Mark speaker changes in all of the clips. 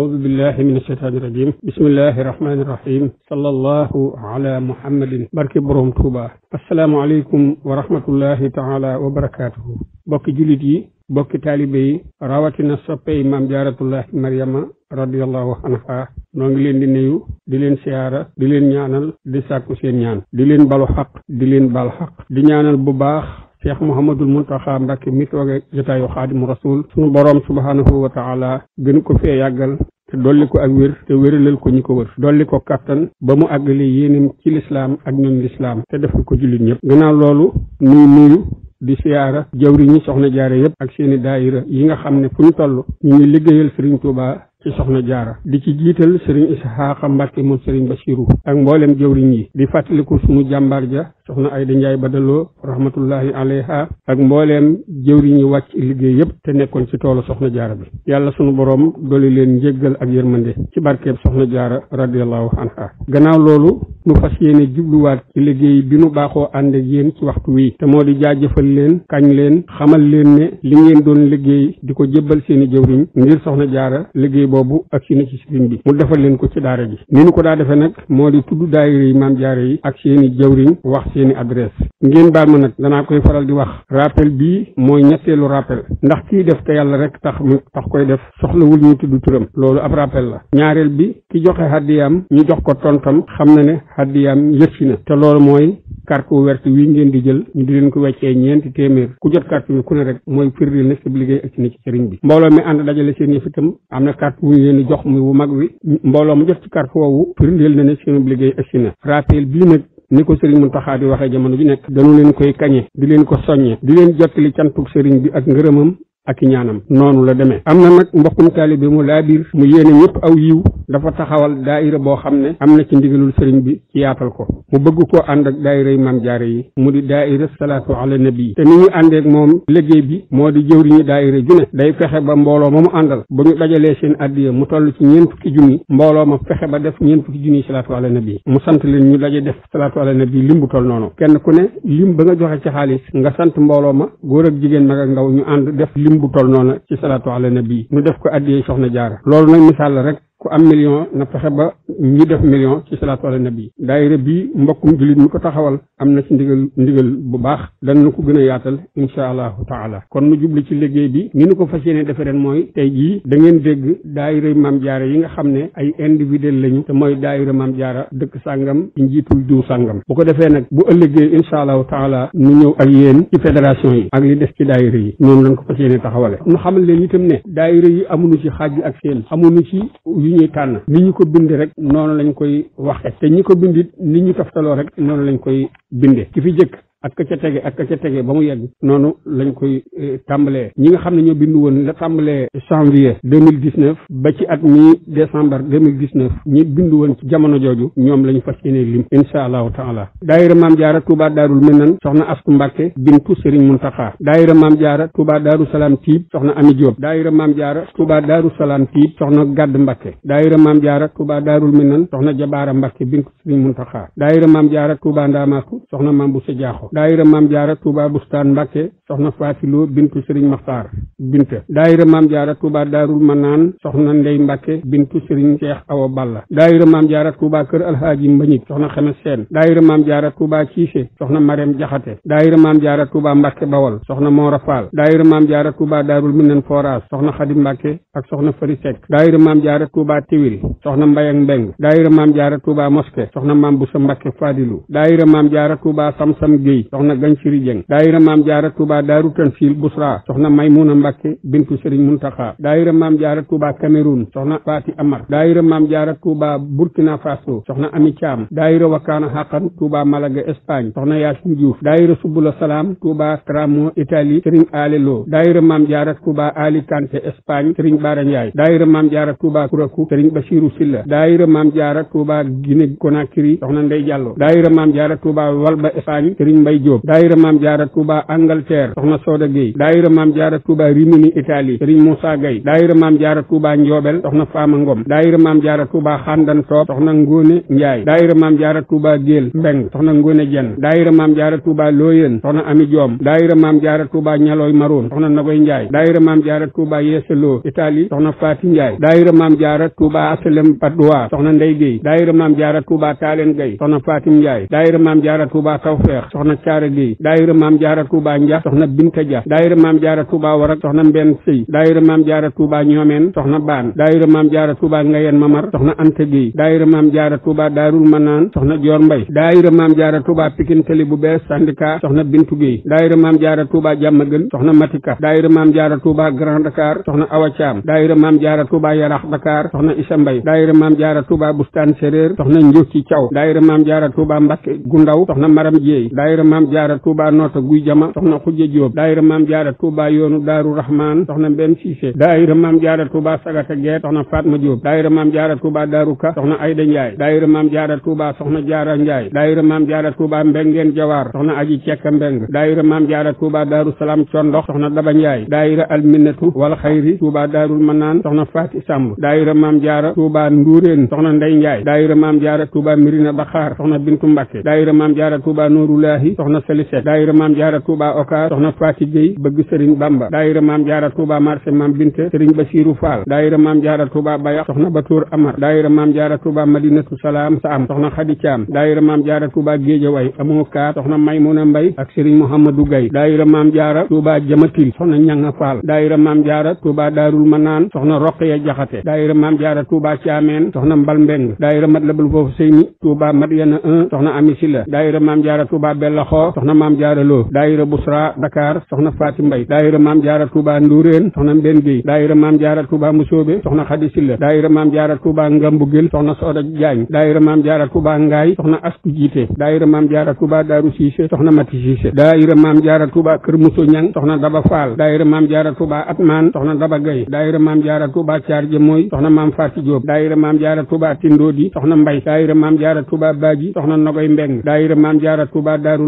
Speaker 1: أعوذ بالله من الشيطان الرجيم بسم الله الرحمن الرحيم صلى الله على محمد برك بروم توبا السلام عليكم ورحمة الله تعالى وبركاته بك جلدي bokki taalibe yi rawatina soppe yi maam jaaratullahi mariama radiallahu anha noo ngi leen di nuyu di leen siyaara di leen ñaanal di sàkku seen ñaan di leen balu xaq di leen bal xaq di ñaanal bu baax cheikh mouhamadul muntaxa mbàkke mi tooge jotaayu xaadimu rasul suñu boroom subhaanahu wa taala gën ko fee yàggal te dolli ko ak wér te wéralal ko ñi ko wër dolli ko kàttan ba mu àggale yéenam ci lislaam ak ñoom lislaam te defal ko jullit ñëpp gannaaw loolu nuy nuyu di siyaara jawri ñi soxna jaare yépp ak seeni daayira yi nga xam ne fu ñu toll ñu ngi liggéeyal sëriñ Tuubaa ci soxna jaara di ci jiital sëriñ Isxaaqa Mbàkke moom sëriñ Basiru ak mbooleem jëwriñ yi di fàttaliku sunu jàmbaar ja soxna Ayda Njaay Badaloo rahmatullahi alayha ak mbooleem jëwriñ yi wàcc liggéey yépp te nekkoon ci toolu soxna jaara bi yàlla sunu boroom dolli leen njéggal ak yërmande ci barkeeb soxna jaara radiallahu anha gannaaw loolu nu fas yéene jibluwaat ci liggéey bi nu baaxoo ànd ak yéen ci waxtu wii te moo di jëfal leen kañ leen xamal leen ne li ngeen doon liggéey di ko jébbal seeni jëwriñ ngir soxna boobu ak si na ci sëriñ bi mu defal leen ko ci daara ji ni ñu ko daa defee nag moo di tudd daayira yi maam jaare yi ak seeni jawriñ wax seeni adresse ngeen baal ma nag danaa koy faral di wax rappel bii mooy ñetteelu rappel ndax kii def te yàlla rek tax mu tax koy def soxlawul ñu tuddu turam loolu ab rappel la ñaareel bi ki joxe haddiyaam ñu jox ko tontam xam na ne haddiyaam yëgsi na te loolu mooy carte verte wi ngeen di jël ñu di leen ko weccee ñeenti téeméer ku jot ku rek mooy firndeel na ci ak ci ne bi wu ñu leen jox muy wu mag wi mbooloo mu jot ci kar foowu firndeel na ne seenub liggéey agsi na rappel bii nag ni ko sëriñ Muntaxa di waxee jamono bi nekk dañu leen koy kañe di leen ko soññe di leen jottali cantuk sëriñ bi ak ngërëmam ak ñaanam noonu la demee am na nag mbokkum taalibe mu laa mu yéene ñëpp aw yiw dafa taxawal daayira boo xam ne am na ci ndigalul sëriñ bi ci yaatal ko mu bëgg koo ànd ak daayira yi maam jaare yi mu di daayira salaatu ala nabi te ni ñu moo di jëwriñu daayira ju ne day fexe ba mbooloo ma mu àndal ba ñu dajalee seen addiya mu toll ci ñeent fukki junni ma fexe ba def ñeent fukki junni salaatu ala nabi mu sant leen ñu daje def salaatu ala nabi lim bu toll noonu kenn ku ne lim ba nga joxe ci xaalis nga sant mbooloo ma góor ak jigéen mag ndaw ñu ànd def lim bu toll noonu ci salaatu ala nabi ñu def ko addiyee soxna jaara loolu nag misaal la rek ku am million na fexe ba ñi def million ci salaatu ala nabi daayira bi mbokkum jullit mi ko taxawal am na ci ndigal ndigal bu baax danañ ko gën a yaatal insha allahu taala kon mu jubli ci liggéey bi ni nu ko fas yéene defe ren mooy tey jii da ngeen dégg daayira maam jaara yi nga xam ne ay individuel lañu te mooy daayira maam jaara dëkk sàngam ci njiitul diw sàngam bu ko defee nag bu ëllëgee insha allahu taala nu ñëw ak yéen ci fédération yi ak li des ci daayira yi noonu lañ ko fas yéene taxawale nu ci xaaj ak yi ñuy tànn ni ñu ko bind rek noonu lañu koy waxe te ñi ko bindit ni ñu toftaloo rek noonu lañu koy binde ki fi jëkk ak ka ca tege ak ka ca tege ba mu yegg noonu lañu koy e, tàmbalee ñi nga xam ne ñoo bind woon la tàmbalee janvier deux mille dix neuf ba ci at mi décembre deux mille dix neuf ñi bindu woon ci jamono jooju ñoom lañ fas yéene lim insha allahu taala daayira maam jaara Touba daarul minan soxna astu mbàkke bintu sëriñ muntaxa daayira maam jaara Touba daaru salaam tiib soxna ami Diop daayira maam jaara Touba daaru salaam tiib soxna gàdd mbàkke daayira maam jaara Touba daarul minan soxna jabaara mbàkke bintu sëriñ muntaxa daayira maam jaara Touba ndaamaaku soxna maam bu sa jaaxo daayira maam jaara Touba bustaan Mbacke soxna Faati Lo bintu Serigne Maxtaar Binta daayira maam jaara Touba daarul manaan soxna Ndey Mbacke bintu Serigne Cheikh Awa Balla daayira maam jaara Touba kër alhaaji Mbañik soxna Xemes Seen daayira maam jaara Touba Cissé soxna Marème Jaxate daayira maam jaara Touba Mbacke Bawol soxna Moora Faal daayira maam jaara Touba daarul minan forage soxna Xadi Mbacke ak soxna Fari Seck daayira maam jaara Touba Tiwil soxna Mbayang Mbeng daayira maam jaara Touba Moské soxna maam Busa Mbacke Fadilu daayira maam jaara Touba Samsam Guèye soxna Gañ Siri Dieng daayira maam jaara Touba Daaru Tansil Busra soxna Maymuna Mbàkke bintu Sëriñ Muntaxa daayira maam jaara Touba Cameroun soxna Faati Amar daayira maam jaara Touba Burkina Faso soxna Ami Thiam daayira Wakkaana Xaqan Touba Malaga Espagne soxna Yaasin Diouf daayira Subula Salaam Touba Tramo Italie Sëriñ Ale Lo daayira maam jaara Touba Alicante Espagne Sëriñ Baara Ndiaye daayira maam jaara Touba Kuraku Sëriñ Basiru Silla daayira maam jaara Touba Guinée Conakry soxna Ndey Jàllo daayira maam jaara Touba Walba Espagne Sëriñ Mbay Jóob daayira maam jaara Touba Angleterre soxna Sooda Géey daayira maam jaara Touba Rimini Italie sëriñ Moussa Gay daayira maam jaara Touba Njoobel soxna Faama Ngom daayira maam jaara Touba Xandan Toob soxna Ngóone Njaay daayira maam jaara Touba Géel Mbeng soxna Ngóone Jenn daayira maam jaara Touba Looyeen soxna Ami Joom daayira maam jaara Touba Ñalooy Maroon soxna Nagoy Njaay daayira maam jaara Touba Yeesaloo Italie soxna Faati Njaay daayira maam jaara Touba Asalem Padoa soxna Ndey Géey daayira maam jaara Touba Taalen Gay soxna Fatim Njaay daayira maam jaara Touba Tawfeex Thiara Gueye daayira maam jaara Touba Ndiax soxna Binta Dia daayira maam jaara Touba Warak soxna Mbenn Sëy daayira maam jaara Touba Ñoomeen soxna Baan daayira maam jaara Touba Ngayen Mamar soxna Anta Gueye daayira maam jaara Touba Daarul Manaan soxna Joor Mbay daayira maam jaara Touba Pikine Tali bu bees syndicat soxna Bintu Gueye daayira maam jaara Touba Jàmmagën soxna Matika daayira maam jaara Touba Grand Dakar soxna Awa Thiam daayira maam jaara Touba Yarax Dakar soxna Issa Mbay daayira maam jaara Touba Bustaan Séréer soxna Njóoci Thiaw daayira maam jaara Touba Mbakke Gundaw soxna Maram Jeey daayira maam jaara tuuba noota guy jama soxna xujja jóob daayira maam jaara tuuba yoonu daaru rahmaan soxna mbenn siise daayira maam jaara tuuba sagata geet soxna faatma jóob daayira maam jaara tuuba daaru ka soxna ayda njaay daayira maam jaara tuuba soxna jaara njaay daayira maam jaara tuuba mbengeen jawaar soxna aji cekka mbeng daayira maam jaara tuuba daaru salaam condox soxna daba njaay daayira alminnatu wal xayri tuuba daarul manaan soxna faati sàmb daayira maam jaara tuuba nduuréen soxna ndey njaay daayira maam jaara tuuba mirina baxaar soxna bintu mbàkke daayira maam jaara tuuba nooru laahi Faty soxna Sali Seck daayira maam jaara Touba Oka soxna Faty Gueye bëgg Serigne Bamba daayira maam jaara Touba marché maam Binte Serigne Bassirou Fall daayira maam jaara Touba Bayax soxna Batour Amar daayira maam jaara Touba Madinatu Salaam Saam soxna Khady Thiam daayira maam jaara Touba Guédiawaye amoo kaar soxna Maymuna Mbay ak Serigne Mouhamadou Gaye daayira maam jaara Touba Jamatil soxna Ñanga Fall daayira maam jaara Touba Daarul Manaan soxna Roqaya Jaxate daayira maam jaara Touba Thiamène soxna Mbal Mbeng daayira Matlabul Fawzayni Mballaxo soxna maam jaara Lo daayira Busra Dakar soxna Faati Mbay daayira maam jaara Touba Ndourène soxna Mbenn Gueye daayira maam jaara Touba Musoobe soxna Xadi Silla daayira maam jaara Touba Ngambugil soxna Sooda Jaañ daayira maam jaara Touba Ngaay soxna Asku Jiite daayira maam jaara Touba Daaru Siise soxna Mati Siise daayira maam jaara Touba Kër Muso Ñang soxna Daba Faal daayira maam jaara Touba Atmaan soxna Daba Gaye daayira maam jaara Touba Caarje Mooy soxna maam Faati Jóob daayira maam jaara Touba Tindóodi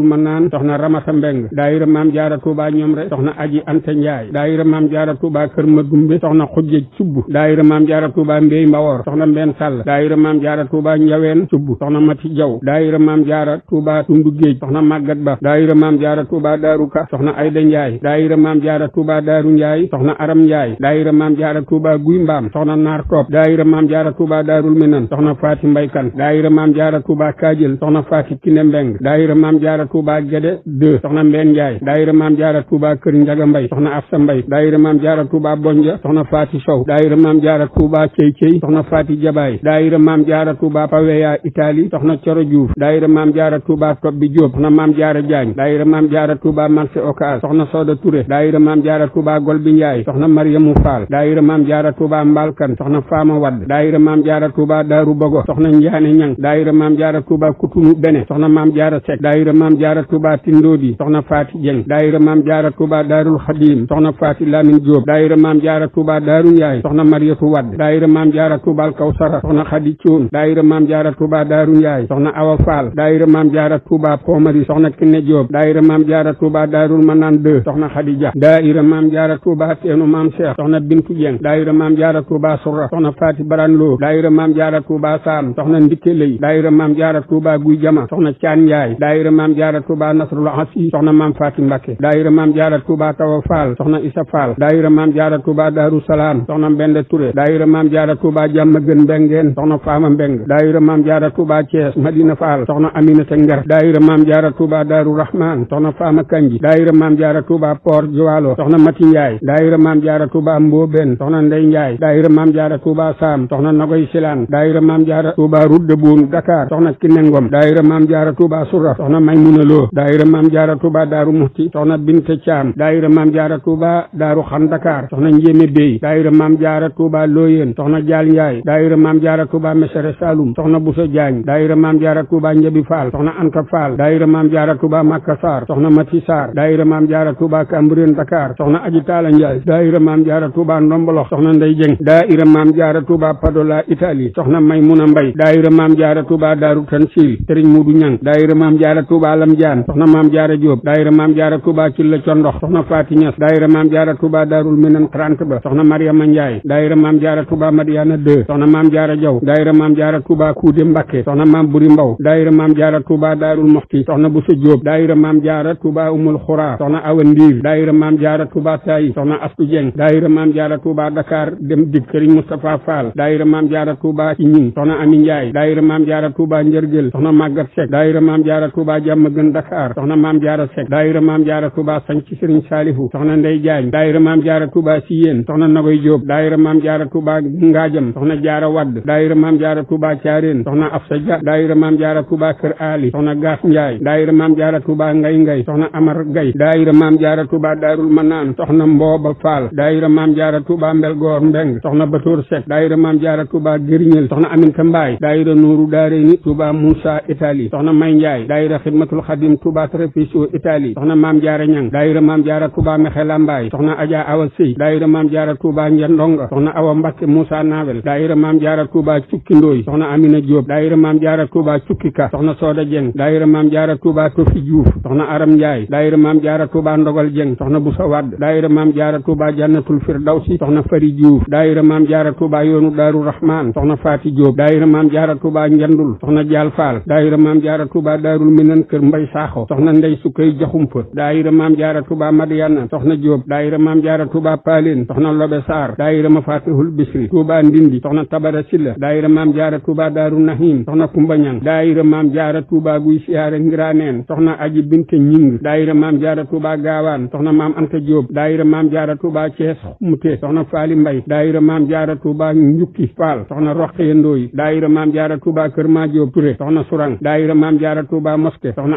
Speaker 1: Matul Manaan soxna Ramata Mbeng daayira maam jaara Touba ñoom rek soxna Aji Anta Njaay daayira maam jaara Touba Kër Madumbe soxna Xujje Cubb daayira maam jaara Touba Mbey Mbawor soxna Mbenn Sàll daayira maam jaara Touba Njaween Cubb soxna Mati Jaw daayira maam jaara Touba Tundu Géej soxna Màggat Ba daayira maam jaara Touba Daaru Ka soxna Ayda Njaay daayira maam jaara Touba Daaru Njaay soxna Aram Njaay daayira maam jaara Touba Guy Mbaam soxna Naar Top daayira maam jaara Touba Daarul Minan soxna Faati Mbaykan daayira maam jaara Touba Kaajël soxna Faati Kine Mbeng daayira maam jaara Touba Guédé 2 soxna Mbène Ndiaye daayira maam jaara Touba Kër Njaga Mbay soxna Afsa Mbay daayira maam jaara Touba Bonja soxna Faati Sow daayira maam jaara Touba Cey Cey soxna Faati Jabaay daayira maam jaara Touba Paweya Italie soxna Coro Diouf daayira maam jaara Touba Tobbi Diop soxna maam jaara Jaañ daayira maam jaara Touba Marché Ocass soxna Soda Touré daayira maam jaara Touba Golbi Ndiaye soxna Mariamu Fall daayira maam jaara Touba Mbalkan soxna Faama Wadd daayira maam jaara Touba Daaru Bogo soxna Njaane Ñang daayira maam jaara Touba Kutum Bene soxna maam jaara Sekk daayira maam jaara Touba Tindóodi soxna Faati Jeng daayira maam jaara Touba Daarul Xadim soxna Faati Lamin Jóob daayira maam jaara Touba Daaru Njaay soxna Mariyatu Wadd daayira maam jaara Touba Kawsara soxna Xadi Coon daayira maam jaara Touba Daaru Njaay soxna Awa Faal daayira maam jaara Touba Pomari soxna Kinne Jóob daayira maam jaara Touba Daarul Manaan deux soxna Xadi Ja daayira maam jaara Touba Teenu maam Cheikh soxna Bintu Jeng daayira maam jaara Touba Surra soxna Faati Baran Loo daayira maam jaara Touba Saam soxna Ndikke Lay daayira maam jaara Touba Guy Jama soxna Caan Njaay daayira maam jaara jaara Touba Nasrul Asi soxna maam Faati Mbàkke daayira maam jaara Touba Tawa Faal soxna Isa Faal daayira maam jaara Touba Daaru Salaam soxna Mbende Touré daayira maam jaara Touba Jàmm Gën Mbengeen soxna Faama Mbeng daayira maam jaara Touba Thiès Madina Faal soxna Aminata Ngar daayira maam jaara Touba Daaru Rahman soxna Faama Kanji daayira maam jaara Touba Port Jowaalo soxna Mati Njaay daayira maam jaara Touba Mbooben soxna Ndey Njaay daayira maam jaara Touba Saam soxna Nagoy Silaan daayira maam jaara Touba Route de Boune Dakar soxna Kinengom daayira maam jaara Touba Souraf soxna Maymuna Soxna Lo daayira maam jaara Touba daaru muxti soxna binte caam daayira maam jaara Touba daaru xam Dakar soxna njéeme béy daayira maam jaara Touba looyéen soxna jaal njaay daayira maam jaara Touba mesere Saloum soxna busa jaañ daayira maam jaara Touba njabi faal soxna anta faal daayira maam jaara Touba makka saar soxna mati saar daayira maam jaara Touba Cambérène Dakar soxna aji taala njaay daayira maam jaara Touba ndombolox soxna ndey jeng daayira maam jaara Touba Padola Italie soxna may muna mbay daayira maam jaara Touba daaru tansil sëriñ mudu ñang daayira maam jaara Touba lam Biram Jaan soxna maam a Jóob daayira maam jaara a ci la condox soxna Faati Ñas daayira maam a Touba Daarul Minan trente ba soxna Mariama Njaay daayira maam a Touba Madiana deux soxna maam a Jaw daayira maam a Touba Kuude Mbakke soxna maam Buri Mbaw daayira maam a Touba Daarul Moxti soxna Buso Jóob daayira maam a Touba Umul Xuraa soxna Awa Ndiir daayira maam jaara a Sayi soxna Astu Jeng daayira maam jaara Touba Dakar dem dik Sëriñ Mustapha Faal soxna Ami Njaay maam jaara Touba Njërgël gën Dakar soxna maam jaara Seck daayira maam jaara Touba sañ ci Serigne Saalihu soxna Ndey Jaañ daayira maam jaara Touba Siyeen soxna Nagoy Jóob daayira maam jaara Touba Ngaajam soxna jaara Wadd daayira maam jaara Touba Caareen soxna Afsa Ja daayira maam jaara Touba Kër Ali soxna Gaas Njaay daayira maam jaara Touba Ngay Ngay soxna Amar Gay daayira maam jaara Touba Daarul Manaan soxna Mbooba Faal daayira maam jaara Touba Mbelgoor Mbeng soxna Batoor Seck daayira maam jaara Touba Gërñël soxna Aminta Mbaay daayira Nuuru Daareeni Touba Moussa Itali soxna May Njaay daayira Xidmatul Cheikhul Khadim Touba Treviso Italie soxna maam jaara ñang daayira maam jaara Touba Mexe Lambaay soxna Adja Awa Sëy daayira maam jaara Touba Njandonga soxna Awa Mbacke Moussa Nawel daayira maam jaara Touba Cukki Ndooy soxna Amina Diop daayira maam jaara Touba Cukki Ka soxna Sooda Jeng daayira maam jaara Touba Tofi Diouf soxna Aram Ndiaye daayira maam jaara Touba Ndogal Jeng soxna Boussa Wade daayira maam jaara Touba Jannatul Firdawsi soxna Fari Diouf daayira maam jaara Touba yoonu Daaru Rahman soxna Faati Diop daayira maam jaara Touba Njandul soxna Jaal Faal mbay saaxo soxna ndey sukkay jaxumpa daayira maam jaara tuba madiana soxna jóob daayira maam jaara tuba paaleen soxna lobe saar daayira mafatihul bisri tuba ndindi soxna tabara silla daayira maam jaara tuba daaru nahim soxna kumbañang daayira maam jaara tuba guy siyaare ngiraneen soxna aji binte ñing daayira maam jaara tuba gaawaan soxna maam anta jóob daayira maam jaara tuba cees mute soxna faali mbay daayira maam jaara tuba njukki faal soxna roqee ndooy daayira maam jaara tuba kër maa jóob ture soxna surang daayira maam jaara tuba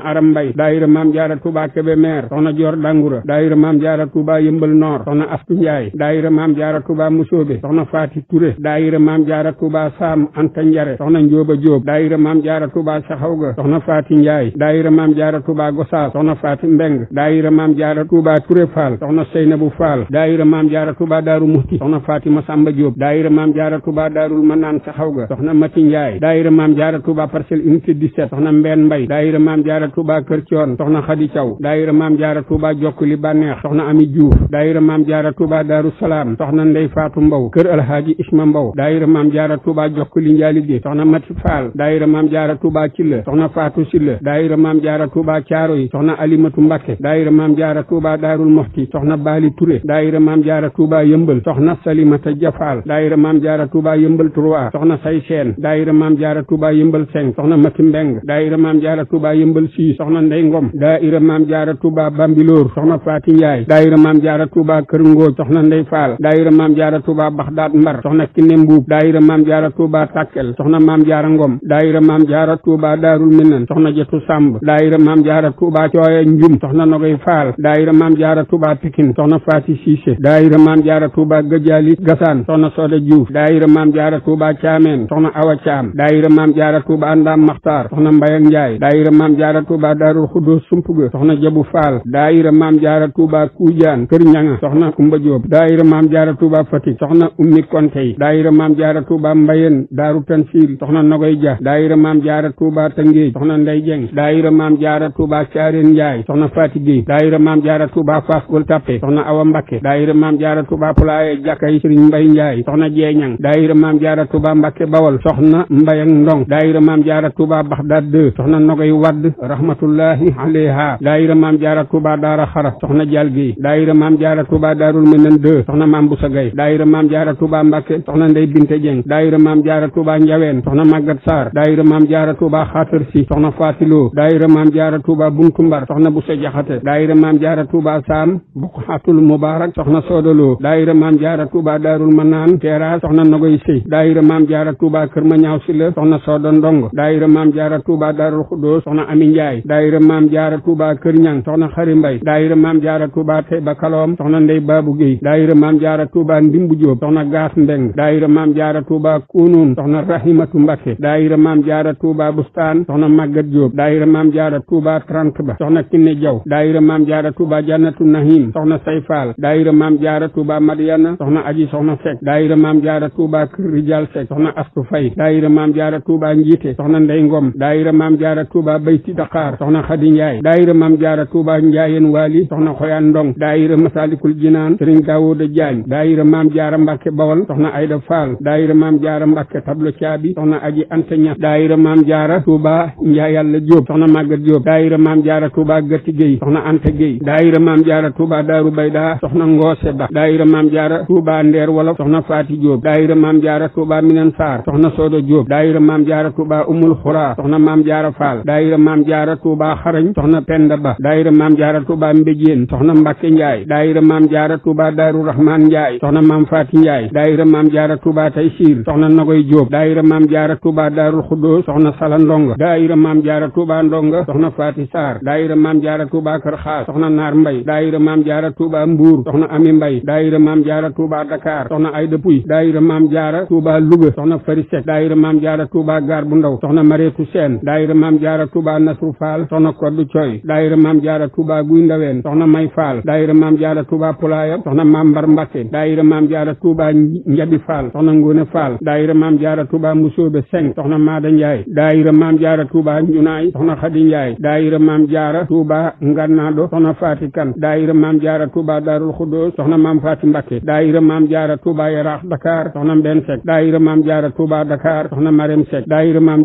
Speaker 1: aram mbay daayira maam jaara tuuba Kébémer soxna joor dangura daayira maam jaara tuuba yëmbal noor soxna astu njaay daayira maam jaara tuuba musóobe soxna faati ture daayira maam jaara tuuba saam anta njare soxna njóoba jóob daayira maam jaara tuuba saxawga soxna faati njaay daayira maam jaara tuuba gosaas soxna faati mbeng daayira maam jaara tuuba ture faal soxna seynabu faal daayira maam jaara tuuba daaru muxti soxna faati masamba jóob daayira maam jaara tuuba daarul manaan saxawga soxna mati njaay daayira maam jaara tuuba parcelle unité 17 soxna mbeen mbay daayira maam jaara Touba Kër Thion soxna Khady Thiaw daayira maam jaara Touba jokk li bànneex soxna Ami Diouf daayira maam jaara Touba Daaru Salaam soxna Ndey Faatu Mbow kër Alhaaji Isma Mbow daayira maam jaara Touba jokk li njaalige soxna Mati Fall daayira maam jaara Touba Cilla soxna Faatu Silla daayira maam jaara Touba Caaro yi soxna Alimatu Mbakke daayira maam jaara Touba Daarul Moxti soxna Baali Touré daayira maam jaara Touba Yëmbal soxna Salimata Jafaal daayira maam jaara Touba Yëmbal Trois soxna Say Seen daayira maam jaara Touba Yëmbal Cinq soxna Mati Mbeng daayira maam jaara Touba Yëmbal Six siis soxna Ndey Ngom daayira maam jaara Touba Bambilor soxna Faati Njaay daayira maam jaara Touba Kër Ngóoj soxna Ndey Faal daayira maam jaara Touba Baxdaat Mbar soxna Kiné Mbuub daayira maam jaara Touba Tàkkel soxna maam jaara Ngom daayira maam jaara Touba Daarul Minan soxna Jëtu Sàmb daayira maam jaara Touba Cooye Njum soxna Nogoy Faal daayira maam jaara Touba Pikin soxna Faati Siise daayira maam jaara Touba Gëjaali Gasaan soxna Soda Juuf daayira maam jaara Touba Caameen soxna Awa Caam daayira maam jaara Touba Ndaam Maxtaar soxna Mbay ak Njaay daayira maam jaara Touba Daarul Xuddoos Sumpuga soxna Jabu Faal daayira Maam Jaara Touba Kuujaan Kër Ñanga soxna Kumba Jóob daayira Maam Jaara Touba Fatick soxna Ummi Kontey daayira Maam Jaara Touba Mbayen Daaru Tanfiil soxna Nogoy Ja daayira Maam Jaara Touba Tangéej soxna Ndey Jeng daayira Maam Jaara Touba Caareen Njaay soxna Faati Géey daayira Maam Jaara Touba Faas Gol Tappe soxna Awa Mbakke daayira Maam Jaara Touba Pulaaye Jàkkay Sëriñ Mbay Njaay soxna Jeeñang daayira Maam Jaara Touba Mbakke Bawol soxna Mbayang Ndong daayira Maam Jaara Touba Baxdaad 2 soxna Nogoy Wadd rahmatullahi alayha daayira maam jaara tuuba daara xara soxna jal gi daayira maam jaara tuuba daarul minan deux soxna maam busa gay daayira maam jaara tuuba mbàkke soxna ndey binte jeng daayira maam jaara tuuba njaween soxna màggat saar daayira maam jaara tuuba xaatar si soxna faatiloo daayira maam jaara tuuba buntumbar soxna busa jaxate daayira maam jaara tuuba saam buqatul mubaarak soxna soodaloo daayira maam jaara tuuba daarul manaan teera soxna nogoy sëy daayira maam jaara tuuba kër ma ñaaw si la soxna soodo ndong daayira maam jaara tuuba daarul xudoo soxna ami njaay Ndiaye daayira maam jaara Touba Kër Ñang soxna Xari Mbay daayira maam jaara Touba Taïba Kaloom soxna Ndey Baabu Guèye daayira maam jaara Touba Ndimbu Jóob soxna Gaas Mbeng daayira maam jaara Touba Kunun soxna Rahimatu Mbacke daayira maam jaara Touba Bustaan soxna Màggat Jóob daayira maam jaara Touba Trente Ba soxna Kinne Jaw daayira maam jaara Touba Jannatu Nahim soxna Sayfaal daayira maam jaara Touba Madiana soxna Aji soxna Sekk daayira maam jaara Touba Kër Rijal Sekk soxna Astu Fay daayira maam jaara Touba Njiite soxna Ndey Ngom daayira maam jaara Touba Bayti Daq Abqaar soxna Xadi Njaay daayira Maam Jaara Tuuba Njaayeen Waali soxna Xoyaan Ndong daayira Masaalikul Jinaan Sëriñ Daawuda Jaañ daayira Maam Jaara Mbàkke Bawol soxna Ayda Faal daayira Maam Jaara Mbàkke Tablo Caabi soxna Aji Anta Ñas daayira Maam Jaara Tuuba Njaay Yàlla Jóob soxna Màggat Jóob daayira Maam Jaara Tuuba Gatti Géy soxna Anta Géy daayira Maam Jaara Tuuba Daaru Bayda soxna Ngoose Ba daayira Maam Jaara Tuuba Ndeer Wolof soxna Faati Jóob daayira Maam Jaara Tuuba Minan Faar soxna Soodo Jóob daayira Maam Jaara Tuuba Umul Xuraa soxna Maam Jaara Faal daayira Maam Jaara jaara tuuba xarañ soxna penda ba daayira maam jaara tuuba mbéjéen soxna mbàkke njaay daayira maam jaara tuuba daaru rahmaan njaay soxna maam faati njaay daayira maam jaara tuuba taysiir soxna nagoy jóob daayira maam jaara tuuba daarul xuddoo soxna sala ndonga daayira maam jaara tuuba ndonga soxna faati saar daayira maam jaara tuuba kër xaas soxna naar mbay daayira maam jaara tuuba mbuur soxna ami mbay daayira maam jaara tuuba dakar soxna ayda puy daayira maam jaara tuuba luga soxna fari sek daayira maam jaara tuuba gaar bu ndaw soxna mareetu seen daayira maam jaara tuuba nasru faal soxna koddu coy daayira maam jaara tuuba guy ndaween soxna may faal daayira maam jaara tuuba pulaayam soxna maam mbar mbàkke daayira maam jaara tuuba njabi faal soxna ngóone faal daayira maam jaara tuuba musóobe seng soxna maada njaay daayira maam jaara tuuba njunaay soxna xadi njaay daayira maam jaara tuuba ngannaado soxna faati kan daayira maam jaara tuuba daarul xudoo soxna maam faati mbàkke daayira maam jaara tuuba yaraax dakar soxna mbenn sek daayira maam jaara tuuba dakar soxna marem sek daayira maam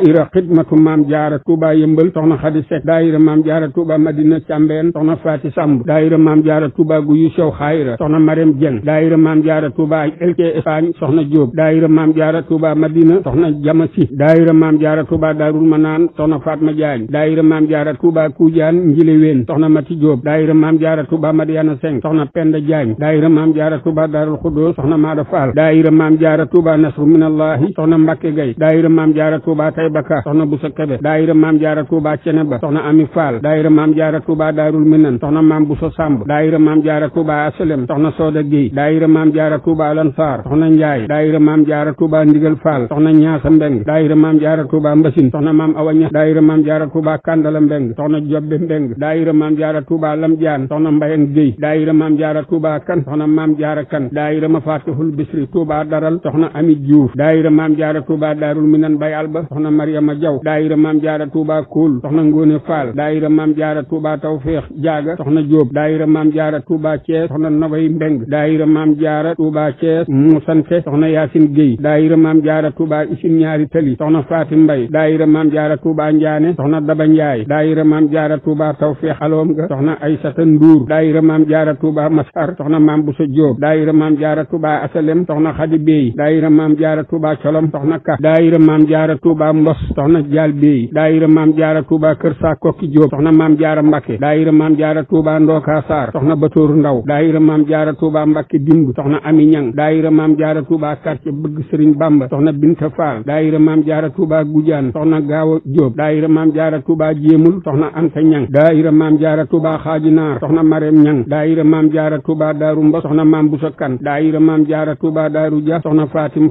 Speaker 1: daayira xidmatu maam jaara tuuba yëmbal soxna xadi sek daayira maam jaara tuuba madina càmbeen soxna faati samb daayira maam jaara tuuba guyu sew xaayira soxna marem jeng daayira maam jaara tuuba elke espagne soxna jóob daayira maam jaara tuuba madina soxna jama si daayira maam jaara tuuba daarul manaan soxna fatma jaañ daayira maam jaara tuuba kuujaan njile ween soxna mati jóob daayira maam jaara tuuba madiana seng soxna penda jaañ daayira maam jaara tuuba daarul xudoo soxna maada faal daayira maam jaara tuuba nasru minallahi soxna mbàkke gay daayira maam jaara tuuba Baka soxna Busa Kebe daayira maam jaara Touba Cene ba soxna Ami Fall daayira maam jaara Touba Daarul Minan soxna maam Busa Samb daayira maam jaara Touba Asalem soxna Sooda Géy daayira maam jaara Touba Lansar soxna Njaay daayira maam jaara Touba Ndigal Fall soxna Ñaasa Mbeng daayira maam jaara Touba Mbasin soxna maam Awaña daayira maam jaara Touba Kandala Mbeng soxna Jobbe Mbeng daayira maam jaara Touba Lam Jaan soxna Mbayen Géy daayira maam jaara Touba Kan soxna maam jaara Kan daayira Mafatihul Bisri Touba Daral soxna Ami Diouf daayira maam jaara Touba Daarul Minan Bayal ba soxna Mariama Jaw daayira maam jaara Touba Koul soxna Ngóone Faal daayira maam jaara Touba Tawféex Jaaga soxna Jóob daayira maam jaara Touba Thiès soxna Nobay Mbeng daayira maam jaara Touba Thiès Muusanke soxna Yaasin Géy daayira maam jaara Touba Isin ñaari tëli soxna Faati Mbay daayira maam jaara Touba Njaane soxna Daba Njaay daayira maam jaara Touba Tawféex Aloom ga soxna Aysata Nduur daayira maam jaara Touba Masar soxna maam Busa Jóob daayira maam jaara Touba Asalem soxna Xadi Béy daayira maam jaara Touba Colom soxna Ka daayira maam jaara Touba Bos soxna Jaal Béy daayira maam jaara Touba Kër Sa Kokki Diop soxna maam jaara Mbacke daayira maam jaara Touba Ndoka Sarr soxna Batoor Ndaw daayira maam jaara Touba Mbacke Dimb soxna Ami Ñang daayira maam jaara Touba quartier bëgg Sëriñ Bamba soxna Binta Faal daayira maam jaara Touba Gujaan soxna Gaawa Diop daayira maam jaara Touba Jéemul soxna Anta Ñang daayira maam jaara Touba Xaaji Naar soxna Mareem Ñang daayira maam jaara Touba Daaru Mbos soxna maam Busa Kan daayira maam jaara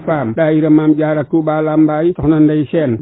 Speaker 1: Faam daayira maam jaara Touba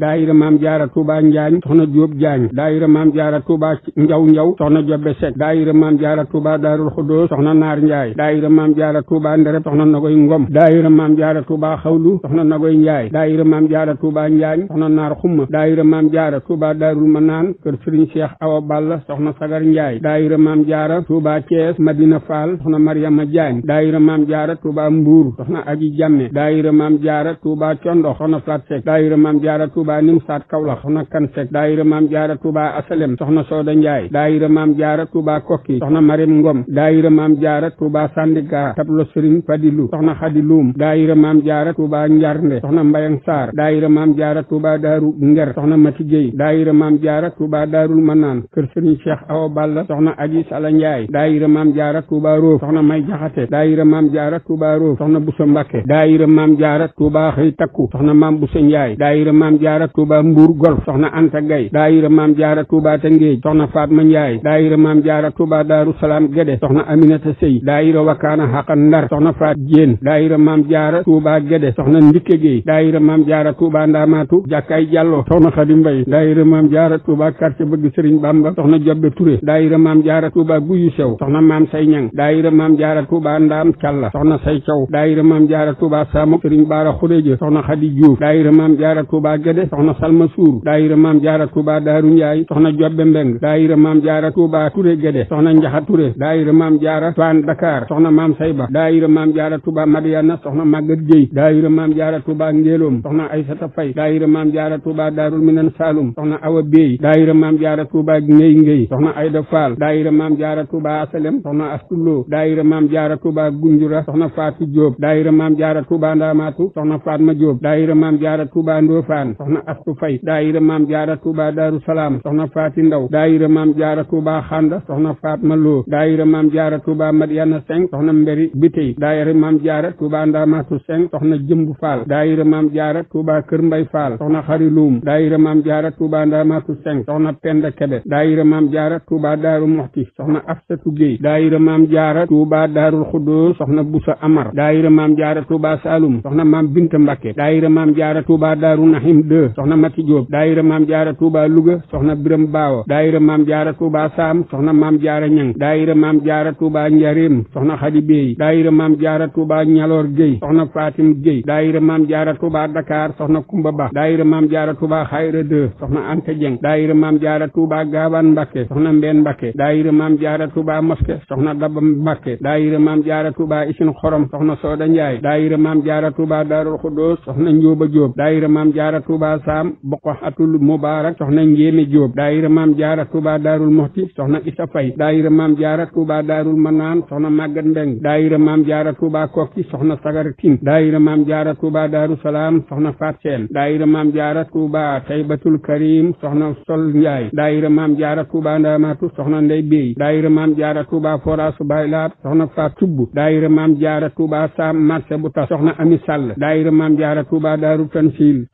Speaker 1: daayira maam jaara tuuba njaañ soxna jóob jaañ daayira maam jaara tuuba njaw njaw soxna jobbe sek daayira maam jaara tuuba daarul xudóo soxna naar njaay daayira maam jaara tuuba ndereb soxna nagoy ngom daayira maam jaara tuuba xawlu soxna nagoy njaay daayira maam jaara tuuba njaañ soxna naar xumma daayira maam jaara tuuba daarul manaan kër sëriñ cheikh awa balla soxna sagar njaay daayira maam jaara tuuba cees madina faal soxna mariama jaañ daayira maam jaara tuuba mbuur soxna aji jàmme daayira maam jaara tuuba condox soxna flat sek daayira maam jaara tuuba Touba Nimsaat Kaolack soxna kan sek daayira maam jaara Touba asalem soxna Sooda Njaay daayira maam jaara Touba kokki soxna Marim Ngom daayira maam jaara Touba Sandiga tablo Serigne Fadilu soxna Xadi Luum daayira maam jaara Touba Njarnde soxna Mbayang Sarr daayira maam jaara Touba Daaru Nger soxna Mati Gueye daayira maam jaara Touba Daarul Manaan kër Serigne Cheikh Awa Balla soxna Aji Sala Njaay daayira maam jaara Touba Roof soxna May Jaxate daayira maam jaara Touba Roof soxna Buso Mbàkke daayira maam jaara Touba Xëy Takku soxna maam Buso Njaay daayira maam jaara jaara tuuba mbuur golf soxna anta gay daayira maam jaara tuuba ta ngéej soxna faatma njaay daayira maam jaara tuuba daaru salaam gede soxna aminata sëy daayira wakaana xaqan ndar soxna faat jéen daayira maam jaara tuuba gede soxna ndikke géey daayira maam jaara tuuba ndaamaatu jàkkaay jàllo soxna xadi mbay daayira maam jaara tuuba quartier bëgg sëriñ bamba soxna jobbe ture daayira maam jaara tuuba guyu sew soxna maam say ñang daayira maam jaara tuuba ndaam càlla soxna say caw daayira maam jaara tuuba saamo sëriñ baara xuréje soxna xadi juuf daayira maam jaara tuuba gede soxna Salma Suur daayira maam jaara Touba Daaru Njaay soxna Jobbe Mbeng daayira maam jaara Touba Touré Gédé soxna Njaxa Touré daayira maam jaara Taan Dakar soxna maam Sayba daayira maam jaara Touba Madiana soxna Maguette Gueye daayira maam jaara Touba Ngéloom soxna Aysata Fay daayira maam jaara Touba Daarul Minan Saalum soxna Awa Bey daayira maam jaara Touba Ngéy Ngéy soxna Ayda Faal daayira maam jaara Touba Asalem soxna Astullo daayira maam jaara Touba Gunjura soxna Faatu Jóob daayira maam jaara Touba Ndaamaatu soxna Fatma Jóob daayira maam jaara Touba Ndofaan soxna soxna astu fay daayira maam jaara tuuba daaru salaam soxna faati ndaw daayira maam jaara tuuba xanda soxna faatma loo daayira maam jaara tuuba madiana seng soxna mbéri bitey daayira maam jaara tuuba ndaamaatu seng soxna jëmbu faal daayira maam jaara tuuba kër mbay faal soxna xari luum daayira maam jaara tuuba ndaamaatu seng soxna penda kebe daayira maam jaara tuuba daaru moxti soxna afsatu géey daayira maam jaara tuuba daarul xuddoos soxna busa amar daayira maam jaara tuuba saalum soxna maam binta mbàkke daayira maam jaara tuuba daaru nahim 2 Louga soxna Mati Diop daayira maam jaara Touba Louga soxna Biram Baawa daayira maam jaara Touba Saam soxna maam jaara Ñang daayira maam jaara Touba Njarim soxna Xadi Bey daayira maam jaara Touba Ñaloor Géy soxna Fatim Géy daayira maam jaara Touba Dakar soxna Kumba Ba daayira maam jaara Touba Xayra 2 soxna Anta Jeng daayira maam jaara Touba Gaawaan Mbàkke soxna Mbeen Mbàkke daayira maam jaara Touba Moské soxna Daba Mbàkke daayira maam jaara Touba Isin Xorom soxna Sooda Njaay daayira maam jaara Touba Daarul Xuddoos soxna Njóoba Jóob daayira maam jaara Saam boqoxatul mubaarak soxna njéeme Jóob daayira maam jaara Tuuba daarul moxti soxna isa fay daayira maam jaara Tuuba daarul manaan soxna màggat mbeng daayira maam jaara Tuuba kokki soxna sagar tin daayira maam jaara Tuuba daaru salaam soxna faat seen daayira maam jaara Tuuba taybatul karim soxna sol njaay daayira maam jaara Tuuba ndaamaatu soxna ndey béy daayira maam jaara Tuuba foraasu baylaat soxna faat tubb daayira maam jaara Tuuba saam marché bu tas soxna ami sàll daayira maam jaara Tuuba daaru tansil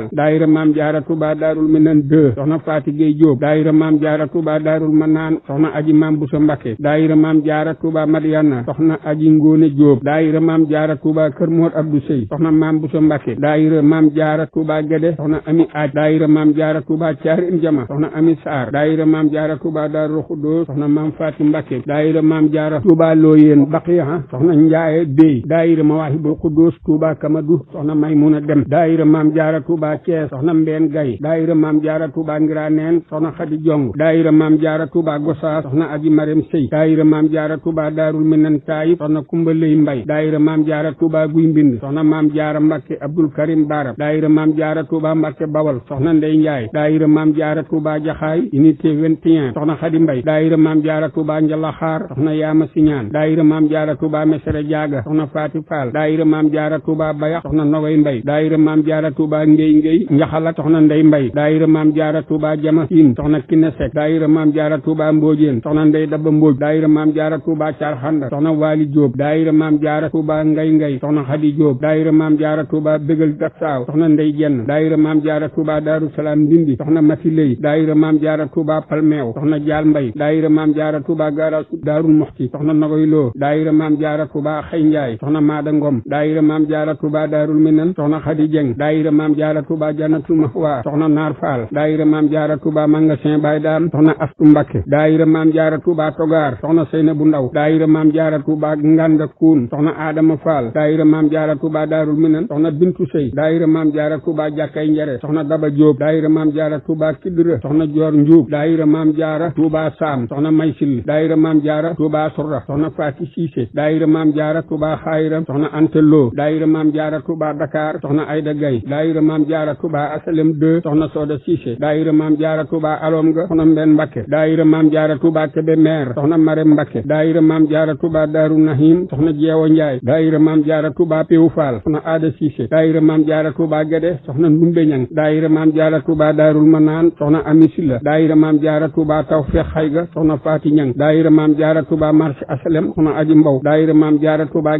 Speaker 1: Fall daayira maam jaara Touba daarul minan deux soxna Faati Géey Jóob daayira maam jaara Touba daarul manaan soxna aji maam Busa Mbakke daayira maam jaara Touba Madiana soxna aji Ngóone Jóob daayira maam jaara Touba Kër Moor Abdou Sey soxna maam Busa Mbakke daayira maam jaara Touba Gede soxna Ami Aaj daayira maam jaara Touba Caari Im Jama soxna Ami Saar daayira maam jaara Touba daarul Xudoo soxna maam Faati Mbakke daayira maam jaara Touba Looyeen Baqiya soxna Njaaye Bey daayira Mawaahibul Xuddoos Touba Kamadu soxna Maymuna Dem daayira maam jaara Touba Touba Thiès soxna Mbeen Gay daayira maam jaara Touba Ngiraneen soxna Xadi Jong daayira maam jaara Touba Gosaas soxna Aji Marem Sëy daayira maam jaara Touba Daarul Minan Taayif soxna Kumba Lëy Mbay daayira maam jaara Touba Guy Mbind soxna maam jaara Mbàkke Abdul Karim Barab daayira maam jaara Touba Mbàkke Bawal soxna Ndey Njaay daayira maam jaara Touba Jaxaay unité 21 soxna Xadi Mbay daayira maam jaara Touba Njalaxaar soxna Yaama Siñaan daayira maam jaara Touba Mesere Jaaga soxna Faati Faal daayira maam jaara Touba Bayax soxna Nogoy Mbay daayira maam jaara Touba Ngéy Ndey Ngéy Njaxala soxna Ndey Mbay daayira Maam Jaara Tuuba Jama Siin soxna Kine Sekk daayira Maam Jaara Tuuba Mbóojeen soxna Ndey Daba Mbóoj daayira Maam Jaara Tuuba Carxanda soxna Waali Jóob daayira Maam Jaara Tuuba Ngay Ngay soxna Xadi Jóob daayira Maam Jaara Tuuba Bégal Daksaaw soxna Ndey Jenn daayira Maam Jaara Tuuba Daaru Salaam Ndindi soxna Mati Lay daayira Maam Jaara Tuuba Palmeew soxna Jaal Mbay daayira Maam Jaara Tuuba Gaaraas Daarul Muxti soxna Nagoy Loo daayira Maam Jaara Tuuba Xëy Njaay soxna Maada Ngom daayira Maam Jaara Tuuba Daarul Minan soxna Xadi Jeng daayira Maam Jaara jaara tuuba jannatul mahwa soxna naar faal daayira maam jaara tuuba magasin baay daam soxna astu mbakke daayira maam jaara tuuba togaar soxna seyna bu ndaw daayira maam jaara tuuba nganda kuun soxna aadama faal daayira maam jaara tuuba daarul minan soxna bintu sey daayira maam jaara tuuba jàkkay njare soxna daba jóob daayira maam jaara tuuba kidra soxna joor njuub daayira maam jaara tuuba saam soxna may sill daayira maam jaara tuuba surra soxna faati siise daayira maam jaara tuuba xaayiram soxna anteloo daayira maam jaara tuuba dakar soxna ayda gay daayira maam jaara Touba asalem 2 soxna Sooda Cissé daayira maam jaara Touba alom nga soxna Mbène Mbacke daayira maam jaara Touba Kébé maire soxna Mare Mbacke daayira maam jaara Touba Daaru Nahim soxna Jeewo Njaay daayira maam jaara Touba Péwu Faal soxna Aada Cissé daayira maam jaara Touba Gede soxna Ndumbe Ñang daayira maam jaara Touba Daarul Manaan soxna Ami Silla daayira maam jaara Touba Tawfeex Xayga soxna Faati Ñang daayira maam jaara Touba Marché asalem soxna Aji Mbow daayira maam jaara Touba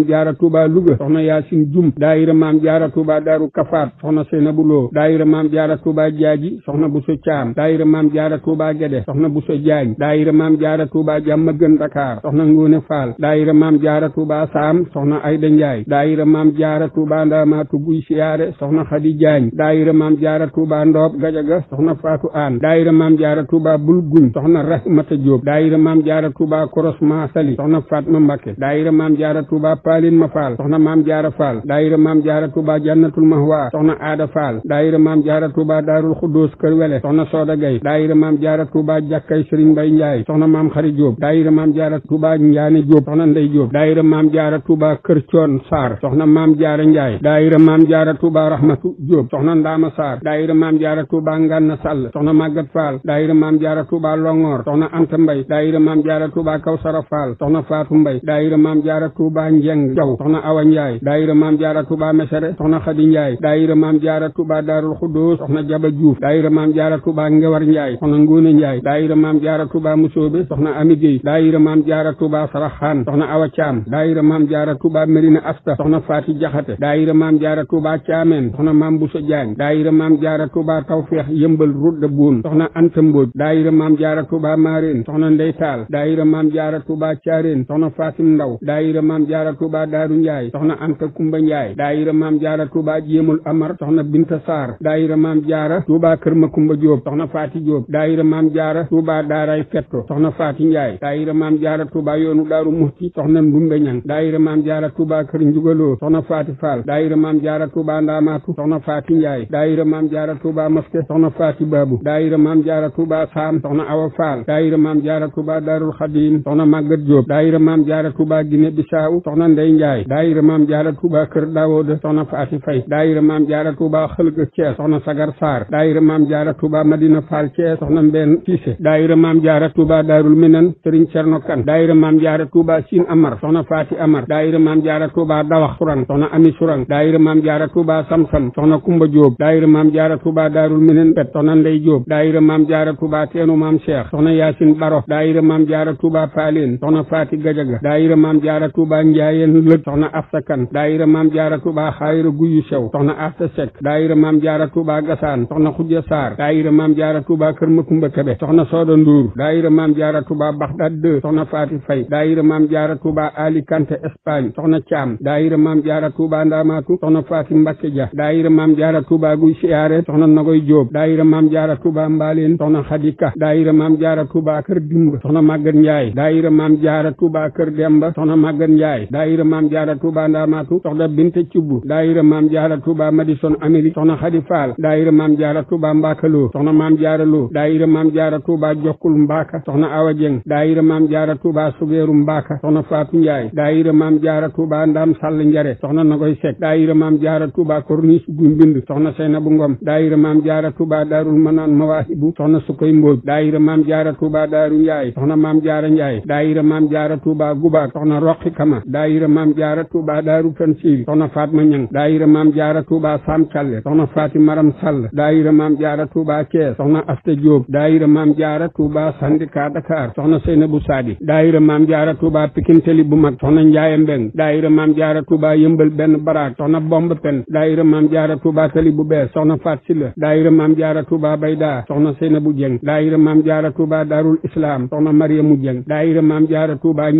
Speaker 1: Gede jaara Touba Louga soxna Yaasin Jum daayira maam jaara Touba Daaru Kafaat soxna Seynabu Lo daayira maam jaara Touba Jaaji soxna Buso Caam daayira maam jaara Touba Gede soxna Buso Jaañ daayira maam jaara Touba Jàmm Gën Dakar soxna Ngóone Faal daayira maam jaara Touba Saam soxna Ayda Njaay daayira maam jaara Touba Ndaamaatu Buy Siyaare soxna Xadi Jaañ daayira maam jaara Touba Ndoob Gajaga soxna Faatu Aan daayira maam jaara Touba Bul Guñ soxna Rahmata Jóob daayira maam jaara Touba Koros Maasali soxna Fatma Mbakke daayira maam jaara Touba Paali ma faal soxna maam jaara faal daayira maam jaara tuuba jannatul mahwa soxna aada faal daayira maam jaara tuuba daarul xuddoos kër wele soxna sooda gay daayira maam jaara tuuba jàkkay sëriñ mbay njaay soxna maam xari jóob daayira maam jaara tuuba njaane jóob soxna ndey jóob daayira maam jaara tuuba kër coon saar soxna maam jaara njaay daayira maam jaara tuuba rahmatu jóob soxna ndaama saar daayira maam jaara tuuba ngànna sàll soxna màggat faal daayira maam jaara tuuba longoor soxna anta mbay daayira maam jaara tuuba kawsara faal soxna faatu mbay daayira maam jaara tuuba njeng Jaw soxna Awa Njaay daayira maam jaara Touba Mesere soxna Xadi Njaay daayira maam jaara Touba Daarul Xuddoos soxna Jaba Juuf daayira maam jaara Touba Ngewar Njaay soxna Ngóone Njaay daayira maam jaara Touba Musoobe soxna Ami Géy daayira maam jaara Touba Saraxaan soxna Awa Caam daayira maam jaara Touba Merina Asta soxna Faati Jaxate daayira maam jaara Touba Caameen soxna maam Busa Jaañ daayira maam jaara Touba Tawfeex Yëmbal Rudda Buun soxna Anta Mbooj daayira maam jaara Touba Maareen soxna Ndey Taal daayira maam jaara Touba Caareen soxna Faatim Ndaw daayira maam jaara Touba daaru njaay soxna anta kumba njaay daayira maam jaara tuuba jéemul amar soxna binta saar daayira maam jaara tuuba kër ma kumba jóob soxna faati jóob daayira maam jaara tuuba daaray fetto soxna faati njaay daayira maam jaara tuuba yoonu daaru muxti soxna ndumbe ñang daayira maam jaara tuuba kër njugaloo soxna faati faal daayira maam jaara tuuba ndaamaatu soxna faati njaay daayira maam jaara tuuba maske soxna faati baabu daayira maam jaara tuuba saam soxna awa faal daayira maam jaara tuuba daarul xadiim soxna màggat jóob daayira maam jaara tuuba gine bisaaw soxna ndey Njaay daayira maam jaara Touba kër Daawooda soxna Faati Fay daayira maam jaara Touba xëlga Thiès soxna Sagar Sarr daayira maam jaara Touba Madina Fall Thiès soxna Mbeen Cissé daayira maam jaara Touba Daarul Minan Sëriñ Cerno Kan daayira maam jaara Touba Siin Amar soxna Faati Amar daayira maam jaara Touba Dawax Suran soxna Ami Suran daayira maam jaara Touba Samsam soxna Kumba Jóob daayira maam jaara Touba Daarul Minan Pet soxna Ndey Jóob daayira maam jaara Touba Teenu maam Cheikh soxna Yaasin Baro daayira maam jaara Touba Paaleen soxna Faati Gajaga daayira maam jaara Touba Njaayeen jóg soxna Afsa Kan daayira maam jaara Tuubaa xaayira guyu sew soxna Afsa Sekk daayira maam jaara Tuubaa Gasaan soxna Xujja Saar daayira maam jaara Tuubaa Kër Makumba Kebe soxna Sooda Nduur daayira maam jaara Tuubaa Baxdaad deux soxna Faati Fay daayira maam jaara Tuubaa Ali Kanté Espagne soxna Caam daayira maam jaara Tuubaa Ndaamaatu soxna Faati Mbakke Ja daayira maam jaara Tuubaa guy siyaare soxna Nagoy Jóob daayira maam jaara Tuubaa Mbaaleen soxna Xadika daayira maam jaara Tuubaa Kër Dimba soxna Màggat Njaay daayira maam jaara Tuubaa Kër Demba soxna Màggat Njaay maam jaara tuuba ndaamaatu soxna binte cubbu daayira maam jaara tuuba madison amérique soxna xadi faal daayira maam jaara tuuba mbaakaloo soxna maam jaara loo daayira maam jaara tuuba jokkul mbaaka soxna awa jeng daayira maam jaara tuuba sugeeru mbaaka soxna faatu njaay daayira maam jaara tuuba ndaam sàll njare soxna nagoy sek daayira maam jaara tuuba korniis gu mbind soxna seyna bu ngom daayira maam jaara tuuba daarul manaan mawaahibu soxna sukoy mbóoj daayira maam jaara tuuba daaru njaay soxna maam jaara njaay daayira maam jaara tuuba gubaak soxna roqi kama daayira maam jaara tuuba daaru tansil soxna faatma ñang daayira maam jaara tuuba sam calle soxna faati maram sall daayira maam jaara tuuba kees soxna asta jóob daayira maam jaara tuuba syndicat dakar soxna seynabu saadi daayira maam jaara tuuba pikinteli bu mag soxna njaaye mbeng daayira maam jaara tuuba yëmbal benn baraak soxna bomb pen daayira maam jaara tuuba tali bu bees soxna faat silla daayira maam jaara tuuba bayda soxna seynabu jeng daayira maam jaara tuuba daarul islam soxna mariamu jeng daayira maam jaara tuuba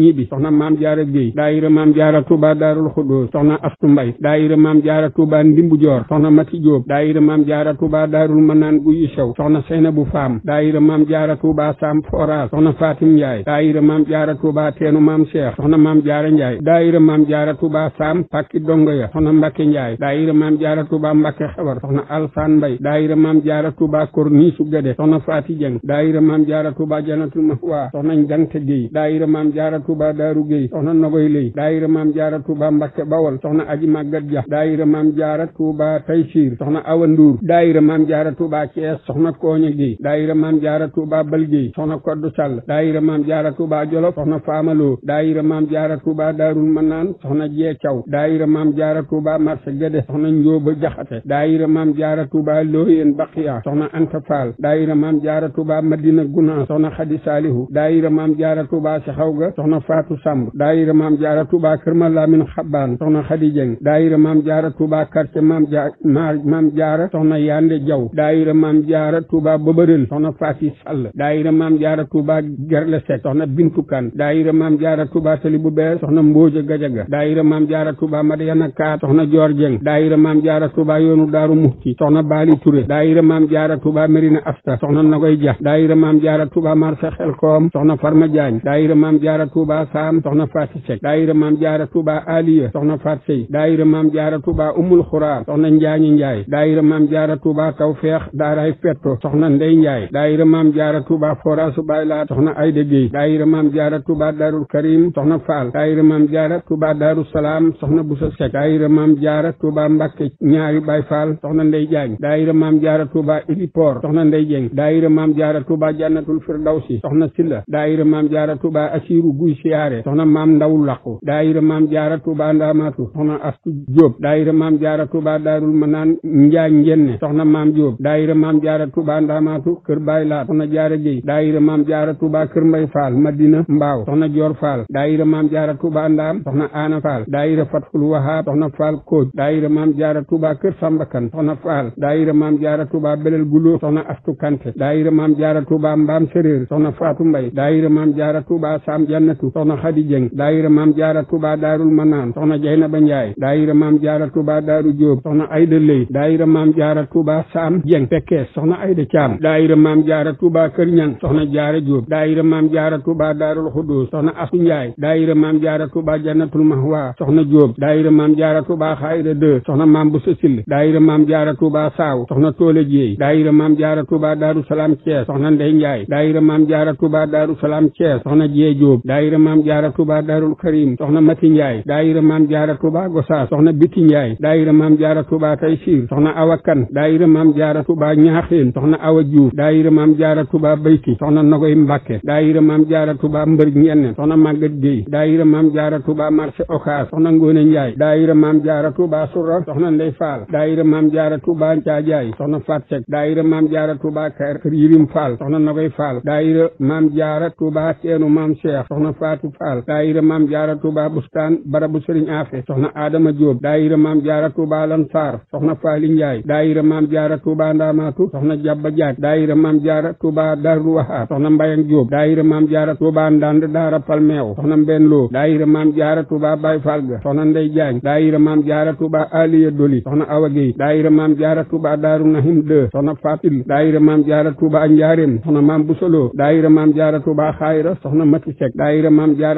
Speaker 1: jaara Touba daarul xudóos soxna astu mbay daayira maam jaara Touba ndimbu joor soxna mati jóob daayira maam jaara Touba daarul manaan guyu sow soxna seynabu faam daayira maam jaara Touba sam foras soxna fatim njaay daayira maam jaara Touba teenu maam cheikh soxna maam jaara njaay daayira maam jaara Touba sam pakki dongo ya soxna mbàkke njaay daayira maam jaara Touba mbàkke xewar soxna alsaan mbay daayira maam jaara Touba korniisu gede soxna faati jeng daayira maam jaara Touba janatul mahwa soxna njante géy daayira maam jaara Touba daaru géy soxna nogoy lay daayira maam jaara tuuba mbàkke bawol soxna aji màggat ja daayira maam jaara tuuba taysiir soxna awa nduur daayira maam jaara tuuba cees soxna kooña gi daayira maam jaara tuuba balgéey soxna koddu sàll daayira maam jaara tuuba jolof soxna faamaloo daayira maam jaara tuuba daarul manaan soxna jee caw daayira maam jaara tuuba marché gédé soxna njóoba jaxate daayira maam jaara tuuba looyeen baqiya soxna anta faal daayira maam jaara tuuba madina guna soxna xadi saalihu daayira maam jaara tuuba saxawga soxna faatu sàmb daayira maam jaara tuuba kër ma Lamine Xabaan soxna Xadi Jeng daayira maam jaara Touba quartier maam jaara maam jaara soxna Yande Jaw daayira maam jaara Touba Bëbërël soxna Faati Sall daayira maam jaara Touba Gerle Seck soxna Bintu Kan daayira maam jaara Touba Sali bu bees soxna Mbooja Gajaga daayira maam jaara Touba Madiyana Ka soxna Joor Jeng daayira maam jaara Touba yoonu Daaru Muxti soxna Baali Touré daayira maam jaara Touba Merina Asta soxna Nagoy Ja daayira maam jaara Touba marché Xelkom soxna Farma Jaañ daayira maam jaara Touba Saam soxna Faati Seck daayira maam jaara jaara tuuba aliya soxna faat sey daayira maam jaara tuuba umul xuraa soxna njaañi njaay daayira maam jaara tuuba tawfeex daaray fetto soxna ndey njaay daayira maam jaara tuuba foraasu baay laa soxna ayda géey daayira maam jaara tuuba daarul karim soxna faal daayira maam jaara tuuba daaru salaam soxna busa sek daayira maam jaara tuuba mbàkke ñaari baay faal soxna ndey jaañ daayira maam jaara tuuba ili poor soxna ndey jeng daayira maam jaara tuuba jannatul firdawsi soxna silla daayira maam jaara tuuba asiiru guy siyaare soxna maam ndaw laqu daayira maam jaara tuuba ndaamaatu soxna astu jóob daayira maam jaara tuuba daarul manaan njaañ njenne soxna maam jóob daayira maam jaara tuuba ndaamaatu kër baay laat soxna jaara géy daayira maam jaara tuuba kër mbay faal madina mbaaw soxna joor faal daayira maam jaara tuuba ndaam soxna aana faal daayira fatxul wahaab soxna faal kóoj daayira maam jaara tuuba kër sambakan soxna faal daayira maam jaara tuuba belel guloo soxna astu kante daayira maam jaara tuuba mbaam séréer soxna faatu mbay daayira maam jaara tuuba saam jannatu soxna xadi jeng daayira maam jaara tuuba daarul manaan soxna Jeynaba Njaay daayira maam jaara Touba daaru Jóob soxna Ayda Lëy daayira maam jaara Touba Saam Jeng Pekkees soxna Ayda Caam daayira maam jaara Touba Kër Ñang soxna jaara Jóob daayira maam jaara Touba daarul Xuduus soxna Asu Njaay daayira maam jaara Touba Jannatul Mahwa soxna Jóob daayira maam jaara Touba Xayra Dë soxna maam bu Sësil daayira maam jaara Touba Saaw soxna Toole Jéey daayira maam jaara Touba daaru Salaam Cees soxna Ndey Njaay daayira maam jaara Touba daaru Salaam Cees soxna Jee Jóob daayira maam jaara Touba daarul Karim soxna Binti Njaay daayira maam jaara Touba Gosaas soxna Biti Njaay daayira maam jaara Touba Taysiir soxna Awa Kan daayira maam jaara Touba Ñaaxeen soxna Awa Juuf daayira maam jaara Touba Bayti soxna Nogoy Mbàkke daayira maam jaara Touba Mbër Ñenne soxna Màggat Géy daayira maam jaara Touba marché Ocass soxna Ngóone Njaay daayira maam jaara Touba Sura soxna Ndey Faal daayira maam jaara Touba Njaajaay soxna Faat Sekk daayira maam jaara Touba Kër Yirim Faal soxna Nogoy Faal daayira maam jaara Touba Teenu maam Cheikh soxna Faatu Faal daayira maam jaara Touba Pakistan barabu Serigne Afe soxna Adama Diop daayira maam jaara Touba Lansar soxna Faali Ndiaye daayira maam jaara Touba Ndamatu soxna Jabba Diack daayira maam jaara Touba Darou Wahab soxna Mbayang Diop daayira maam jaara Touba Ndand Daara Palmeew soxna Mbenn Lo daayira maam jaara Touba Baye Falga soxna Ndey Diagne daayira maam jaara Touba Aliya Doli soxna Awa Gueye daayira maam jaara Touba Daaru Nahim De soxna Fatil daayira maam jaara Touba Njaareem soxna maam Busolo daayira maam jaara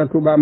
Speaker 1: Touba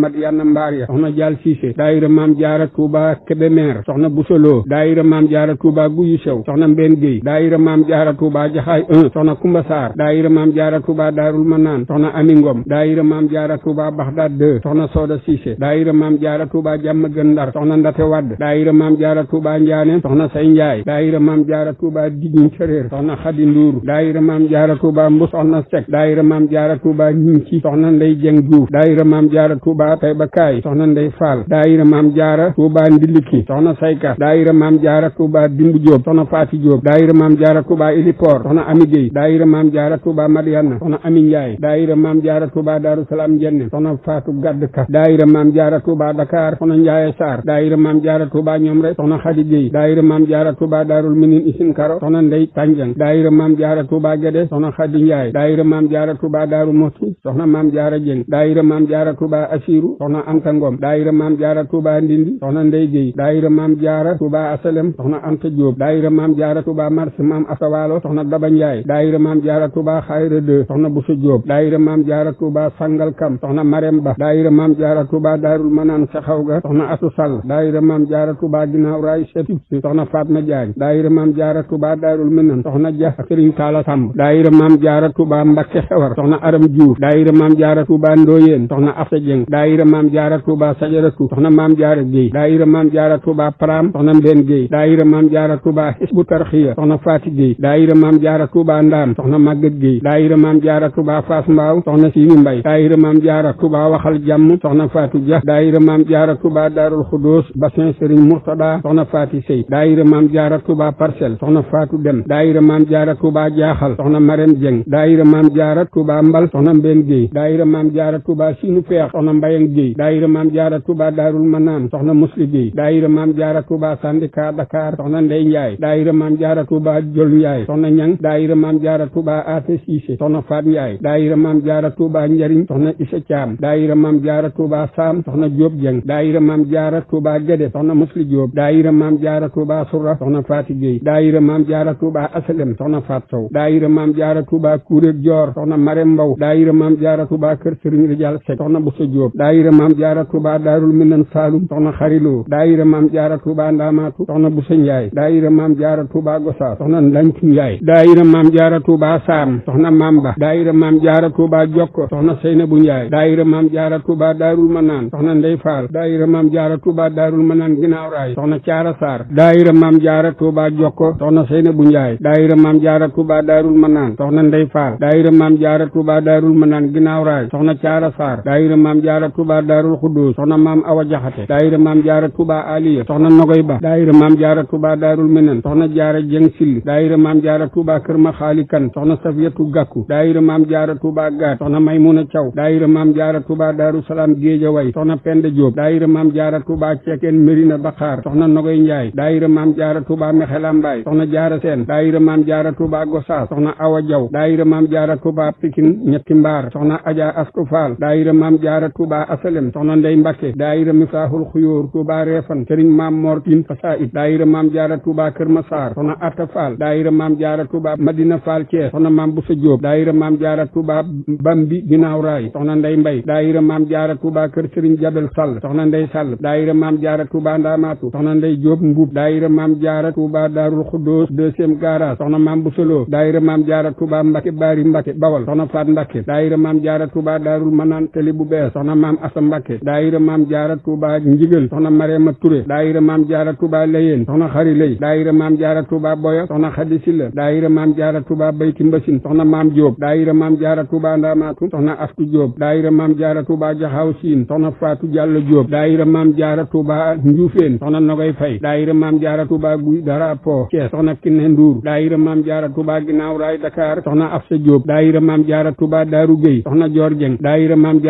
Speaker 1: Xayra Dial Cissé daayira maam jaara Touba Kébémer soxna Boussolo daayira maam jaara Touba Guyu Sew soxna Mbène Guèye daayira maam jaara Touba Jaxaay 1 soxna Kumba Sarr daayira maam jaara Touba Daarul Manaan soxna Ami Ngom daayira maam jaara Touba Baxdaad 2 soxna Soda Cissé daayira maam jaara Touba Jàmm Gën Ndar soxna Ndate Wadd daayira maam jaara Touba Njaane soxna Say Njaay daayira maam jaara Touba Digiñ Séréer soxna Xadi Nduur daayira maam jaara Touba Mbu soxna Sek daayira maam jaara Touba Ñinci soxna Ndey Jeng Diouf daayira maam jaara Touba Taïba Kaay soxna Ndey Fall daayira maam jaara Touba Ndiliki soxna Sayka daayira maam jaara Touba Dimbu Diop soxna Faati Diop daayira maam jaara Touba Ilipor soxna Ami Gueye daayira maam jaara Touba Madiana soxna Ami Ndiaye daayira maam jaara Touba Darou Salam Jenne soxna Faatu Gadd Ka daayira maam jaara Touba Dakar soxna Ndiaye Sarr daayira maam jaara Touba ñoom rek soxna Xadi Gueye daayira maam jaara Touba Darul Minin Isin Karo soxna Ndey Tanjang daayira maam jaara Touba Gede soxna Xadi Ndiaye daayira maam jaara Touba Darou Moti soxna maam jaara Jeng daayira maam jaara Touba Asiru soxna Anta Ngom daayira daayira maam jaara tuuba ndindi soxna ndey géy daayira maam jaara tuuba asalem soxna anta jóob daayira maam jaara tuuba mars maam asawaalo soxna daba njaay daayira maam jaara tuuba xayra de soxna busu jóob daayira maam jaara tuuba sangal kam soxna marem ba daayira maam jaara tuuba daarul manaan saxaw ga soxna atu sall daayira maam jaara tuuba ginnaaw raay setib si soxna fatma jaañ daayira maam jaara tuuba daarul minan soxna ja sëriñ taala samb daayira maam jaara tuuba mbakke xewar soxna aram juuf daayira maam jaara tuuba ndooyeen soxna afsa jeng daayira maam jaara tuuba xajaratu soxna maam jaara géey daayira maam jaara tuuba param soxna mbenn géey daayira maam jaara tuuba xisbu tarxiya soxna faati géey daayira maam jaara tuuba ndaam soxna màggat géey daayira maam jaara tuuba faas mbaaw soxna siini mbay daayira maam jaara tuuba waxal jàmm soxna faatu ja daayira maam jaara tuuba daarul xudoos bassin sëriñ murtada soxna faati sey daayira maam jaara tuuba parcelle soxna faatu dem daayira maam jaara tuuba jaaxal soxna marem jeng daayira maam jaara tuuba mbal soxna mbenn géey daayira maam jaara tuuba siinu feex soxna mbayang géey daayira maam jaara Touba Daarul Manaan soxna Musli Guèye daayira Maam Jaara Touba Sandika Dakar soxna Ndey Njaay daayira Maam Jaara Touba Jol Njaay soxna Ñang daayira Maam Jaara Touba Ate Siise soxna Faat Njaay daayira Maam Jaara Touba Njariñ soxna Isa Caam daayira Maam Jaara Touba Saam soxna Jóob Jeng daayira Maam Jaara Touba Gede soxna Musli Jóob daayira Maam Jaara Touba Sura soxna Faati Guèye daayira Maam Jaara Touba Asalem soxna Faat Sow daayira Maam Jaara Touba Kuréeg Joor soxna Mare Mbaw daayira Maam Jaara Touba Kër Sëriñ Rijaal Sekk soxna Buso Jóob daayira Maam Jaara Touba daarul minan saalum soxna xariloo daayira maam jaara tuuba ndaamaatu soxna busa njaay daayira maam jaara tuuba gosaas soxna ndancu njaay daayira maam jaara tuuba saam soxna mamba daayira maam jaara tuuba jokko soxna seynabu njaay daayira maam jaara tuuba daarul manaan soxna ndey faal daayira maam jaara tuuba daarul manaan ginaaw raay soxna caara saar daayira maam jaara tuuba jokko soxna seynabu njaay daayira maam jaara tuuba daarul manaan soxna ndey faal daayira maam jaara tuuba daarul manaan ginaaw raay soxna caara saar daayira maam jaara tuuba daarul xudduus soxna maam awa jaxate daayira maam jaara tuba aliya soxna nogoy ba daayira maam jaara tuba daarul minan soxna jaara jeng silli daayira maam jaara tuba kër ma xaali kan soxna safiyatu gàkku daayira maam jaara tuba gaat soxna maymuna caw daayira maam jaara tuba daaru salaam géejaway soxna penda jóob daayira maam jaara tuba cekkeen mérina baxaar soxna nogoy njaay daayira maam jaara tuba mexelambaay soxna jaara seen daayira maam jaara tuba gosaas soxna awa jaw daayira maam jaara tuba pikin ñetti mbaar soxna aja astu faal daayira maam jaara tuba asalem soxna ndey mbàkke Mbàkke daayira Misaaxul Xuyóor Tuuba Reefan sëriñ maam Mortin Fasaid daayira maam Jaara Tuuba Kër Masaar soxna Atta Fall daayira maam Jaara Tuuba Madina Fall Thiès soxna maam Busa Jóob daayira maam Jaara Tuuba Bambi Ginaaw Raay soxna nday Mbay daayira maam Jaara Tuuba kër sëriñ Jabel Sall soxna Ndey Sall daayira maam Jaara Tuuba Ndaamaatu soxna Ndey Jóob Mbuub daayira maam Jaara Tuuba Daarul Xuddoos deuxième garage soxna maam Busaloo daayira maam Jaara Tuuba Mbàkke Baari Mbàkke Bawal soxna Faat Mbàkke daayira maam Jaara Tuuba Daarul Manaan teli bu bees soxna maam Asa Mbàkke daayira maam jaara tuuba njigal soxna mareema ture daayira maam jaara tuuba layeen soxna xari lay daayira maam jaara tuuba boya soxna xadi silla daayira maam jaara tuuba bayti mbasin soxna maam jóob daayira maam jaara tuuba ndaamaatu soxna aftu jóob daayira maam jaara tuuba jaxaaw siin soxna faatu jàllo jóob daayira maam jaara tuuba njuufeen soxna nogoy fay daayira maam jaara tuuba guy dara po cees soxna kinne nduur daayira maam jaara tuuba ginnaaw raay dakar soxna afsa jóob daayira maam jaara tuuba daaru géy soxna joor jeng daayira maam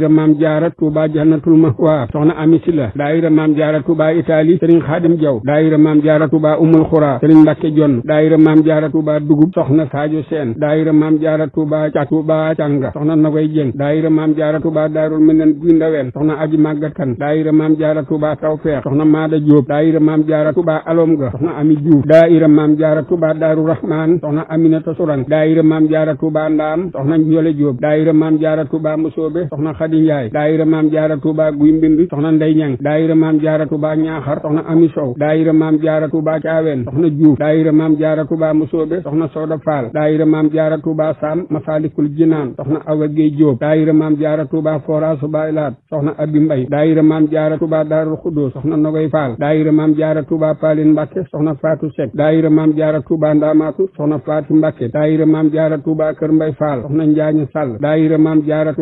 Speaker 1: daayira maam jaara tuuba jannatul mahwa soxna amisi la daayira maam jaara tuuba itaali sëriñ xaadim jaw daayira maam jaara tuuba umul xura sëriñ mbàkke jonn daayira maam jaara tuuba dugub soxna saajo seen daayira maam jaara tuuba ca tuuba cànga soxna nagoy jëng daayira maam jaara tuuba daarul minan guy ndaween soxna aji màggat kan daayira maam jaara tuuba tawfeex soxna maada jóob daayira maam jaara tuuba alom ga soxna ami juuf daayira maam jaara tuuba daaru rahmaan soxna aminata suran daayira maam jaara tuuba ndaam soxna njole jóob daayira maam jaara tuuba musoobe soxna Xadi Njaay daayira maam jaara Tuuba guy mbind soxna Ndey Ñang daayira maam jaara Tuuba ñaaxar soxna Ami Sow daayira maam jaara Tuuba caaween soxna Juuf daayira maam jaara Tuuba Musoobe soxna Sooda Faal daayira maam jaara Tuuba Saam Masaalikul Jinaan soxna Awa Géey Jóob daayira maam jaara Tuuba Foraasu Baylaat soxna Abi Mbay daayira maam jaara Tuuba Daarul Xuddoos soxna Nogoy Faal daayira maam jaara Tuuba Paalin Mbàkke soxna Faatu Sekk daayira maam jaara Tuuba Ndaamaatu soxna Faatu Mbàkke daayira maam jaara Tuuba Kër Mbay Faal soxna Njaañ Sàll daayira maam jaara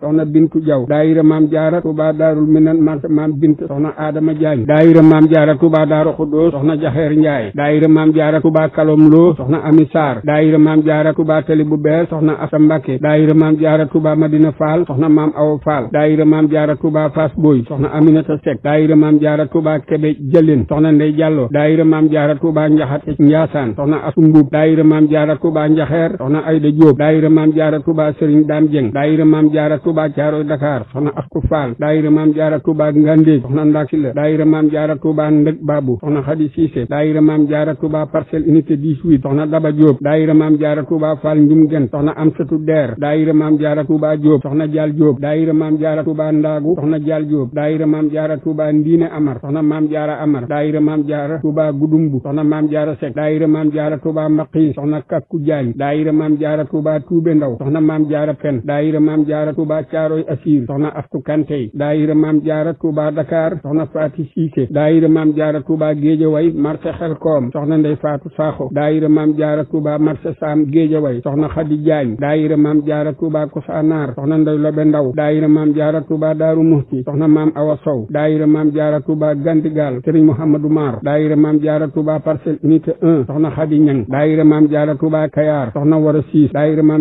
Speaker 1: soxna bintu jaw daayira maam jaara tuuba daarul minan marché maam bint soxna aadama jaañ daayira maam jaara tuuba daaru xuddoos soxna jaxeer njaay daayira maam jaara tuuba kalom loo soxna ami saar daayira maam jaara tuuba tali bu bees soxna asa mbàkke daayira maam jaara tuuba madina faal soxna maam awa faal daayira maam jaara tuuba fas boy soxna aminata sek daayira maam jaara tuuba kebe jëlin soxna ndey jàllo daayira maam jaara tuuba njaxate njaasaan soxna asu mbuub daayira maam jaara tuuba njaxeer soxna ayda jóob daayira maam jaara tuuba sëriñ daam jeng daayira maam jaara Touba Thiaroye Dakar soxna Astu Fall daayira maam jaara Touba Ngandé soxna Ndak Silla daayira maam jaara Touba Ndeg Babu soxna Xadi Cissé daayira maam jaara Touba Parcelles unité 18 soxna Daba Diop daayira maam jaara Touba Fall Njum Gen soxna Amsatu Der daayira maam jaara Touba Diop soxna Dial Diop daayira maam jaara Touba Ndagu soxna Dial Diop daayira maam jaara Touba Ndiine Amar soxna maam jaara Amar daayira maam jaara Touba Gudumbu soxna maam jaara Seck daayira maam jaara Touba Maqi soxna Kakku Jaali daayira maam jaara Touba Toubé Ndaw soxna maam jaara Pen daayira maam jaara Touba Touba Caaroy Asir soxna Aftu Kanté daayira Maam Jaara Touba Dakar soxna Faati Siise daayira Maam Jaara Touba Géejawaay marché Xelkoom soxna Ndey Faatu Saaxo daayira Maam Jaara Touba marché Saam Géejawaay soxna Xadi Jaañ daayira Maam Jaara Touba Kosaanaar soxna Ndey Lobe Ndaw daayira Maam Jaara Touba Daaru Muxti soxna Maam Awa Sow daayira Maam Jaara Touba Gandigal Sëriñ Mouhamadou Mar daayira Maam Jaara Touba Parcelles Unité 1 soxna Xadi Ñang daayira Maam Jaara Touba Kayaar soxna Wara Siis daayira Maam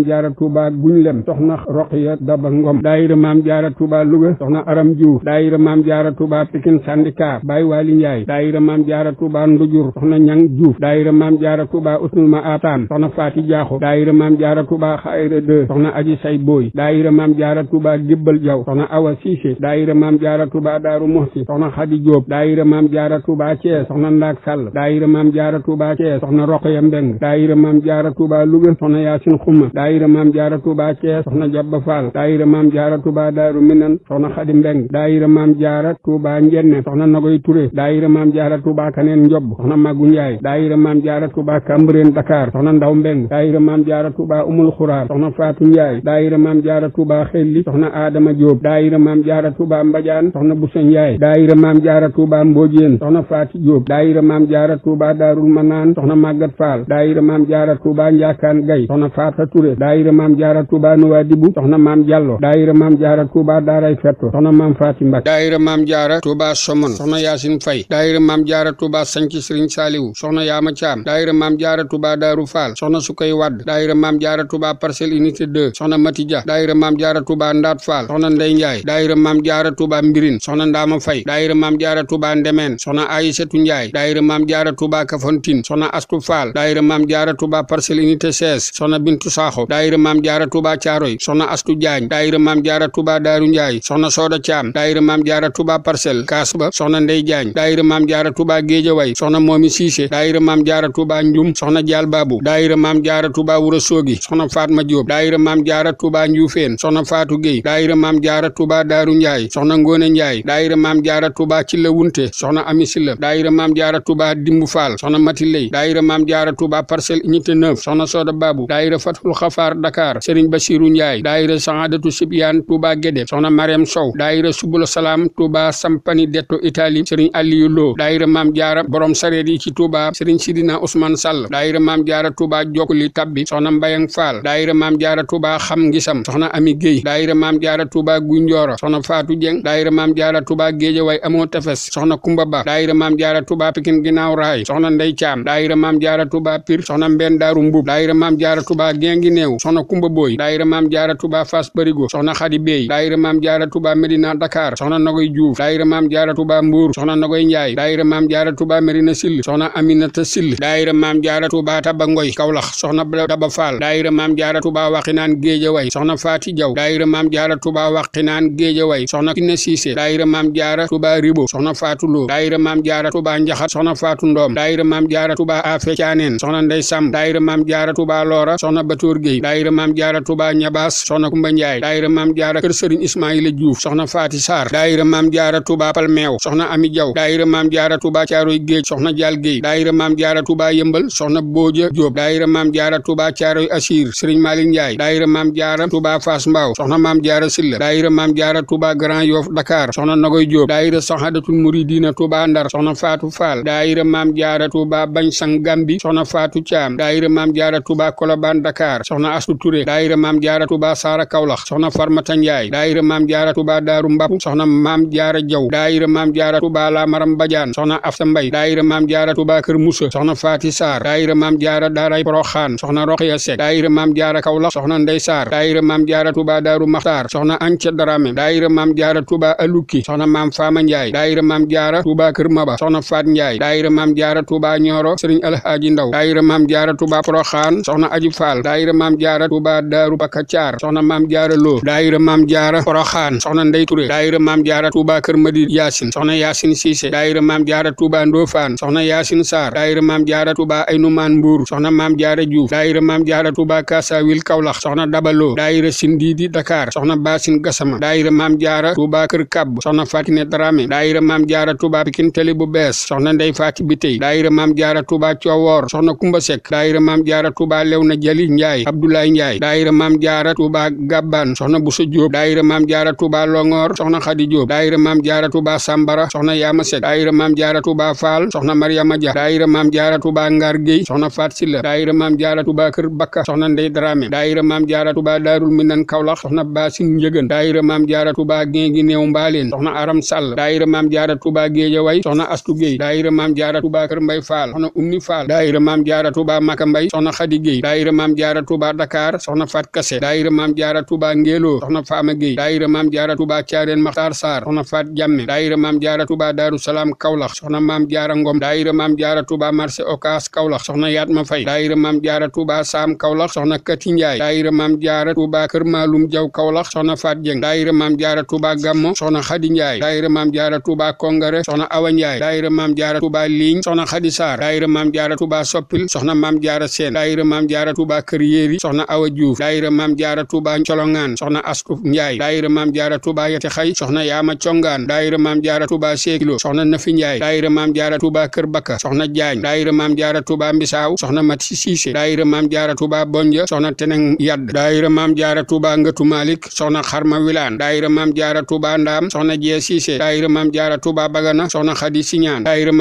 Speaker 1: Ngom daayira maam jaara Touba Louga soxna Aram Diouf daayira maam jaara Touba Pikine Sandika Baye Wali Ndiaye daayira maam jaara Touba Ndujur soxna Ñang Diouf daayira maam jaara Touba Usnul Maataan soxna Faati Jaaxo daayira maam jaara Touba Xayra de soxna Aji Say Boy daayira maam jaara Touba Gébbal Jaw soxna Awa Cissé daayira maam jaara Touba Daaru Muxti soxna Xadi Jóob daayira maam jaara Touba Thiès soxna Ndaak Sall daayira maam jaara Touba Thiès soxna Roqaya Mbeng daayira maam jaara Touba Louga soxna Yaasin Xuma daayira maam jaara Touba Thiès soxna Jabba Fall daayira maam jaara tuuba daaru minan soxna xadi mbeng daayira maam jaara tuuba njenne soxna nagoy ture daayira maam jaara tuuba kaneen njob soxna màggu njaay daayira maam jaara tuuba kambreen dakar soxna ndaw mbeng daayira maam jaara tuuba umul xuraar soxna faatu njaay daayira maam jaara tuuba xelli soxna aadama jóob daayira maam jaara tuuba mbajaan soxna busa njaay daayira maam jaara tuuba mbóojeen soxna faati jóob daayira maam jaara tuuba daarul manaan soxna màggat faal daayira maam jaara tuuba njaakaan gay soxna faata ture daayira maam jaara tuuba nuwaadibu soxna maam jàllo daayira maam jaara Touba daaray fetto soxna maam Faati Mbàkke daayira maam jaara Touba Somone soxna Yaasin Fay daayira maam jaara Touba Sanci Sëriñ Saaliwu soxna Yaama Caam daayira maam jaara Touba Daaru Faal soxna Sukay Wadd daayira maam jaara Touba Parcelles Unité 2 soxna Mati Ja daayira maam jaara Touba Ndaat Faal soxna Ndey Njaay daayira maam jaara Touba Mbirin soxna Ndaama Fay daayira maam jaara Touba Ndemeen soxna Aysatu Njaay daayira maam jaara daayira maam jaara tuba daaru njaay soxna sooda caam daayira maam jaara tuba parcelle kaas ba soxna ndey jaañ daayira maam jaara tuba géejaway soxna moomi siise daayira maam jaara tuba njum soxna jaal baabu daayira maam jaara tuba wura soogi soxna faatma jóob daayira maam jaara tuba njuufeen soxna faatu géy daayira maam jaara tuba daaru njaay soxna ngóone njaay daayira maam jaara tuba ci la wunte soxna ami silla daayira maam jaara tuba dimbu faal soxna mati lay daayira maam jaara tuba parcelle unité 9 soxna sooda baabu daayira fatul xafaar dakar sëriñ basiru njaay daayira saadatu Sibyane Touba Guédé soxna Mariam Sow daayira Subul Salaam Touba Sampani Detto Italie Serigne Aliou Lo daayira Maam Jaara borom sareet yi ci Touba Serigne Sidina Ousmane Sall daayira Maam Jaara Touba Jokuli Tabbi soxna Mbayang Fall daayira Maam Jaara Touba Xam Ngisam soxna Ami Guèye daayira Maam Jaara Touba Gunjooro soxna Fatou Dieng daayira Maam Jaara Touba Géejawaay Amoo Tefes soxna Kumba Ba daayira Maam Jaara Touba Pikine Ginaaw Raay soxna Ndey Caam daayira Maam Jaara Touba Pire soxna Mbenn Daaru Mbub daayira Maam Jaara Touba Gengi Néew soxna Kumba Boy daayira Maam Jaara Touba Fass Barigo soxna Xadi Bey daayira maam jaara Touba Medina Dakar soxna Nagoy Diouf daayira maam jaara Touba Mbour soxna Nagoy Njaay daayira maam jaara Touba Medina Sill soxna Aminata Sill daayira maam jaara Touba Taba Ngoy Kawlax soxna Daba Fall daayira maam jaara Touba Waxinaan Géejawaay soxna Faati Jaw daayira maam jaara Touba Waxinaan Géejawaay soxna Kine Siise daayira maam jaara Touba Ribo soxna Faatu Lo daayira maam jaara Touba Njaxat soxna Faatu Ndoom daayira maam jaara Touba Afe Caaneen soxna Ndey Sam daayira maam jaara Touba Loora soxna Batoor Géy daayira maam jaara Touba Ñabaas soxna Kumba Njaay daayira maam jaara kër sëriñ ismaila diouf soxna faati saar daayira maam jaara tuba palmeew soxna ami jaw daayira maam jaara tuba caaroy géej soxna jaal géey daayira maam jaara tuba yëmbal soxna booja jóob daayira maam jaara tuba caaroy asiir sëriñ maalik njaay daayira maam jaara tuba faas mbaaw soxna maam jaara silla daayira maam jaara tuba grand yoff dakar soxna nagoy jóob daayira saxadatul muridina tuba ndar soxna faatu faal daayira maam jaara tuba bañ sang gambi soxna faatu caam daayira maam jaara tuba kolobaan dakar soxna astu ture daayira maam jaara tuba saara kawlax soxna soxna farmata njaay daayira maam jaara tuba daaru mbàpp soxna maam jaara jaw daayira maam jaara tuba la maram bajaan soxna afta mbay daayira maam jaara tuba kër musa soxna faati saar daayira maam jaara daaray poroxaan soxna roqiya sek daayira maam jaara kawlax soxna ndey saar daayira maam jaara tuba daaru maxtaar soxna anca darame daayira maam jaara tuba alukki soxna maam faama njaay daayira maam jaara tuba kër maba soxna sëriñ alhaaji ndaw daayira maam jaara tuba poroxaan soxna aji faal daayira maam jaara tuba daaru bakacaar soxna maam jaara loo Lo daayira maam jaara Poroxaan soxna Ndey Touré daayira maam jaara Touba Kër Madi Yaasin soxna Yaasin Cissé daayira maam jaara Touba Ndofaan soxna Yaasin Sarr daayira maam jaara Touba Aynumaan Mbuur soxna maam jaara Diouf daayira maam jaara Touba Kaasawil Kawlax soxna Dabaloo daayira Sindiidi Dakar soxna Baasin Gasama daayira maam jaara Touba Kër Kab soxna Fatine Dramé daayira maam jaara Touba Pikine Tali bu bees soxna Ndey Faati Bitey daayira maam jaara Touba Ciowoor soxna Kumba Sek daayira maam jaara Touba Lewna Jali Njaay Abdoulaye Njaay daayira maam jaara Touba Gabban soxna Bousso Diop daayira maam jaara Touba Longoor soxna Khady Diop daayira maam jaara Touba Sambara soxna Yaama Seck daayira maam jaara Touba Fall soxna Mariama Dia daayira maam jaara Touba Ngar Gueye soxna Fat Silla daayira maam jaara Touba Kër Bakka soxna Ndey Dramé daayira maam jaara Touba Daarul Minan Kaolack soxna Basin Njëgën daayira maam jaara Touba Géngi Néew Mbaaleen soxna Aram Sall daayira maam jaara Touba Géejaway soxna Astu Gueye daayira maam jaara Touba Kër Mbay Fall soxna Ummi Fall daayira maam jaara Touba Maka Mbay soxna ngeeloo soxna faama géey daayira maam jaara tuuba caareen maxtaar saar soxna faat jàmme daayira maam jaara tuuba daaru salaam kawlax soxna maam jaara ngom daayira maam jaara tuuba marché okas kawlax soxna yaatma fay daayira maam jaara tuuba saam kawlax soxna kati njaay daayira maam jaara tuuba kër maalum jaw kawlax soxna faat jeng daayira maam jaara tuuba gammo soxna xadi njaay daayira maam jaara tuuba kongare soxna awa njaay daayira maam jaara tuuba liiñ soxna xadi saar daayira maam jaara tuuba soppil soxna maam jaara seen daayira maam jaara tuuba kër soxna askuf njaay daayira maam jaara tuuba yati xay soxna yaama congaan daayira maam jaara tuuba seekilo soxna nafi njaay daayira maam jaara tuuba kër bakka soxna jaañ daayira maam jaara tuuba mbisaaw soxna mati siise daayira maam jaara tuuba bonja soxna teneng yadd daayira maam jaara tuuba ngëtu malik soxna xarma wilaan daayira maam jaara tuuba ndaam soxna jee siise daayira maam jaara tuuba bagana soxna xadi siñaan daayira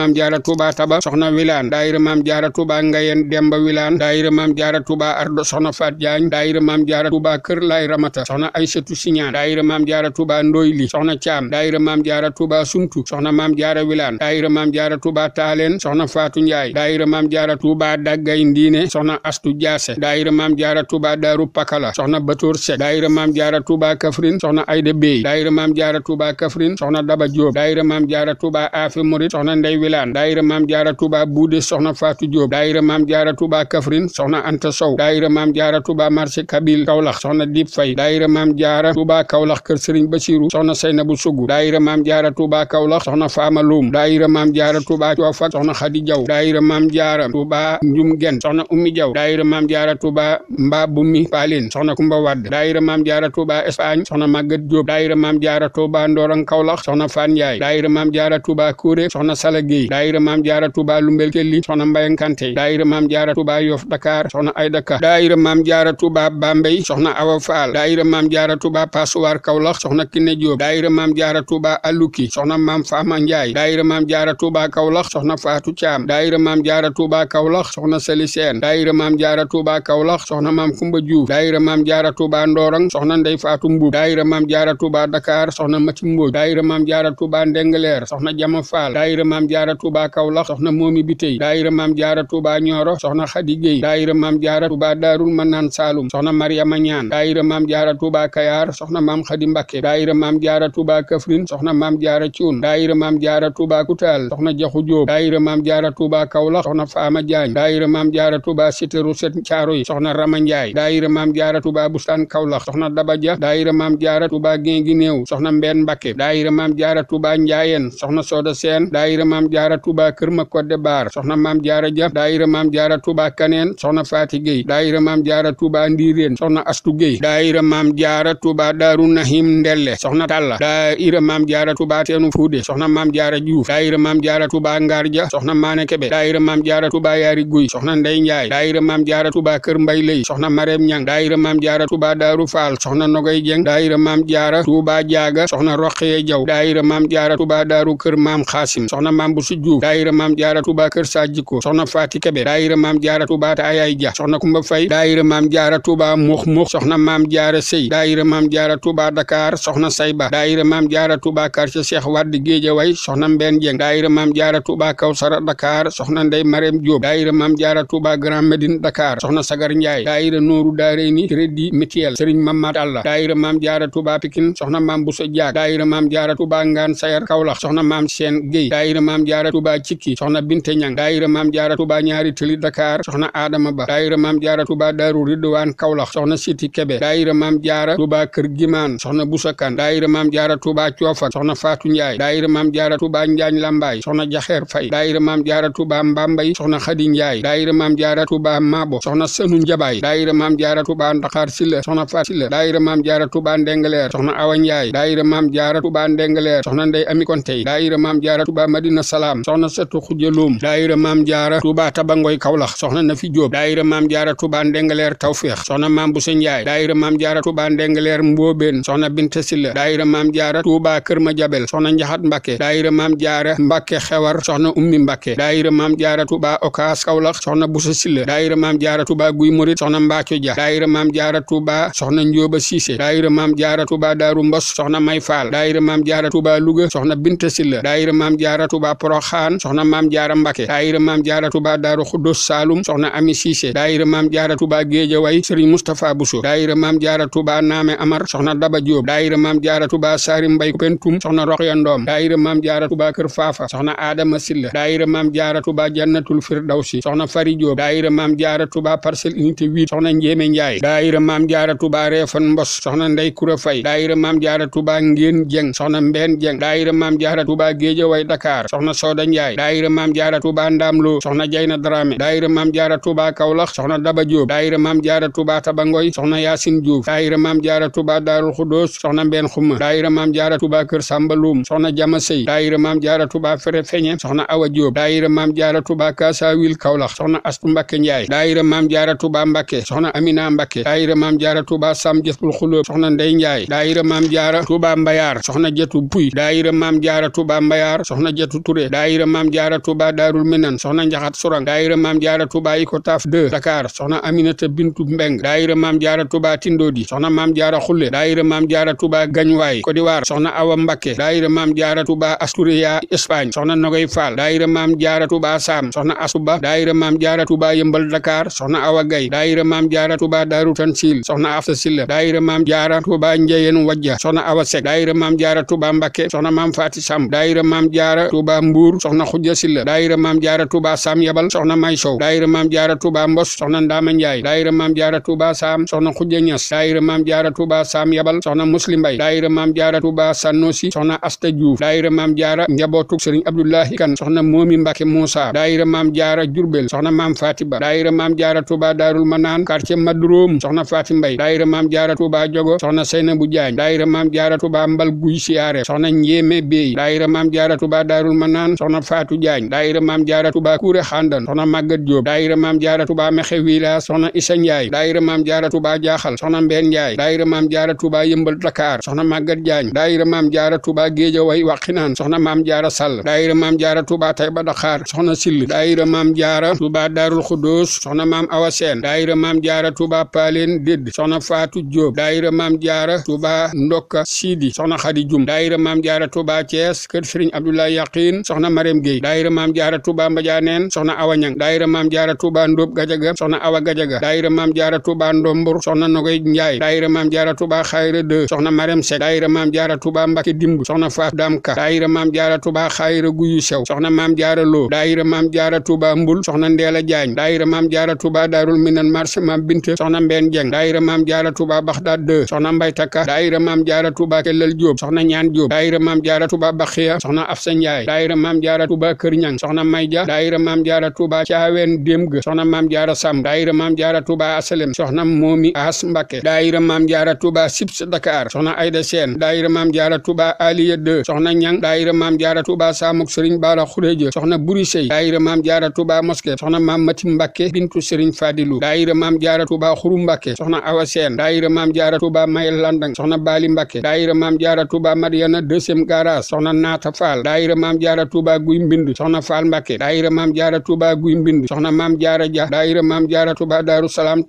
Speaker 1: soxna wilaan daayira maam jaara tuuba ngayen demba wilaan daayira maam jaara tuuba ardo soxna faat jaañ daayira maam jaara tuuba kër lay ramata soxna Aysatu Siñaan daayira maam jaara Touba Ndoy li soxna Caam daayira maam jaara Touba Suntu soxna maam jaara Wilaan daayira maam jaara Touba Taaleen soxna Faatu Njaay daayira maam jaara Touba Daggay Ndiine soxna Astu Jaase daayira maam jaara Touba Daaru Pakala soxna Batoor Sek daayira maam jaara Touba Kafrin soxna Ayda Bey daayira maam jaara Touba Kafrin soxna Daba Joob daayira maam jaara Touba Afe Murit soxna Ndey Wilaan daayira maam jaara Touba Buude soxna Faatu Joob daayira maam jaara Touba Kafrin soxna Anta Sow daayira maam jaara Touba Marché daayira maam jaara tuuba kawlax kër sëriñ basiru soxna saynabu sugu daayira maam jaara tuuba kawlax soxna faama luum daayira maam jaara tuuba coofak soxna xadi jaw daayira maam jaara tuuba njum gen soxna ummi jaw daayira maam jaara tuuba mbaa bummi paalin soxna kumba wadd daayira maam jaara tuuba espagne soxna màggat jóob daayira maam jaara tuuba ndooran kawlax soxna faan njaay daayira maam jaara tuuba kuure soxna sala géey daayira maam jaara tuuba lumbel kelli soxna mbayan kante daayira maam jaara tuuba yof dakar soxna ay dakar maam jaara tuuba pasuwaar kawlax soxna kinne jóob daayira maam jaara tuuba aluki soxna maam faama njaay daayira maam jaara tuuba kawlax soxna faatu caam daayira maam jaara tuuba kawlax soxna seli seen daayira maam jaara tuuba kawlax maam kumba juuf daayira maam jaara tuuba ndoorang soxna ndey faatu mbuub maam jaara tuuba dakar soxna maci mbóoj daayira maam jaara tuuba ndengaleer soxna jama faal daayira maam jaara tuuba kawlax soxna moomi bitey daayira maam jaara tuuba ñooro soxna xadi géy daayira maam jaara tuuba daarul manaan saalum soxna mariama ñaan daayira maam jaara Touba Kayar soxna maam Khady Mbacké daayira maam jaara Touba Kaffrine soxna maam jaara Thion daayira maam jaara Touba Koutal soxna Jaxu Joob daayira maam jaara Touba Kaolack soxna Faama Jaañ daayira maam jaara Touba Cité Rousset Thiaroye soxna Rama Njaay daayira maam jaara Touba Bustaan Kaolack soxna Dabaja daayira maam jaara Touba Gengi Néew soxna Mbeen Mbacké daayira maam jaara Touba Njaayeen soxna Soda Seen daayira maam jaara Touba Kër Makodde Baar soxna maam jaara Ja daayira maam jaara Touba Kaneen soxna Faati Gueye daayira maam jaara Touba Ndiireen soxna Astu Gueye daayira maam jaara tuuba daaru nahim ndelle soxna talla daayira maam jaara tuuba teenu fuude soxna maam jaara juuf daayira maam jaara tuuba ngarja soxna maane kebe daayira maam jaara tuuba yaari guy soxna ndey njaay daayira maam jaara tuuba kër mbay lay soxna mareem ñang daayira maam jaara tuuba daaru faal soxna nogoy jeng daayira maam jaara tuuba jaaga soxna roqee jaw daayira maam jaara tuuba daaru kër maam xaasim soxna maam bu su juuf daayira maam jaara tuuba kër sajjiko soxna faati kebe daayira maam jaara tuuba ta ayaay ja soxna kumba fay daayira maam jaara tuuba mux mux soxna maam jaara sëy daayira maam jaara tuuba dakar soxna sayba daayira maam jaara tuuba quartier cheikh wadd géejawaay soxna mbenn jeng daayira maam jaara tuuba kawsara dakar soxna ndey marem jóob daayira maam jaara tuuba grand médine dakar soxna sagar njaay daayira nooru daareeni crédit mutuel sëriñ mamad alla daayira maam jaara tuuba pikin soxna maam buso jaag daayira maam jaara tuuba ngaan sayar kawlax soxna maam seen géy daayira maam jaara tuuba cikki soxna binte ñang daayira maam jaara tuuba ñaari tëli dakar soxna adama ba daayira maam jaara tuuba daaru ridwaan kawlax soxna siti kebe daayira maam maam jaara tuuba kër gimaan soxna busa kan daayira maam jaara tuuba coofan soxna faatu njaay daayira maam jaara tuuba njaañ lambaay soxna jaxeer fay daayira maam jaara tuuba mbambay soxna xadi njaay daayira maam jaara tuuba maabo soxna sënu njabaay daayira maam jaara tuuba ndaxaar silla soxna faat silla daayira maam jaara tuuba ndengaleer soxna awa njaay daayira maam jaara tuuba ndengaleer soxna ndey ami kontey daayira maam jaara tuuba madina salaam soxna sëtu xujjaloom daayira maam jaara tuuba tabangoy kawlax soxna nafi jóob daayira maam jaara tuuba ndengaleer tawfeex soxna maam busa njaay daayira maam jaara daayira maam jaara Touba Kër Ma Jabel soxna Njaxat Mbàkke daayira maam jaara Mbàkke Xewar soxna Ummi Mbàkke daayira maam jaara Touba Okaas Kawlax soxna Busa Silla daayira maam jaara Touba Guy Murit soxna Mbaaco Ja daayira maam jaara Touba soxna Njóoba Siise daayira maam jaara Touba Daaru Mbos soxna May Faal daayira maam jaara Touba Luga soxna Binta Silla daayira maam jaara Touba Poroxaan soxna maam jaara Mbàkke daayira maam jaara Touba Daaru Xuddos Saalum soxna Ami Siise daayira maam jaara Touba Géejawaay Sëriñ Mustafa Buso Touba Naame Amar soxna Daba Diop daayira maam jaara Touba Sarim Mbay Pentum soxna Roxya Ndoom daayira maam jaara Touba Kër Faafa soxna Adama Silla daayira maam jaara Touba Jannatul Firdawsi soxna Fari Diop daayira maam jaara Touba Parcelles Unité 8 soxna Njéeme Njaay daayira maam jaara Touba Refan Mbos soxna Ndey Kura Fay daayira maam jaara Touba Ngeen Jeng soxna Mbeen Jeng daayira maam jaara Touba Géejawaay Dakar soxna Soda Njaay daayira maam jaara Touba Ndamlo soxna Jayna Dramé daayira maam jaara tuba daarul xudoos soxna mbenn xuma daayira maam jaara tuba kër sàmbaluum soxna jama sëy daayira maam jaara tuba fere feñe soxna awa jóob daayira maam jaara tuba kaasawil kawlax soxna astu mbàkke njaay daayira maam jaara tuba mbàkke soxna amina mbàkke daayira maam jaara tuba sam jëful xulóob soxna ndey njaay daayira maam jaara tuba mbayaar soxna jetu puy daayira maam jaara tuba mbayaar soxna jetu ture daayira maam jaara tuba daarul minan soxna njaxat surang daayira maam jaara tuba iko taaf 2 dakar soxna aminata bintu mbeng daayira maam jaara tuba tindoodi soxna maam jaara xulle daayira maam jaara tuba gañwaay Côte d'Ivoire soxna awa mbakke daayira maam jaara tuba asturiya Espagne soxna nogoy faal daayira maam jaara tuba saam soxna asuba daayira maam jaara tuba yëmbal dakar soxna awa gay daayira maam jaara tuba daaru tansil soxna afsa silla daayira maam jaara tuba njeyeen wajja soxna awa sek daayira maam jaara tuba mbakke soxna maam faati sam daayira maam jaara tuba mbuur soxna xujja silla daayira maam jaara tuba sam yabal soxna may maam jaara tuuba saam yabal soxna muslim mbay daayira maam jaara tuuba sannosi soxna asta diouf daayira maam jaara njabootug sëriñ abdoulahi kan soxna moomi mbake muusa daayira maam jaara jurbel soxna maam fatiba daayira maam jaara tuuba daarul manaan quartier madroom soxna faati mbay daayira maam jaara tuuba jogo soxna seyna bu jaañ daayira maam jaara tuuba mbal guy siyaare soxna njéeme beey daayira maam jaara tuuba daarul manaan soxna faatu jaañ daayira maam jaara tuuba kuure xandan soxna màggat jóob daayira Njaay daayira maam jaara Touba yëmbal Dakar soxna Maguette Diagne daayira maam jaara Touba Géejawaay Waxinaan soxna maam jaara Sall daayira maam jaara Touba Tayba Dakar soxna Sill daayira maam jaara Touba Darul Xudoos soxna maam Awa Seen daayira maam jaara Touba Paleen Dédd soxna Faatu Jóob daayira maam jaara Touba Ndokka Sidi soxna Xadi Jum daayira maam jaara Touba Thiès kër Sëriñ Abdoulaye Yaqin soxna Marème Gueye daayira maam jaara Touba Mbajaaneen soxna Awa Ñang daayira maam jaara Touba Ndóob Gajaga soxna Awa Gajaga daayira daayira maam jaara tuba xaayira 2 soxna marem sek daayira maam jaara tuba mbàkke dimb soxna faaf daam ka daayira maam jaara tuba xaayira guyu sew soxna maam jaara loo daayira maam jaara tuba mbul soxna ndeela jaañ daayira maam jaara tuba daarul minan marché maam binte soxna mbeen jeng daayira maam jaara tuba baxdaad 2 soxna mbay takka daayira maam jaara tuba kellal jóob soxna ñaan jóob daayira maam jaara tuba baxiya soxna afsa njaay daayira maam jaara tuba kër ñang soxna mayja daayira maam jaara tuba caaween déem ga soxna maam jaara sam daayira daayira maam jaara touba sips dakar soxna ayda seen daayira maam jaara touba aliya 2 soxna ñang daayira maam jaara touba saamuk sëriñ baara xuréja soxna buri sey daayira maam jaara touba moské soxna maam mati mbàkke bintu sëriñ fadilu daayira maam jaara touba xuru mbàkke soxna awa seen daayira maam jaara touba mayel landang soxna baali mbàkke daayira maam jaara touba mariana deuxième garage soxna naata faal daayira maam jaara touba guy mbind soxna faal mbàkke daayira maam jaara touba guy mbind soxna maam jaara ja daayira maam jaara touba daaru salaam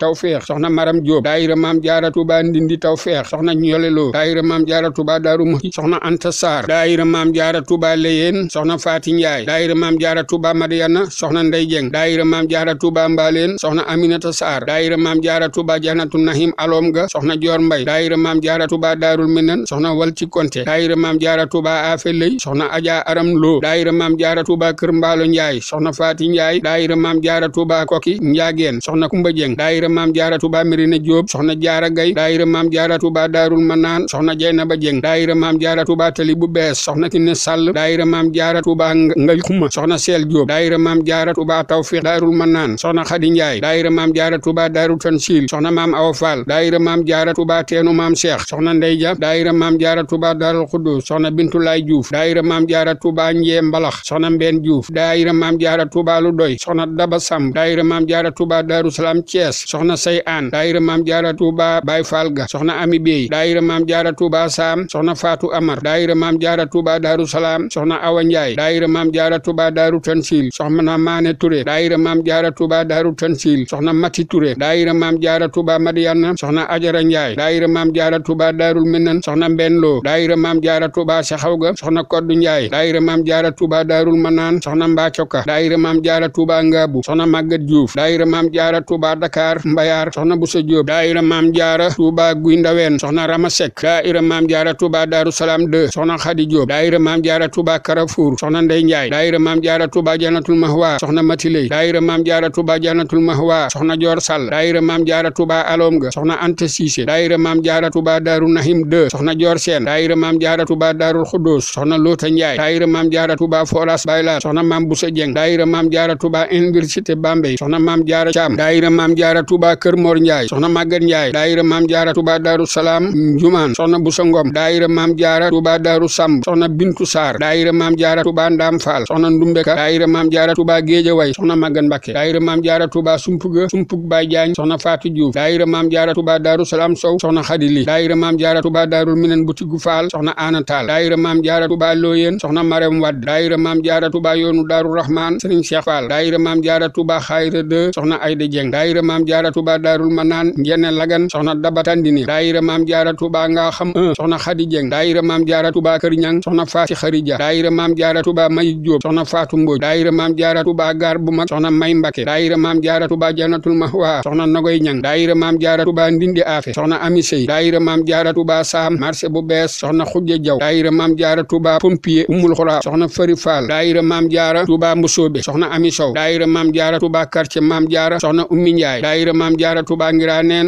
Speaker 1: jaara Touba Ndindi Tawfeex soxna Ñole Lo daayira maam jaara Touba Daaru Muxti soxna Anta Sarr daayira maam jaara Touba Leyeen soxna Faati Njaay daayira maam jaara Touba Madiyana soxna Ndey Jeng daayira maam jaara Touba Mbaaleen soxna Aminata Sarr daayira maam jaara Touba Janatu Nahim Alom ga soxna Joor Mbay daayira maam jaara Touba Daarul Minan soxna Walci Konte daayira maam jaara Touba Afeley soxna Aja Aram Lo daayira maam jaara Touba Kër Mbaalo Njaay soxna Faati Njaay daayira maam jaara Touba Koki Njaageen soxna Kumba Jeng daayira maam jaara Touba Mirina Jóob soxna Jaara Gay daayira maam jaara Tuuba daarul manaan soxna Jeynaba Jeng daayira maam jaara Tuuba tali bu bees soxna Kine Sàll daayira maam jaara Tuuba ngal xuma soxna Seel Jóob daayira maam jaara Tuuba tawfiq daarul manaan soxna Xadi Njaay daayira maam jaara Tuuba daaru tansil soxna maam Awa Faal daayira maam jaara Tuuba teenu maam Cheikh soxna Ndey Ja daayira maam jaara Tuuba daarul xudus soxna Bintulaay Juuf daayira maam jaara Tuuba njee mbalax soxna Mbeen Juuf daayira maam jaara Tuuba lu doy soxna Daba Samb daayira maam jaara Tuuba daaru salaam Cees soxna Say Aan daayira maam jaara Tuuba Baye Fall ga soxna Ami Bey daayira Maam Jaara Touba Saam soxna Faatu Amar daayira Maam Jaara Touba Daaru Salaam soxna Awa Njaay daayira Maam Jaara Touba Daaru Tansil soxna Maane Touré daayira Maam Jaara Touba Daaru Tansil soxna Mati Touré daayira Maam Jaara Touba Madiana soxna Ajara Njaay daayira Maam Jaara Touba Daarul Minan soxna Mbenn Lo daayira Maam Jaara Touba Saxaw ga soxna Koddu Njaay daayira Maam Jaara Touba Daarul Manaan soxna Mbaacoka daayira Maam Jaara Touba Ngaabu soxna Màggat Juuf daayira Maam Jaara Touba Dakar Mbayaar soxna Busa Jóob daayira Maam Jaara jaara Touba Guy Ndaween soxna Rama Seck daayira maam jaara Touba Daaru Salaam 2 soxna Khady Diop daayira maam jaara Touba Carrefour soxna Ndey Njaay daayira maam jaara Touba Jannatul Mahwa soxna Matiley daayira maam jaara Touba Jannatul Mahwa soxna Joor Sall daayira maam jaara Touba Alom ga soxna Anta Cissé daayira maam jaara Touba Daaru Nahim 2 soxna Joor Seen daayira maam jaara Touba Daarul Xuddoos soxna Loota Njaay daayira maam jaara Touba Foras Baylaat soxna Maam Busa Jeng daayira maam jaara Touba Université Bambey soxna maam jaara Caam daayira maam jaara Touba Kër Mor Njaay soxna Maguette Njaay maam jaara tuba daaru salaam njumaan soxna busa ngom daayira maam jaara tuba daaru samb soxna bintu saar daayira maam jaara tuba ndaam faal soxna ndumbeka daayira maam jaara tuba géejaway soxna màggan mbakke daayira maam jaara tuba sumpuga sumpug baay jaañ soxna faatu juuf daayira maam jaara tuba daaru salaam sow soxna xadi li daayira maam jaara tuba daarul minen butigu faal soxna aana taal daayira maam jaara tuba looyeen soxna marem wadd daayira maam jaara tuba yoonu daaru rahman sëriñ cheikh faal daayira maam jaara tuba xayra de soxna ayda jeng daayira maam jaara tuba daarul manaan njene lagan soxna sadda batandine daayira maam jaara tuba nga xam soxna xadi jeng daayira maam jaara tuba kër ñang soxna faati xarija daayira maam jaara tuba may jóob soxna faatu mbooj daayira maam jaara tuba gaar bu mag soxna may mbake daayira maam jaara tuba jannatul mahwa soxna nogoy ñang daayira maam jaara tuba ndindi afe soxna amisey daayira maam jaara tuba saam marché bu bees soxna xujja jaw daayira maam jaara tuba pompier umul xura soxna fari faal daayira maam jaara tuba mbusoobe soxna ami sow soxna ummi njaay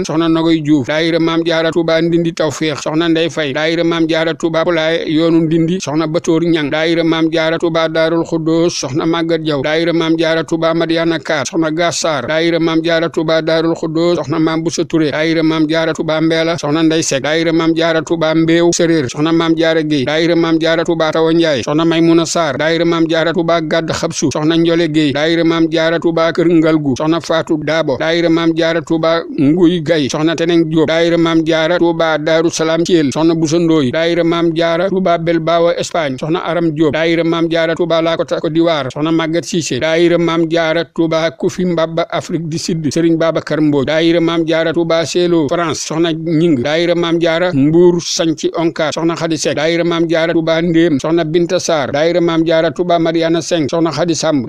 Speaker 1: soxna nogoy juuf Diouf daayira maam jaara Touba ndindi tawféex soxna Ndey Fay daayira maam jaara Touba Pulaay yoonu ndindi soxna Batoor Ñang daayira maam jaara Touba Daarul Xuddoos soxna Màggat Jaw daayira maam jaara Touba Madiana Kaar soxna Gassaar daayira maam jaara Touba Daarul Xuddoos soxna maam Busa Ture daayira maam jaara Touba Mbeela soxna Ndey Sek daayira maam jaara Touba Mbéew Séréer soxna maam jaara Géy daayira maam jaara Touba Tawa Njaay soxna Maymuna Saar daayira maam jaara Touba Gàdd Xabsu soxna Njole Géy daayira maam jaara Touba Kër Ngalgu soxna Faatu Daabo daayira maam jaara Touba Nguy Gay soxna Teneng Ñang Jóob daayira Maam Jaara Tuuba Daaru Salaam Thiel soxna Buso Ndooy daayira Maam Jaara Tuuba Belbaawa Espagne soxna Aram Jóob daayira Maam Jaara Tuuba Lakota Côte d'Ivoire soxna Maguette Cissé daayira Maam Jaara Tuuba Kufi Mbabba Afrique du Sud Serigne Babacar Mbooj daayira Maam Jaara Tuuba Selo France soxna Ñing daayira Maam Jaara Mbuur Sanci Onkar soxna Xadi Sekk daayira Maam Jaara Tuuba Ndéem soxna Binta Sarr daayira Maam Jaara Tuuba Seng soxna Xadi Samb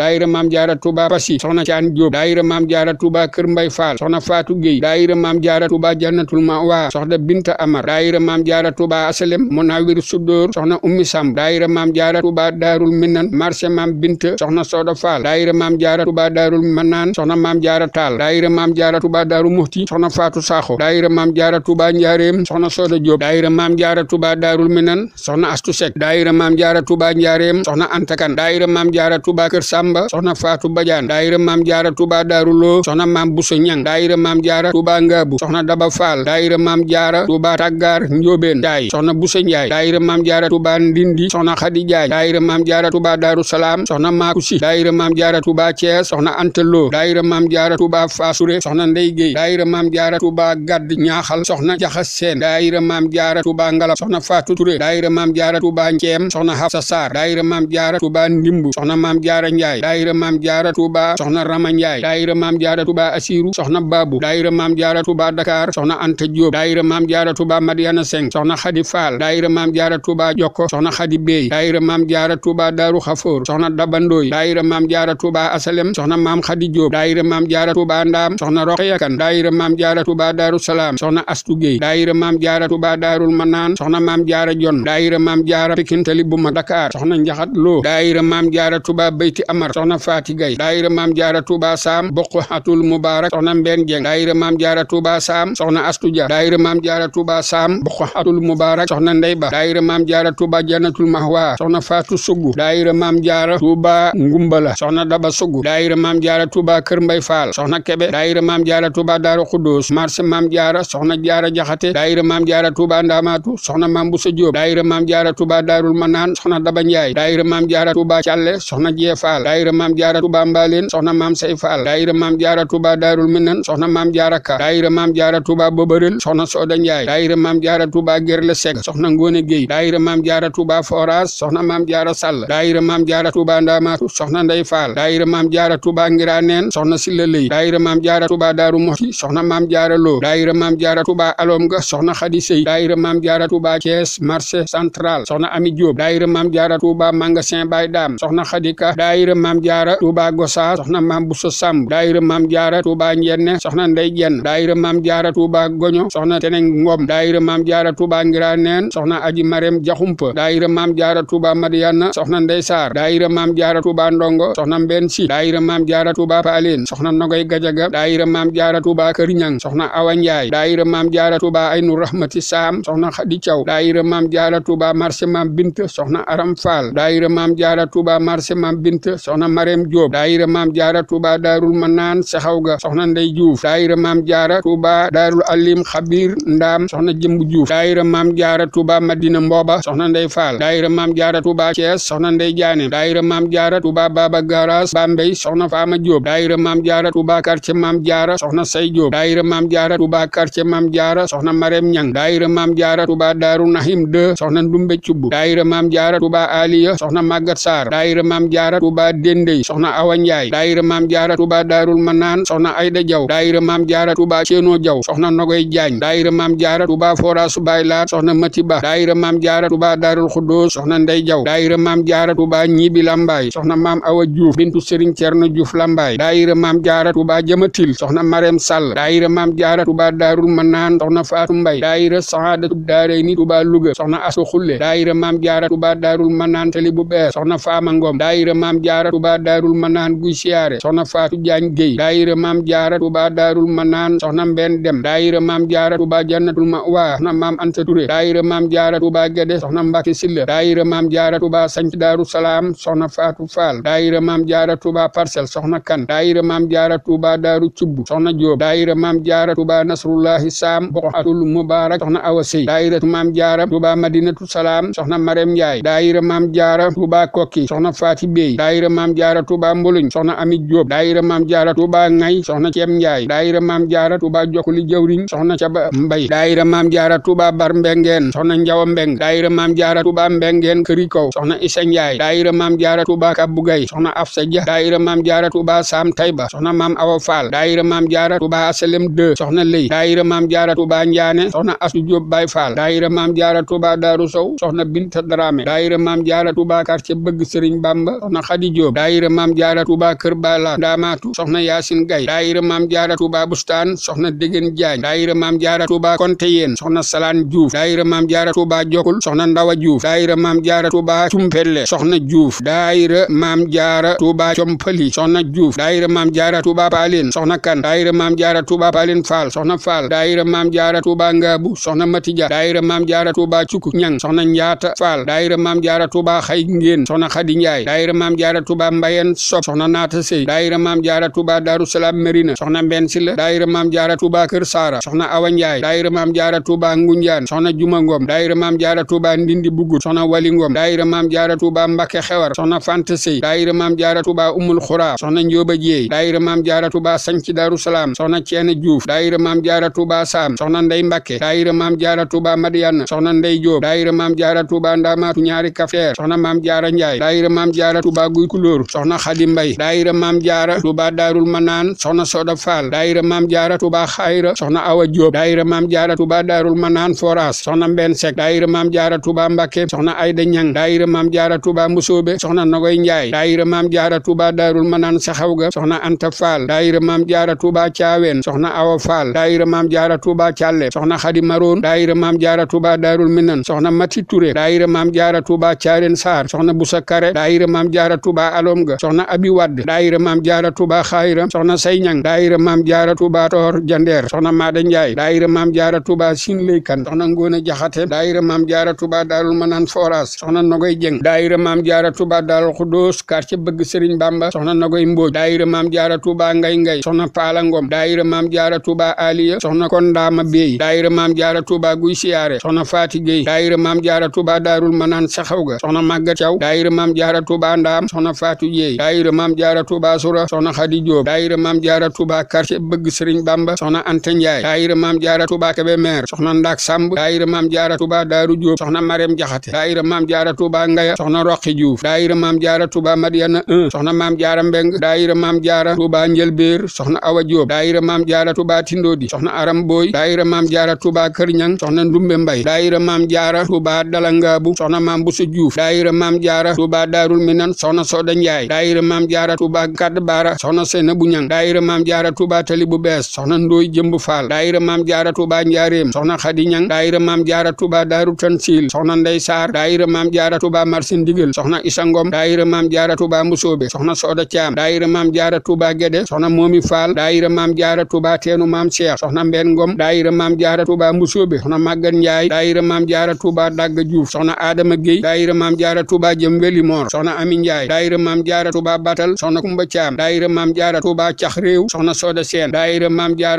Speaker 1: jannatul ma'wa soxna binta amar daayira maam jaara tuuba asalem munawir sudóor soxna ummi sam daayira maam jaara tuuba daarul minan marché maam binta soxna sooda faal daayira maam jaara tuuba daarul manaan soxna maam jaara taal daayira maam jaara tuuba daaru muxti soxna faatu saaxo daayira maam jaara tuuba njaareem soxna sooda jóob daayira maam jaara tuuba daarul minan soxna astu sek daayira maam jaara tuuba njaareem soxna antakan daayira maam jaara tuuba kër samba soxna faatu bajaan daayira maam jaara tuuba daaru loo soxna maam buso ñang daayira maam jaara tuuba ngaabu soxna daba Fall daayira maam jaara Touba Taggar Ndiobène Ndiaye soxna Bousse Ndiaye daayira maam jaara Touba Ndindi soxna Khady Diagne daayira maam jaara Touba Darou Salaam soxna Makusi daayira maam jaara Touba Thiès soxna Anta Lo daayira maam jaara Touba Fassouré soxna Ndey Guèye daayira maam jaara Touba Gadd Ñaaxal soxna Jaxas Seen daayira maam jaara Touba Ngalab soxna Fatou Touré daayira maam jaara Touba Nceem soxna Hafsa Sarr daayira maam jaara Touba Ndimbu soxna maam jaara Ndiaye daayira maam jaara Touba soxna Rama Ndiaye daayira maam jaara Touba Assirou soxna Babou daayira maam jaara Touba Dakar soxna Anta Diop daayira maam jaara Touba Madiana Seng soxna Xadi Faal daayira maam jaara Touba Jokko soxna Xadi Bey daayira maam jaara Touba Daaru Xafoor soxna Dabandooy daayira maam jaara Touba Asalem soxna maam Xadi Diop daayira maam jaara Touba Ndaam soxna Roqeya Kan daayira maam jaara Touba Daaru Salaam soxna Astu Gey daayira maam jaara Touba Daarul Manaan soxna maam jaara Jon daayira maam jaara Pikintali bu mag Dakar soxna Njaxat Lo daayira maam jaara Touba Beyti Amar soxna Faati Gay daayira maam jaara Touba Saam Boqu Atul Mubaarak soxna Mbeen Jeng daayira maam soxna astu dia daayira maam jaara tuuba saam bu xoxatul mubaarak soxna ndey ba daayira maam jaara tuuba jannatul mahwa soxna faatu sugg daayira maam jaara tuuba ngumbala soxna daba sugg daayira maam jaara tuuba kër mbay faal soxna kebe daayira maam jaara tuuba daaru xuddoos marché maam jaara soxna jaara jaxate daayira maam jaara tuuba ndaamaatu soxna maam busa jóob daayira maam jaara tuuba daarul manaan soxna daba njaay daayira maam jaara tuuba càlle soxna jee Touba Bobaril soxna Sooda Njaay daayira maam jaara Touba Gerle Seg soxna Ngone Géy daayira maam jaara Touba Foras soxna maam jaara Sall daayira maam jaara Touba Ndamaatu soxna Ndey Faal daayira maam jaara Touba Ngiraneen soxna Silla Lëy daayira maam jaara Touba Daaru Moxti soxna maam jaara Lo daayira maam jaara Touba Alom Ga soxna Xadi Sëy daayira maam jaara Touba Thiès marché central soxna Ami Diop daayira maam jaara Touba Mangasin Baay Daam soxna Xadika daayira maam jaara Touba Gossa soxna Touba Goño soxna Teneng Ngom daayira Maam Jaara Touba Ngiraneen soxna Aji Marem Jaxumpa daayira Maam Jaara Touba Madiyana soxna Ndey Saar daayira Maam Jaara Touba Ndongo soxna Mbenn Si daayira Maam Jaara Touba Paaleen soxna Nogoy Gajaga daayira Maam Jaara Touba Këriñang soxna Awa Njaay daayira Maam Jaara Touba Aynu Rahmati Saam soxna Xadi Caw daayira Maam Jaara Touba Marché Maam Bint soxna Aram Faal daayira Maam Jaara Touba Marché Maam Bint soxna Marem Joob daayira Maam Jaara Touba Daarul Manaan Saxawga soxna Ndey Juuf daayira Maam Jaara Touba Daarul Abdul Alim Xabir Ndaam soxna Jëmb Juuf daayira Maam Jaara Touba Madina Mbooba soxna Ndey Faal daayira Maam Jaara Touba Cees soxna Ndey Jaane daayira Maam Jaara Touba Baba Garaas Bambey soxna Faama Jóob daayira Maam Jaara Touba quartier Maam Jaara soxna Say Jóob daayira Maam Jaara Touba quartier Maam Jaara soxna Mareem Ñang daayira Maam Jaara Touba Daaru Nahim 2 soxna Ndumbe Cubb daayira Maam Jaara Touba Aliya soxna Màggat Saar daayira Maam Jaara Touba Dendey soxna Awa Njaay daayira Maam Jaara Touba Daarul Manaan soxna Ayda Jaw soxna Nogoy Jaañ daayira maam jaara Touba Fora Subaay Laat soxna Mati Ba daayira maam jaara Touba Daarul Xuddoos soxna Ndey Jaw daayira maam jaara Touba Ñibi Lambaay soxna maam Awa Juuf bintu Sëriñ Cerno Juuf Lambaay daayira maam jaara Touba Jamatil soxna Marem Sàll daayira maam jaara Touba Daarul Manaan soxna Faatu Mbay daayira Sahaadatu Daarayni Touba Louga soxna Asu Xulle daayira maam jaara Touba Daarul Manaan tali bu bees soxna Faama Ngom daayira maam jaara Touba Daarul Manaan guy siyaare soxna Faatu Jaañ Géy daayira maam jaara Touba Daarul Manaan soxna Mbeen Dem daayira maam jaara tuuba jannatul ma'wa soxna maam anta ture daayira maam jaara tuuba gede soxna mbàkke silla daayira maam jaara tuuba sanc daaru salaam soxna faatu faal daayira maam jaara tuuba parcelle soxna kan daayira maam jaara tuuba daaru cubb soxna joob daayira maam jaara tuuba nasrullahi saam boqatul mubaarak soxna awa sey daayira maam jaara tuuba madinatu salaam soxna marem njaay daayira maam jaara tuuba kokki soxna faati bey daayira maam jaara tuuba mboluñ soxna ami joob daayira maam jaara tuuba ngay soxna jëwriñ soxna ca ba mbay daayira maam jaara tuuba bar mbengeen soxna njawa mbeng daayira maam jaara tuuba mbengeen këri kaw soxna isa njaay daayira maam jaara tuuba kabbu gay soxna afsa ja daayira maam jaara tuuba saam tayba soxna maam awa faal daayira maam jaara tuuba asalem 2 soxna lëy daayira maam jaara tuuba njaane soxna asu jóob bay faal daayira maam jaara tuuba daaru sow soxna binta drame daayira maam jaara tuuba quartier bëgg sëriñ bamba soxna xadi jóob daayira maam jaara tuuba kër bala ndaamaatu soxna yaasin gay Jaañ daayira maam jaara Touba Konte yéen soxna Salaan Diouf daayira maam jaara Touba Jokul soxna Ndawa Diouf daayira maam jaara Touba Cumpelle soxna Diouf daayira maam jaara Touba Compali soxna Diouf daayira maam jaara Touba Paalin soxna Kan daayira maam jaara Touba Paalin Faal soxna Faal daayira maam jaara Touba Ngaabu soxna Matija daayira maam jaara Touba Cukku Ñang soxna Njaata Faal daayira maam jaara Touba Xay Ngeen soxna Xadi Njaay daayira maam jaara Touba Mbayen Sob soxna Naata Sey daayira maam jaara Touba Daru Salaam Merina soxna Mbenn Silla daayira maam jaara Touba Kër Sa Saara soxna Awa Njaay daayira maam jaara Tuuba Ngunjaan soxna Juma Ngom daayira maam jaara Tuuba Ndindi Bugut soxna Wali Ngom daayira maam jaara Tuuba Mbàkke Xewar soxna Fanta Sey daayira maam jaara Tuuba Umul Xuraa soxna Njóoba Jeey daayira maam jaara Tuuba Sanci Daru Salaam soxna Ceene Juuf daayira maam jaara Tuuba Saam soxna Ndey Mbàkke daayira maam jaara Tuuba Madiyan soxna Ndey Jóob daayira maam jaara Tuuba jaara Njaay daayira maam jaara Tuuba Guy Kulóor soxna Xadi Mbay daayira maam jaara Tuuba Daarul Manaan soxna Soda Faal soxna Awa Diop daayira maam jaara Touba daarul manaan foras soxna Mbène Seck daayira maam jaara Touba Mbacke soxna Ayda Ñang daayira maam jaara Touba Mbusoobe soxna Nogoy Njaay daayira maam jaara Touba daarul manaan saxawga soxna Anta Fall daayira maam jaara Touba Caaween soxna Awa Fall daayira maam jaara Touba Càlle soxna Xadi Maroon daayira maam jaara Touba daarul minan soxna Mati Touré daayira maam jaara Touba Caaren Saar soxna Busa Kare daayira maam jaara Touba Alomga soxna Abi Wadd daayira maam jaara Touba Xayra soxna Say Ñang daayira maam jaara Touba Toor Jandeer soxna Maada Njaay daayira maam jaara Touba Siin Leykan soxna Ngóone Jaxate daayira maam jaara Touba Daarul Manaan Foras soxna Nogoy Jeng daayira maam jaara Touba Daarul Xudóos quartier bëgg Sëriñ Bamba soxna Nogoy Mbooj daayira maam jaara Touba Ngay Ngay soxna Paala Ngom daayira maam jaara Touba Aliya soxna Kondaama Bey daayira maam jaara Touba Guy Siyaare soxna Faati Géy daayira maam jaara Touba Daarul Manaan Saxawga soxna Màggat Caw daayira maam jaara Touba Ndaam soxna Faatu Jéey daayira maam jaara Touba Sura soxna Xadi Jóob daayira maam jaara Touba quartier bëgg Sëriñ Bamba soxna Anta Njaay Njaay daayira maam jaara Touba Kébé maire soxna Ndak Samb daayira maam jaara Touba Daaru Jóob soxna Marem Jaxate daayira maam jaara Touba Ngaya soxna Roqi Diouf daayira maam jaara Touba Madiana 1 soxna maam jaara Mbeng daayira maam jaara Touba Njëlbéer soxna Awa Jóob daayira maam jaara Touba Tindodi soxna Aram Boy daayira maam jaara Touba Kër Ñang soxna Ndumbe Mbay daayira maam jaara Touba Dalangaabu soxna maam Busu Diouf daayira maam jaara Touba Daarul Minan soxna Soda Njaay daayira maam jaara Touba Kadd Baara soxna Seyna Bu Ñang daayira maam jaara Touba Tali bu bees soxna Ndooy Jëmb Fall daayira maam jaara Touba Njaareem soxna Khady Niang daayira maam jaara Touba Daaru Tansil soxna Ndey Saar daayira maam jaara Touba Marché Ndigal soxna Issa Ngom daayira maam jaara Touba Musoobe soxna Soda Thiam daayira maam jaara Touba Guédé soxna Momi Fall daayira maam jaara Touba Teenu maam Cheikh soxna Mbeen Ngom daayira maam jaara Touba Musoobe soxna Maguette Ndiaye daayira maam jaara Touba Dagga Diouf soxna Adama Gueye daayira maam jaara Touba Jëm Weli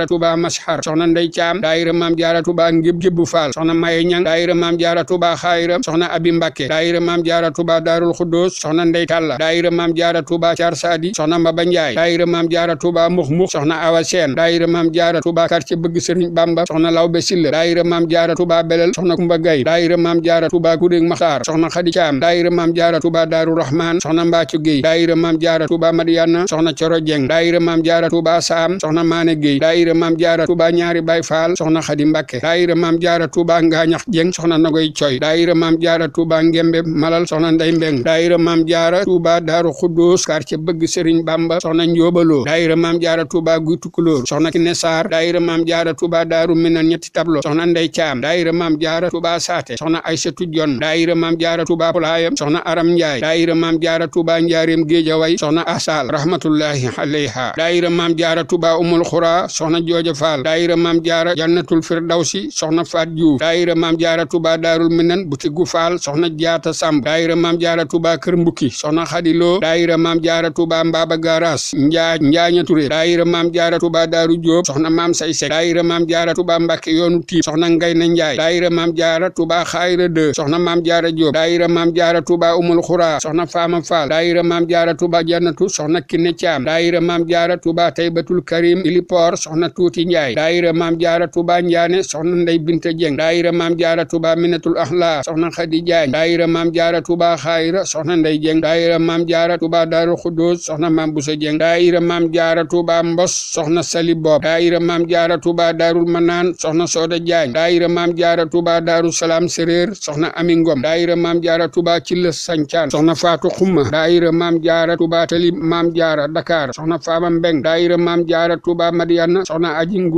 Speaker 1: Mor ashar soxna ndey caam daayira maam jaara tubaa ngib jibbu faal soxna maye ñang daayira maam jaara tubaa xaayira soxna abi mbàkke daayira maam jaara tubaa daarul xuddoos soxna ndey talla daayira maam jaara tubaa car saadi soxna mbaba njaay daayira maam jaara tubaa mux mux soxna awa seen daayira maam jaara tubaa quartier bëgg sëriñ bamba soxna lawbe silla daayira maam jaara tubaa belel soxna kumba gay daayira maam jaara tubaa kuréeg maxtaar soxna xadi caam daayira maam jaara tubaa daaru rahman soxna mbaacu géy daayira maam jaara tubaa madiana soxna coro Touba ñaari Baye Fall soxna Xadi Mbàkke daayira maam jaara Touba ngaañax jeng soxna Nagoy Coy daayira maam jaara Touba ngembe malal soxna Ndey Mbeng daayira maam jaara Touba Daaru Xuddoos quartier bëgg Sëriñ Bamba soxna Njóobaloo daayira maam jaara Touba Guy Tukulóor soxna Kine Saar daayira maam jaara Touba Daaru Minan ñetti tablo soxna Ndey Caam daayira maam jaara Touba Saate soxna Aysatu Jon daayira maam jaara Touba Pulaayam soxna Aram Njaay daayira maam jaara Touba Njaareem Géejaway soxna Asal rahmatullahi Fall daayira maam jaara jannatul firdawsi soxna faat Diouf daayira maam jaara Touba daarul minan butigu faal soxna jaata Samb daayira maam jaara Touba kër mbukki soxna xadiloo daayira maam jaara Touba mbaaba garas njaa njaaña Touré daayira maam jaara Touba daaru Diop soxna maam say sek daayira maam jaara Touba mbàkke yoonu tiib soxna ngay na njaay daayira maam jaara Touba xaayira de soxna maam jaara Diop daayira maam jaara Touba umul xuraa soxna faama Fall daayira maam jaara Touba jannatu soxna kinne caam daayira maam jaara Touba taybatul karim ilipor soxna tuuti njaay Njaay daayira maam jaara Touba Njaane soxna Ndey Binta Jeng daayira maam jaara Touba Minatul Axlaa soxna Xadi Jaañ daayira maam jaara Touba Xaayira soxna Ndey Jeng daayira maam jaara Touba Daaru Xuddoos soxna maam Busa Jeng daayira maam jaara Touba Mbos soxna Sali Boob daayira maam jaara Touba Daarul Manaan soxna Sooda Jaañ daayira maam jaara Touba Daaru Salaam Séréer soxna Ami Ngom daayira maam jaara Touba Cilla Sancaan soxna Faatu Xumma daayira maam jaara Touba Tali maam jaara Dakar soxna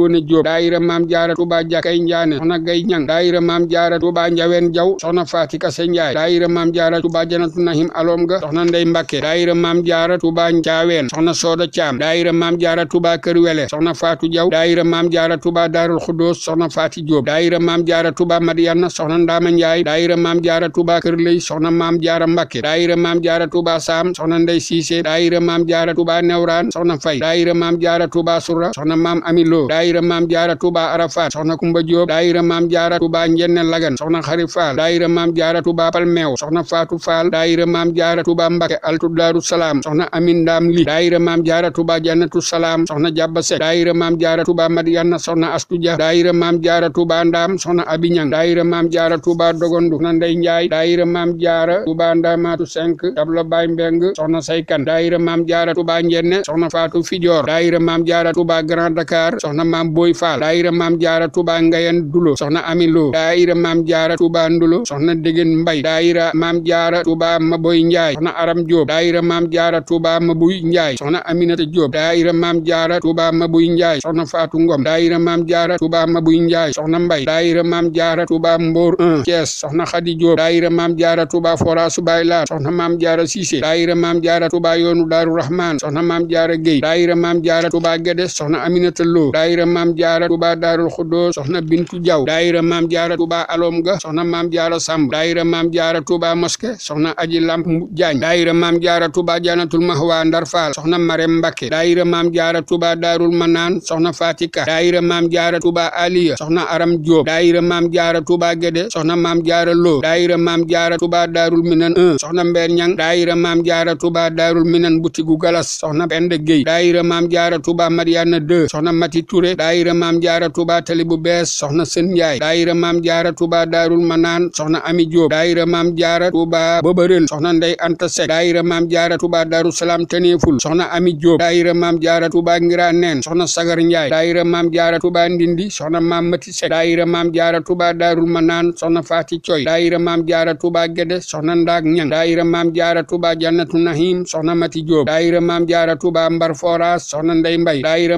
Speaker 1: Ngoone Jóob daayira maam jaara Tuuba jàkkay njaane soxna gay ñang daayira maam jaara Tuuba njaween jaw soxna faati kase njaay daayira maam jaara Tuuba janatu nahim aloom ga soxna ndey mbàkke daayira maam jaara Tuuba njaaween soxna sooda caam daayira maam jaara Tuuba kër wele soxna faatu jaw daayira maam jaara Tuuba daarul xudóos soxna faati jóob daayira maam jaara Tuuba madiana soxna ndaama njaay daayira maam jaara Tuuba kër lëy soxna maam jaara mbàkke daayira maam jaara Tuuba saam soxna ndey siise daayira maam jaara Tuuba newraan soxna fay daayira maam jaara Tuuba surra soxna maam amiloo daayira maam jaara tuuba arafat soxna kumba jóob daayira maam jaara tuuba njenne lagan soxna xari faal daayira maam jaara tuuba palmeew soxna faatu faal daayira maam jaara tuuba mbake altu daaru salaam soxna amin ndaam li daayira maam jaara tuuba jannatu salaam soxna jabba sek daayira maam jaara tuuba madiyanna soxna astu ja daayira maam jaara tuuba ndaam soxna abiñang daayira maam jaara tuuba dogondu soxna ndey njaay daayira maam jaara tuuba ndaamaatu cinq tablo baay mbeng maam booy faal daayira maam jaara tuuba ngayen dulo soxna ami loo daayira maam jaara tuuba ndulo soxna dégéen mbay daayira maam jaara tuuba maboy njaay soxna aram joob daayira maam jaara tuuba mabuy njaay soxna aminata joob daayira maam jaara tuuba mabuy njaay soxna faatu ngom daayira maam jaara tuuba mabuy njaay soxna mbay daayira maam jaara tuuba mboor 1 Thiès soxna xadi joob daayira maam jaara tuuba fora subay laar soxna maam jaara siise daayira maam jaara tuuba yoonu daaru rahman soxna maam jaara géy daayira maam jaara tuuba gedes soxna aminata loo daayira maam jaara tuuba daarul xuddoos soxna bintu jaw daayira maam jaara tuuba alom ga soxna maam jaara sàmb daayira maam jaara tuuba moske soxna aji lamp jaañ daayira maam jaara tuuba janatul mahwa ndar faal soxna marem mbakke daayira maam jaara tuuba daarul manaan soxna fatika daayira maam jaara tuuba aliya soxna aram joob daayira maam jaara tuuba gede soxna maam jaara loo daayira maam jaara tuuba daarul minan 1 soxna mbeer ñang daayira maam jaara tuuba daarul minan butigu galas soxna pende géy daayira maam jaara tuuba mariana 2 soxna mati ture daayira maam jaara tuuba tali bu bees soxna sën njaay daayira maam jaara tuuba daarul manaan soxna ami jóob daayira maam jaara tuuba bëbërël soxna ndey anta sek daayira maam jaara tuuba daaru salaam teneeful soxna ami jóob daayira maam jaara tuuba ngira neen soxna sagar njaay daayira maam jaara tuuba ndindi soxna maam mati sek daayira maam jaara tuuba daarul manaan soxna faati coy daayira maam jaara tuuba gede soxna ndaag ñang daayira maam jaara tuuba jannatu nahim soxna mati jóob daayira maam jaara tuuba mbar foras soxna ndey mbay daayira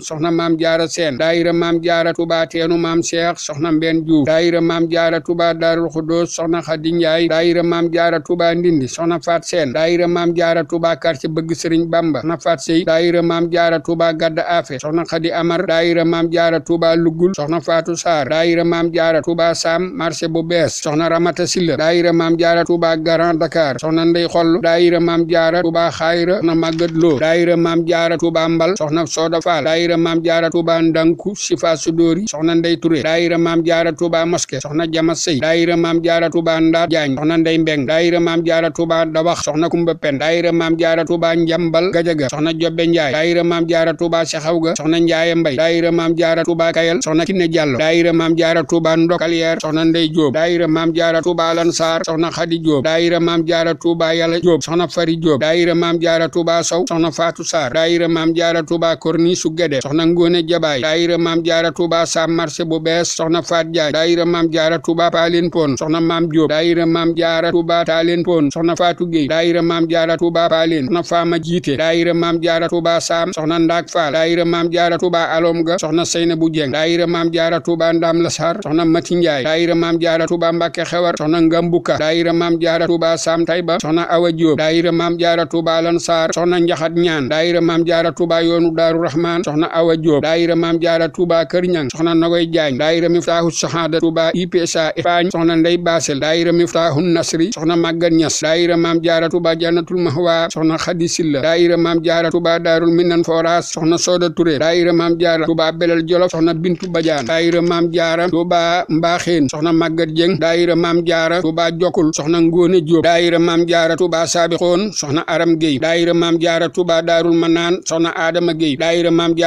Speaker 1: Thiam soxna maam jaara seen daayira maam jaara tuba teenu maam cheikh soxna mbenn diouf daayira maam jaara tuba daarul xudoos soxna xadi njaay daayira maam jaara tuba ndindi soxna faat seen daayira maam jaara tuba quartier bëgg sëriñ bamba soxna faat sey daayira maam jaara tuba gadda afe soxna xadi amar daayira maam jaara tuba lugul soxna faatu saar daayira maam jaara tuba sam marché bu bees soxna ramata silla daayira maam jaara tuba grand dakar soxna ndey xoll daayira maam jaara tuba xayra soxna màggat lo daayira maam jaara tuba mbal soxna sooda faal daayira maam jaara tuuba ndanku sifa sudóori soxna ndey Touré daayira maam jaara tuuba moské soxna jama sëy daayira maam jaara tuuba ndaat jaañ soxna ndey mbeng daayira maam jaara tuuba dawax soxna kumba pen daayira maam jaara tuuba njambal gajaga soxna jobbe njaay daayira maam jaara tuuba saxawga soxna njaaye mbay daayira maam jaara tuuba kayal soxna kinne jàllo daayira maam jaara tuuba ndokalière soxna ndey jóob daayira maam jaara tuuba lansaar soxna xadi jóob daayira maam jaara tuuba yàlla jóob soxna fari jóob daayira maam jaara tuuba sow soxna faatu saar daayira maam jaara tuuba korni su gede def soxna Ngone Jabaay daayira maam jaara Touba Sam marché bu bees soxna Faat Jaay daayira maam jaara Touba Paalin Pon soxna maam Diop daayira maam jaara Touba Taalin Pon soxna Faatu Géey daayira maam jaara Touba Paalin soxna Faama Jiite daayira maam jaara Touba Sam soxna Ndaak Faal daayira maam jaara Touba Alom Ga soxna Seyna bu Jeng daayira maam jaara Touba Ndam Lasar soxna Mati Njaay daayira maam jaara Touba Mbàkke Xewar soxna Ngambuka daayira maam jaara Touba Sam Tayba soxna Awa Diop daayira maam jaara Touba Lansar soxna Njaxat Ñaan daayira maam jaara Touba yoonu Daaru Rahmaan soxna soxna Awa Diop daayira maam jaara Touba Kër Ñang soxna Nagoy Jaañ daayira Miftaahu Sahada Touba IPSA Espagne soxna Ndey Basel daayira Miftaahu Nasri soxna Magat Ñas daayira maam jaara Touba Jannatul Mahwa soxna Xadi Silla daayira maam jaara Touba Daarul Minan Foras soxna Soda Touré daayira maam jaara Touba Belel Jolof soxna Bintu Badiane daayira maam jaara Touba Mbaxeen soxna Magat Jeng daayira maam jaara Touba Jokul soxna Ngóone Diop daayira maam jaara Touba Saabixoon soxna Aram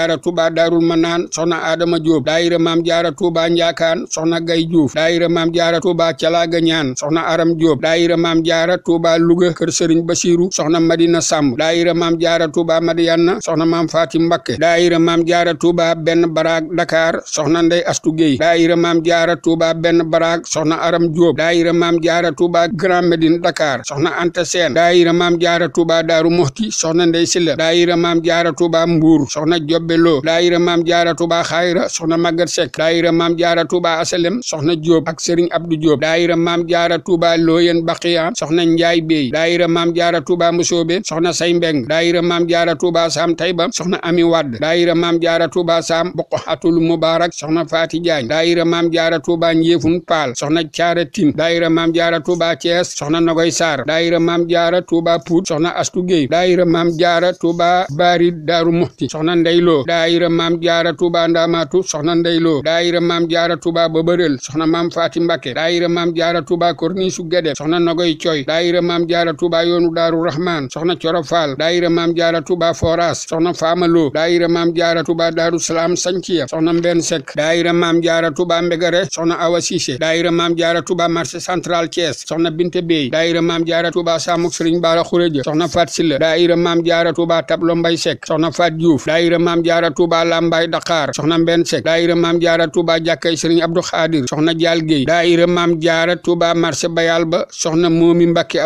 Speaker 1: jaara tuuba daarul manaan soxna adama Diop daayira maam jaara tuuba njaakaan soxna gay Diouf daayira maam jaara tuuba calaaga ñaan soxna aram Diop daayira maam jaara tuuba Louga kër sëriñ basiru soxna madina sàmb daayira maam jaara tuuba madiana soxna maam faati mbakke daayira maam jaara tuuba benn baraag dakar soxna ndey astu géy daayira maam jaara tuuba benn baraag soxna aram Diop daayira maam jaara tuuba Grand Médine Dakar soxna Anta Seen daayira maam jaara tuuba daaru moxti soxna ndey silla daayira maam jaara tuuba mbuur soxna jobbe Lo daayira maam jaara Touba xaayira soxna Maguette sek daayira maam jaara Touba asalem soxna Diop ak Serigne Abdou Diop daayira maam jaara Touba Looyen Baqiya soxna Njaay Bey daayira maam jaara Touba Musoobe soxna Say Mbeng daayira maam jaara Touba Sam Tayba soxna Ami Wadd daayira maam jaara Touba Sam Boqatul Mubarak soxna Faati Jaañ daayira maam jaara Touba Njéefun Paal soxna Caara Tin daayira maam jaara Touba Thiès soxna Nogoy Saar daayira maam jaara Touba Pout soxna Astu Géey daayira maam jaara Touba Bari Daaru Muxti soxna Ndey Lo daayira maam jaara tuuba ndaamaatu soxna ndeyloo daayira maam jaara tuuba babërël soxna maam faati mbàkke daayira maam jaara tuuba korniisu gede soxna nogoy coy daayira maam jaara tuuba yoonu daaru rahmaan soxna coro faal daayira maam jaara tuuba foras soxna faamaloo daayira maam jaara tuuba daaru salaam sanciya soxna mbenn sek daayira maam jaara tuuba mbegere soxna awa siise daayira maam jaara tuuba marché central thiès soxna binte bey daayira maam jaara tuuba saamuk sëriñ baara xuréja soxna faat silla daayira maam jaara tuuba tablo mbay sek soxna faat juuf daayira maam jaara tuuba lambaay daqaar soxna mbenn sek daayira maam jaara tuuba jàkkay sëriñ abdu xaadir soxna jaal géey daayira maam jaara tuuba marché bayal ba soxna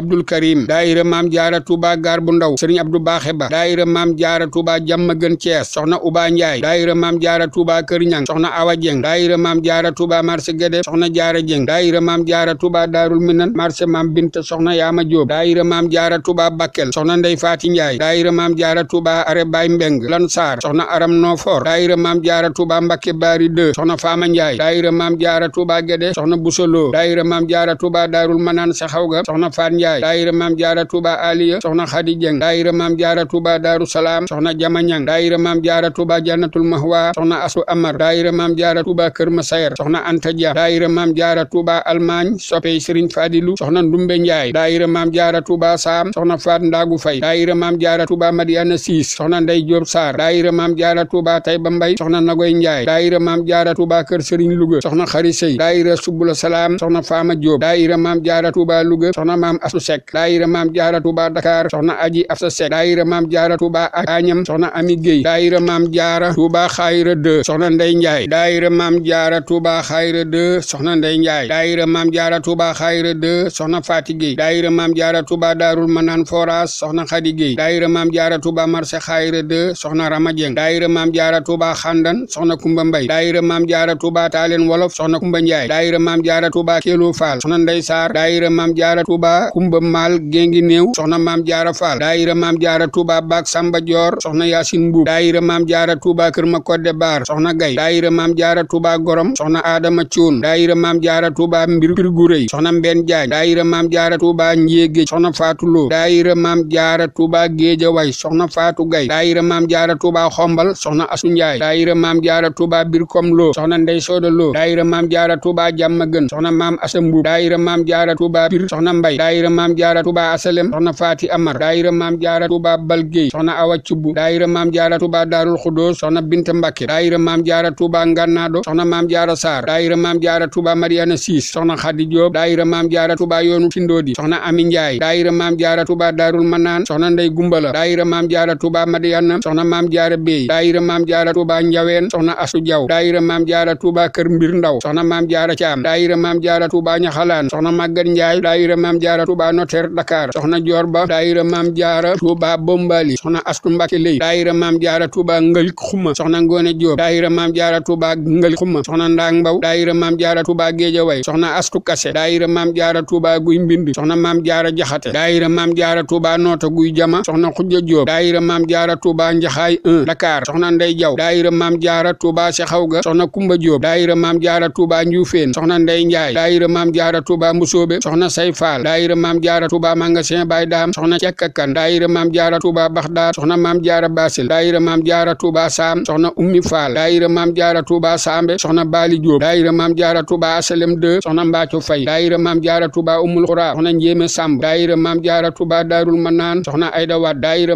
Speaker 1: abdul karim daayira maam jaara tuuba gaar bu ndaw sëriñ abdu baaxe ba daayira maam jaara tuuba jàmm gën cees soxna uba njaay daayira maam jaara tuba kër ñang soxna awa jeng daayira maam jaara tuuba marché gédé soxna jaara jeng daayira maam jaara tuuba daarul minan marché maam bint soxna yaama jóob daayira maam jaara tuuba bakkel soxna ndey faati njaay daayira maam jaara tuuba are baay mbeng lan saar soxna aram noofoor daayira maam jaara tuuba mbàkke baari 2 soxna faama njaay daayira maam jaara tuuba gede soxna busaloo daayira maam jaara tuuba daarul manaan saxaw ga soxna faat njaay daayira maam jaara tuuba aliya soxna xadi jeng daayira maam jaara tuuba daaru salaam soxna jamañang daayira maam jaara tuuba jannatul mahwa soxna asu amar daayira maam jaara tuuba kër masayer soxna anta dia daayira maam jaara tuuba almaañ soppey sëriñ faadilu soxna ndumbe njaay daayira maam jaara tuuba saam soxna faat ndaagu fay jaara Touba Taïba Mbay soxna Nagoy Njaay daayira maam jaara Touba kër Serigne Louga soxna Xari Sey daayira Subula Salaam soxna Faama Jóob daayira maam jaara Touba Louga soxna maam Asu Sek daayira maam jaara Touba Dakar soxna Aji Afsa Sek daayira maam jaara Touba Añam soxna Ami Géy daayira maam jaara Touba Xayra 2 soxna Ndey Njaay daayira maam jaara Touba Xayra 2 soxna Ndey Njaay daayira maam jaara Touba Xayra 2 soxna Faati Géy daayira maam jaara Touba Daarul Manaan Foras soxna Xadi Géy daayira maam jaara Touba Marché Xayra 2 soxna Rama Jeng daayira maam jaara tuuba xandan soxna kumba mbay daayira maam jaara tuuba taaleen wolof soxna kumba njaay daayira maam jaara tuuba kéeloo faal soxna ndey saar daayira maam jaara tuuba kumba maal géngi néew soxna maam jaara faal daayira maam jaara tuuba baak samba joor soxna yaasin mbuub daayira maam jaara tuuba kër ma kodde baar soxna gay daayira maam jaara tuuba gorom soxna aadama cuun daayira maam jaara tuuba mbir pir gu rëy soxna mbenn jaañ daayira maam jaara tuuba njéegéej soxna maam jaara tuuba géejawaay soxna faatu gay daayira maam jaara tuuba xomba taxawal soxna asu njaay daayira maam jaara tuuba birkom loo soxna ndey sooda loo daayira maam jaara tuuba jàmma gën soxna maam asa mbuub daayira maam jaara tuuba bir soxna mbay daayira maam jaara tuuba asalem soxna faati amar daayira maam jaara tuuba balgéey soxna awa cubbu daayira maam jaara tuuba daarul xudoos soxna binta mbàkke daayira maam jaara tuuba ngànnaado soxna maam jaara saar daayira maam jaara tuuba mariana siis soxna xadi joob daayira maam jaara tuuba yoonu tindoodi soxna ami njaay daayira maam jaara tuuba daarul manaan soxna ndey gumbala daayira maam jaara tuuba madiyanam soxna maam jaara beey daayira maam jaara tuuba njaween soxna asu jaw daayira maam jaara tuuba kër mbir ndaw soxna maam jaara caam daayira maam jaara tuuba ñaxalaan soxna màggat njaay daayira maam jaara tuuba notaire dakar soxna joor ba daayira maam jaara tuuba bombali soxna astu mbàkke lay daayira maam jaara tuuba ngël xuma soxna ngoone joob daayira maam jaara tuuba ngël xuma soxna ndaang mbaw daayira maam jaara tuuba géejaway soxna astu kase daayira maam jaara tuuba guy mbind soxna maam jaara jaxate daayira Ndar soxna Ndey Jaw daayira Maam Jaara Tuuba si xaw ga soxna Kumba Jóob daayira Maam Jaara Tuuba Njuufeen soxna Ndey Njaay daayira Maam Jaara Tuuba Musoobe soxna Say Faal daayira Maam Jaara Tuuba Magasin Baay Daam soxna Cekkakan daayira Maam Jaara Tuuba Baxdaar soxna Maam Jaara Basil daayira Maam Jaara Tuuba Saam soxna Ummi Faal daayira Maam Jaara Tuuba Saambe soxna Baali Jóob daayira Maam Jaara Tuuba Asalem 2 soxna Mbaaco Fay daayira Maam Jaara Tuuba Umul Xuraa soxna Njéeme Sàmb daayira Maam Jaara Tuuba Daarul Manaan soxna Ayda Wat daayira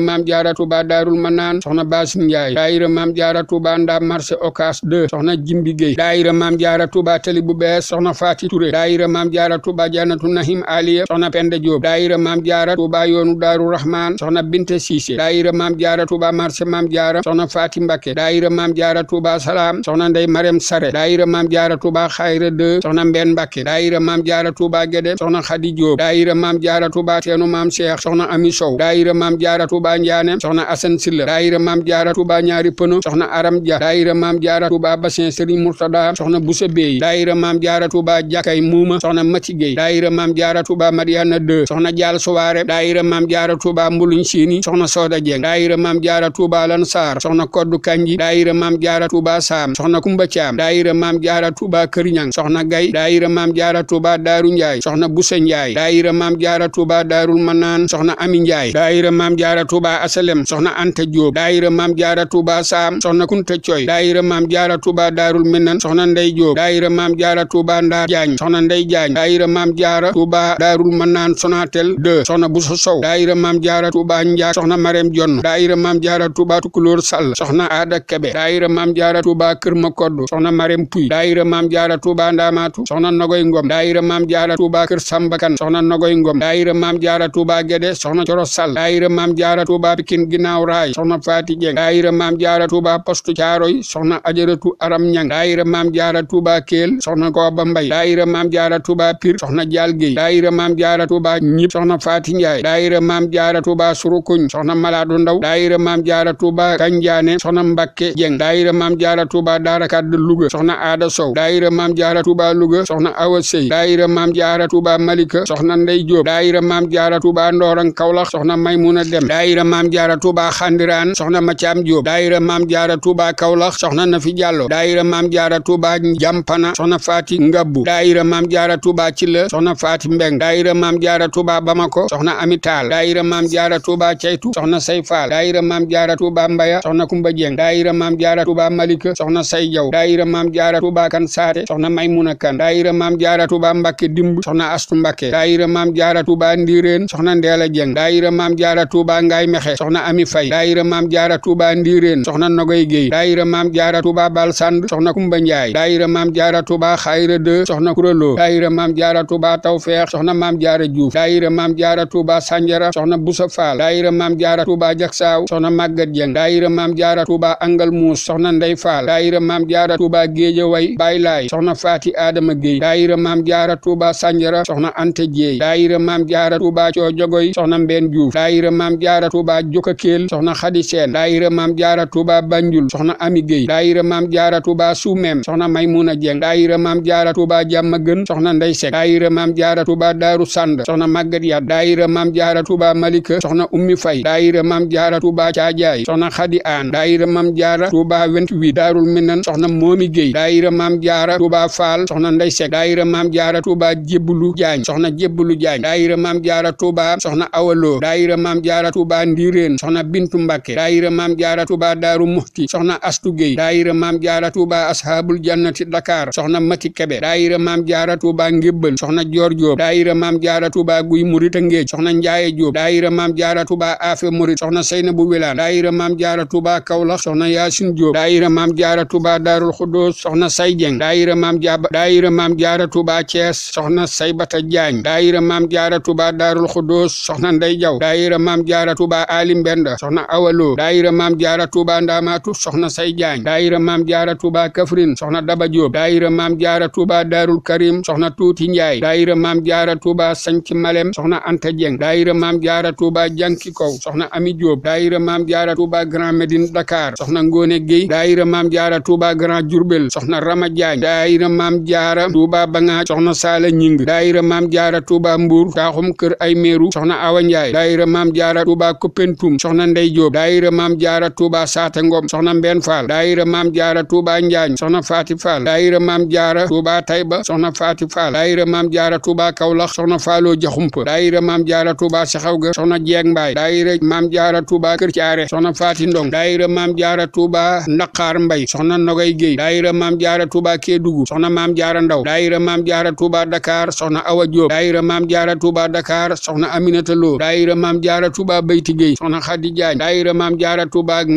Speaker 1: daayira maam jaara tuuba ndaam marché okas 2 soxna jimbi géy daayira maam jaara tuuba tali bu bees soxna faati Touré daayira maam jaara tuuba jannatu nahim aliya soxna penda Diop daayira maam jaara tuuba yoonu daaru rahman soxna binte Cissé daayira maam jaara tuuba marché maam jaara soxna faati Mbacke daayira maam jaara tuuba salaam soxna ndey marem sare daayira maam jaara tuuba xayra 2 soxna mbenn Mbacke daayira maam jaara tuuba gede soxna xadi Diop daayira maam jaara tuuba teenu maam cheikh ñaari pëno soxna aram ja daayira maam jaara tuuba bassin sëriñ murtada soxna busa beey daayira maam jaara tuuba jàkkay muuma soxna mati gey daayira maam jaara tuuba mariana deux soxna jaal suwaare daayira maam jaara tuuba mbuluñ siini soxna sooda jeng daayira maam jaara tuuba lan saar soxna koddu kanji daayira maam jaara tuuba saam soxna kumba caam daayira maam jaara tuuba këriñang soxna gay daayira maam jaara tuuba daaru njaay soxna busa njaay daayira maam jaara tuuba daarul manaan soxna ami njaay daayira maam jaara tuuba asalem soxna anta jóob daayira maam jaara Touba Saam soxna Kunta Coy daayira maam jaara Touba Daarul Minan soxna Ndey Joob daayira maam jaara Touba Ndaar Jaañ soxna Ndey Jaañ daayira maam jaara Touba Daarul Manaan Sonatel 2 soxna Buso Sow daayira maam jaara Touba Njaak soxna Marem Jonn daayira maam jaara Touba Tukulóor Sall soxna Aada Kebe daayira maam jaara Touba Kër Makodd soxna Marem Puy daayira maam jaara Touba Ndaamaatu soxna Nogoy Ngom daayira maam jaara Touba Kër Sambakan soxna Nogoy Ngom daayira maam jaara Touba Gede soxna Coro Sall daayira maam jaara Touba Pikin Ginaaw Raay soxna Faati Jeng daayira maam jaara tuuba postu caaroy soxna ajaratu aram ñang daayira maam jaara tuuba kéel soxna kooba mbay daayira maam jaara tuuba pir soxna jaal géy daayira maam jaara tuuba ñib soxna faati njaay daayira maam jaara tuuba surukuñ soxna malaadu ndaw daayira maam jaara tuuba kanjaane soxna mbakke jeng daayira maam jaara tuuba daara kaddu luga soxna aada sow daayira maam jaara tuuba luga soxna awa sey daayira maam jaara tuuba malika soxna soxna maymuna dem daayira maam jaara tuuba daayira maam jaara tuuba kawlax soxna na fi jàllo daayira maam jaara tuuba jàmpana soxna faati ngabbu daayira maam jaara tuuba cilla soxna faati mbeng daayira maam jaara tuuba bamako soxna amitaal daayira maam jaara tuuba ceytu soxna say faal daayira maam jaara tuuba mbaya soxna kumba jeng daayira maam jaara tuuba malika soxna say jaw daayira maam jaara tuuba kan saate soxna maymuna kan daayira maam jaara tuuba mbakke dimb soxna astu mbakke daayira maam jaara tuuba ndiireen soxna ndeela jeng daayira maam jaara tuuba ngaay mexe soxna ami fay daayira maam jaara tuuba ndiir Ndiréen soxna Nogoy Guèye daayira maam jaara Touba Bal Sand soxna Kumba Ndiaye daayira maam jaara Touba Xayra 2 soxna Kuraloo daayira maam jaara Touba Tawfeex soxna maam jaara Diouf daayira maam jaara Touba Sanjara soxna Busa Faal daayira maam jaara Touba Jaksaaw soxna Màggat Jeng daayira maam jaara Touba Angal Muus soxna Ndey Faal daayira maam jaara Touba Géejawaay Baay Laay soxna Faati Adama Guèye daayira maam jaara Touba Sanjara soxna Ante Jeey daayira maam jaara Touba Coo Jogoy soxna Mbeen Diouf daayira maam jaara Touba Jokakeel soxna Xadi Seen daayira maam jaara jaara tuuba banjul soxna ami géy daayira maam jaara tuuba suumeem soxna maymuna jeng daayira maam jaara tuuba jàmma gën soxna ndey sek daayira maam jaara tuuba daaru sànd soxna màggat yat daayira maam jaara tuuba malika soxna ummi fay daayira maam jaara tuuba caajaay soxna xadi aan daayira maam jaara tuuba 28 daarul minan soxna moomi géy daayira maam jaara tuuba faal soxna ndey sek daayira maam jaara tuuba jébbulu jaañ soxna jébbulu jaañ daayira maam Touba Daaru Muxti soxna Astu Géy daayira Maam Jaara Touba Ashaabul Jannati Dakar soxna Mati Kebe daayira Maam Jaara Touba Ngébbal soxna Joor Joob daayira Maam Jaara Touba Guy Murita Ngéej soxna Njaaye Joob daayira Maam Jaara Touba Afe Murit soxna Seyna bu Wilaan daayira Maam Jaara Touba Kawlax soxna Yaasin Joob daayira Maam Jaara tuba Daarul Xudoos soxna Say Jeng Maam Jaaba daayira Maam Jaara Touba Cees soxna Saybata Jaañ daayira Maam Jaara Touba Daarul Xudoos soxna Ndey Jaw daayira Maam Jaara Touba Ali Mbenda soxna Awalo daayira jaara tuuba ndaamaatu soxna say jaañ daayira maam jaara tuuba kafrin soxna daba jóob daayira maam jaara tuuba daarul karim soxna tuuti njaay daayira maam jaara tuuba sanc malem soxna anta jeng daayira maam jaara tuuba jànki kow soxna ami jóob daayira maam jaara tuuba grand médine dakar soxna ngóone géy daayira maam jaara tuuba grand jurbel soxna rama jaañ daayira maam jaara tuuba bangaa soxna saala ñing daayira maam jaara tuuba mbuur taaxum kër ay meeru soxna awa njaay daayira maam jaara tuuba koppentum soxna ndey jóob Touba Saate Ngom soxna Mbeen Fall daayira Maam Jaara Touba Njaañ soxna Faati Fall daayira Maam Jaara Touba Tayba soxna Faati Fall daayira Maam Jaara Touba Kaolack soxna Falloo Jaxumpa daayira Maam Jaara Touba Saxawga soxna Jeeg Mbaay daayira Maam Jaara Touba Kër Caare soxna Faati Ndong daayira Maam Jaara Touba Ndaqaar Mbay soxna Nogay Géey daayira Maam Jaara Touba Kédougou soxna Maam Jaara Ndaw daayira Maam Jaara Touba Dakar soxna Awa Joob daayira Maam Jaara Touba Dakar soxna Aminata Lo daayira Maam Jaara Touba Bayti Géey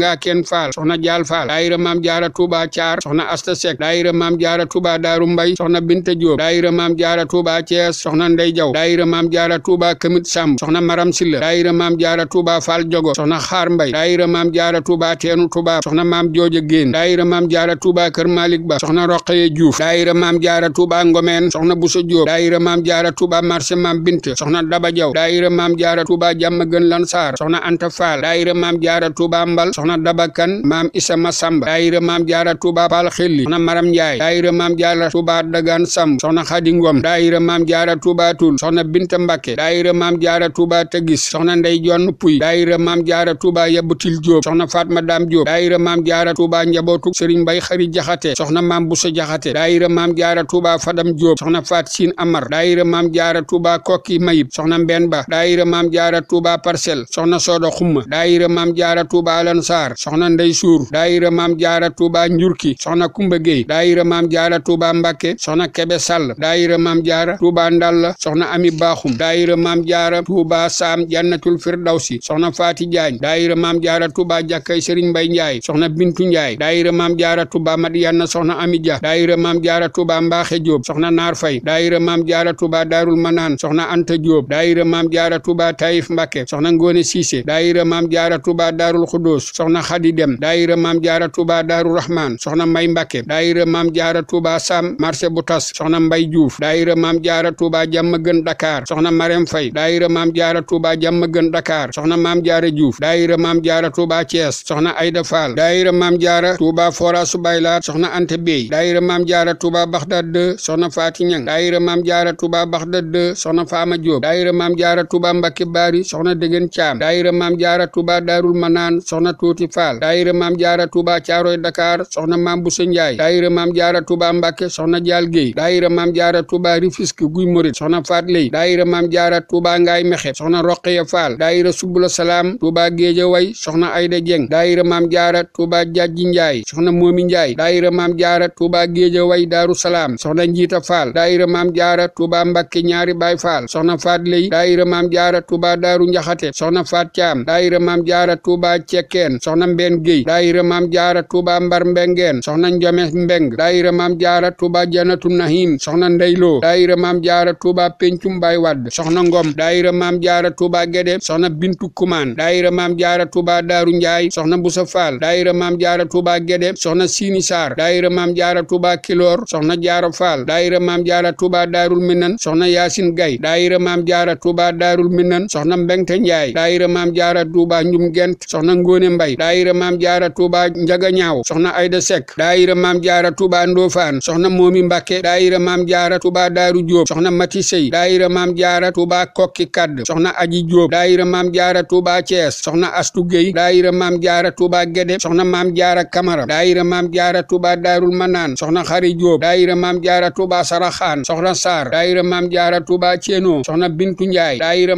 Speaker 1: nga kenn faal soxna jaal faal daayira maam jaara tuuba caar soxna asta sek daayira maam jaara tuuba daaru mbay soxna binta jóob daayira maam jaara tuuba cees soxna ndey jaw daayira maam jaara tuuba kamit sàmb soxna maram silla daayira maam jaara tuuba faal jogo soxna xaar mbay daayira maam jaara tuuba teenu tuuba soxna maam jooja géen daayira maam jaara tuuba kër malik ba soxna roqaye juuf daayira maam jaara tuuba ngomeen soxna buso jóob daayira maam jaara tuuba marché maam binte soxna daba jaw daayira maam jaara tuuba jàmm gën lan saar soxna anta faal daayira maam jaara tuuba mbal soxna dabakan maam isa masamba daayira maam jaara tuuba paal xilli soxna maram njaay daayira maam jaara tuuba dagaan samb soxna xadi ngom daayira maam jaara tuuba tul soxna binta mbàkke daayira maam jaara tuuba tëgis soxna ndey jonn puy daayira maam jaara tuuba yabutil jóob soxna fatma daam jóob daayira maam jaara tuuba njabootu sëriñ mbay xari jaxate soxna maam busa jaxate daayira maam jaara tuuba fadam jóob soxna faat siin amar daayira maam jaara tuuba kokki mayib soxna mbenn ba daayira maam jaara tuuba parcelle soxna soodo xumma daayira maam jaara tuuba alansa Sarr soxna Ndey Suur daayira maam jaara Touba Njurki soxna Kumba Gueye daayira maam jaara Touba Mbacke soxna Kebe Sall daayira maam jaara Touba Ndalla soxna Ami Baaxum daayira maam jaara Touba Saam Jannatul Firdawsi soxna Faati Jaañ daayira maam jaara Touba Jàkkay Sëriñ Mbay Njaay soxna Bintu Njaay daayira maam jaara Touba Madiyaana soxna Ami Dia daayira maam jaara Touba Mbaaxe Jóob soxna Naar Fay daayira maam jaara Touba Daarul Manaan soxna Anta Jóob daayira maam jaara Touba Taïf Mbacke soxna Ngoone Siise daayira maam jaara Touba Daarul Xudoos soxna xadi dem daayira maam jaara tuuba daaru rahmaan soxna mbay mbàkke daayira maam jaara tuuba sam marché bu tas soxna mbay juuf daayira maam jaara tuuba jàmm gën dakar soxna marem fay daayira maam jaara tuuba jàmm gën dakar soxna maam jaara juuf daayira maam jaara tuuba cees soxna ayda faal daayira maam jaara tuuba fora subaylaat soxna ante bey daayira maam jaara tuuba baxdad de soxna faati ñang daayira maam jaara tuuba baxdad de soxna faama jóob daayira maam jaara tuuba mbàkke baari soxna degen caam daayira maam jaara tuuba daarul manaan soxna tuuti Fatick Fall daayira maam jaara Touba Caaroy Dakar soxna maam Bousso Ndiaye daayira maam jaara Touba Mbacke soxna Jaal Guèye daayira maam jaara Touba Rufisque Guy Morit soxna Faat Lay daayira maam jaara Touba Ngaay Mexe soxna Roqeya Fall daayira Subula Salaam Touba Géejawaay soxna Ayda Dieng daayira maam jaara Touba Jajji Ndiaye soxna Moomi Ndiaye daayira maam jaara Touba Géejawaay Daaru Salaam soxna Njiita Fall daayira maam jaara Touba Mbacke ñaari Baay Fall soxna Faat Lay daayira maam jaara Touba Daaru Njaxate soxna Faat Caam daayira maam jaara Touba Cekkeen soxna mbeen géy daayira maam jaara tuuba mbar mbengeen soxna njome mbeng daayira maam jaara tuuba janatu nahim soxna ndeyloo daayira maam jaara tuuba péncum mbay wadd soxna ngom daayira maam jaara tuuba gede soxna bintu kumaan daayira maam jaara tuuba daaru njaay soxna busa faal daayira maam jaara tuuba gede soxna siini saar daayira maam jaara tuuba kiloor soxna jaara faal daayira maam jaara tuuba daarul minan soxna yaasin gay daayira maam jaara tuuba daarul minan soxna mbengte njaay daayira maam jaara tuuba njum gent soxna ngóone mbay daayira maam jaara tuuba njaga ñaaw soxna ayda sekk daayira maam jaara tuuba ndoofaan soxna moomi mbàkke daayira maam jaara tuuba daaru jóob soxna mati sey daayira maam jaara tuuba kokki kadd soxna aji jóob daayira maam jaara tuuba cees soxna astu géy daayira maam jaara tuuba gede soxna maam jaara kamara daayira maam jaara tuuba daarul manaan soxna xari jóob daayira maam jaara tuuba saraxaan soxna saar daayira maam jaara tuuba ceenoo soxna bintu njaay daayira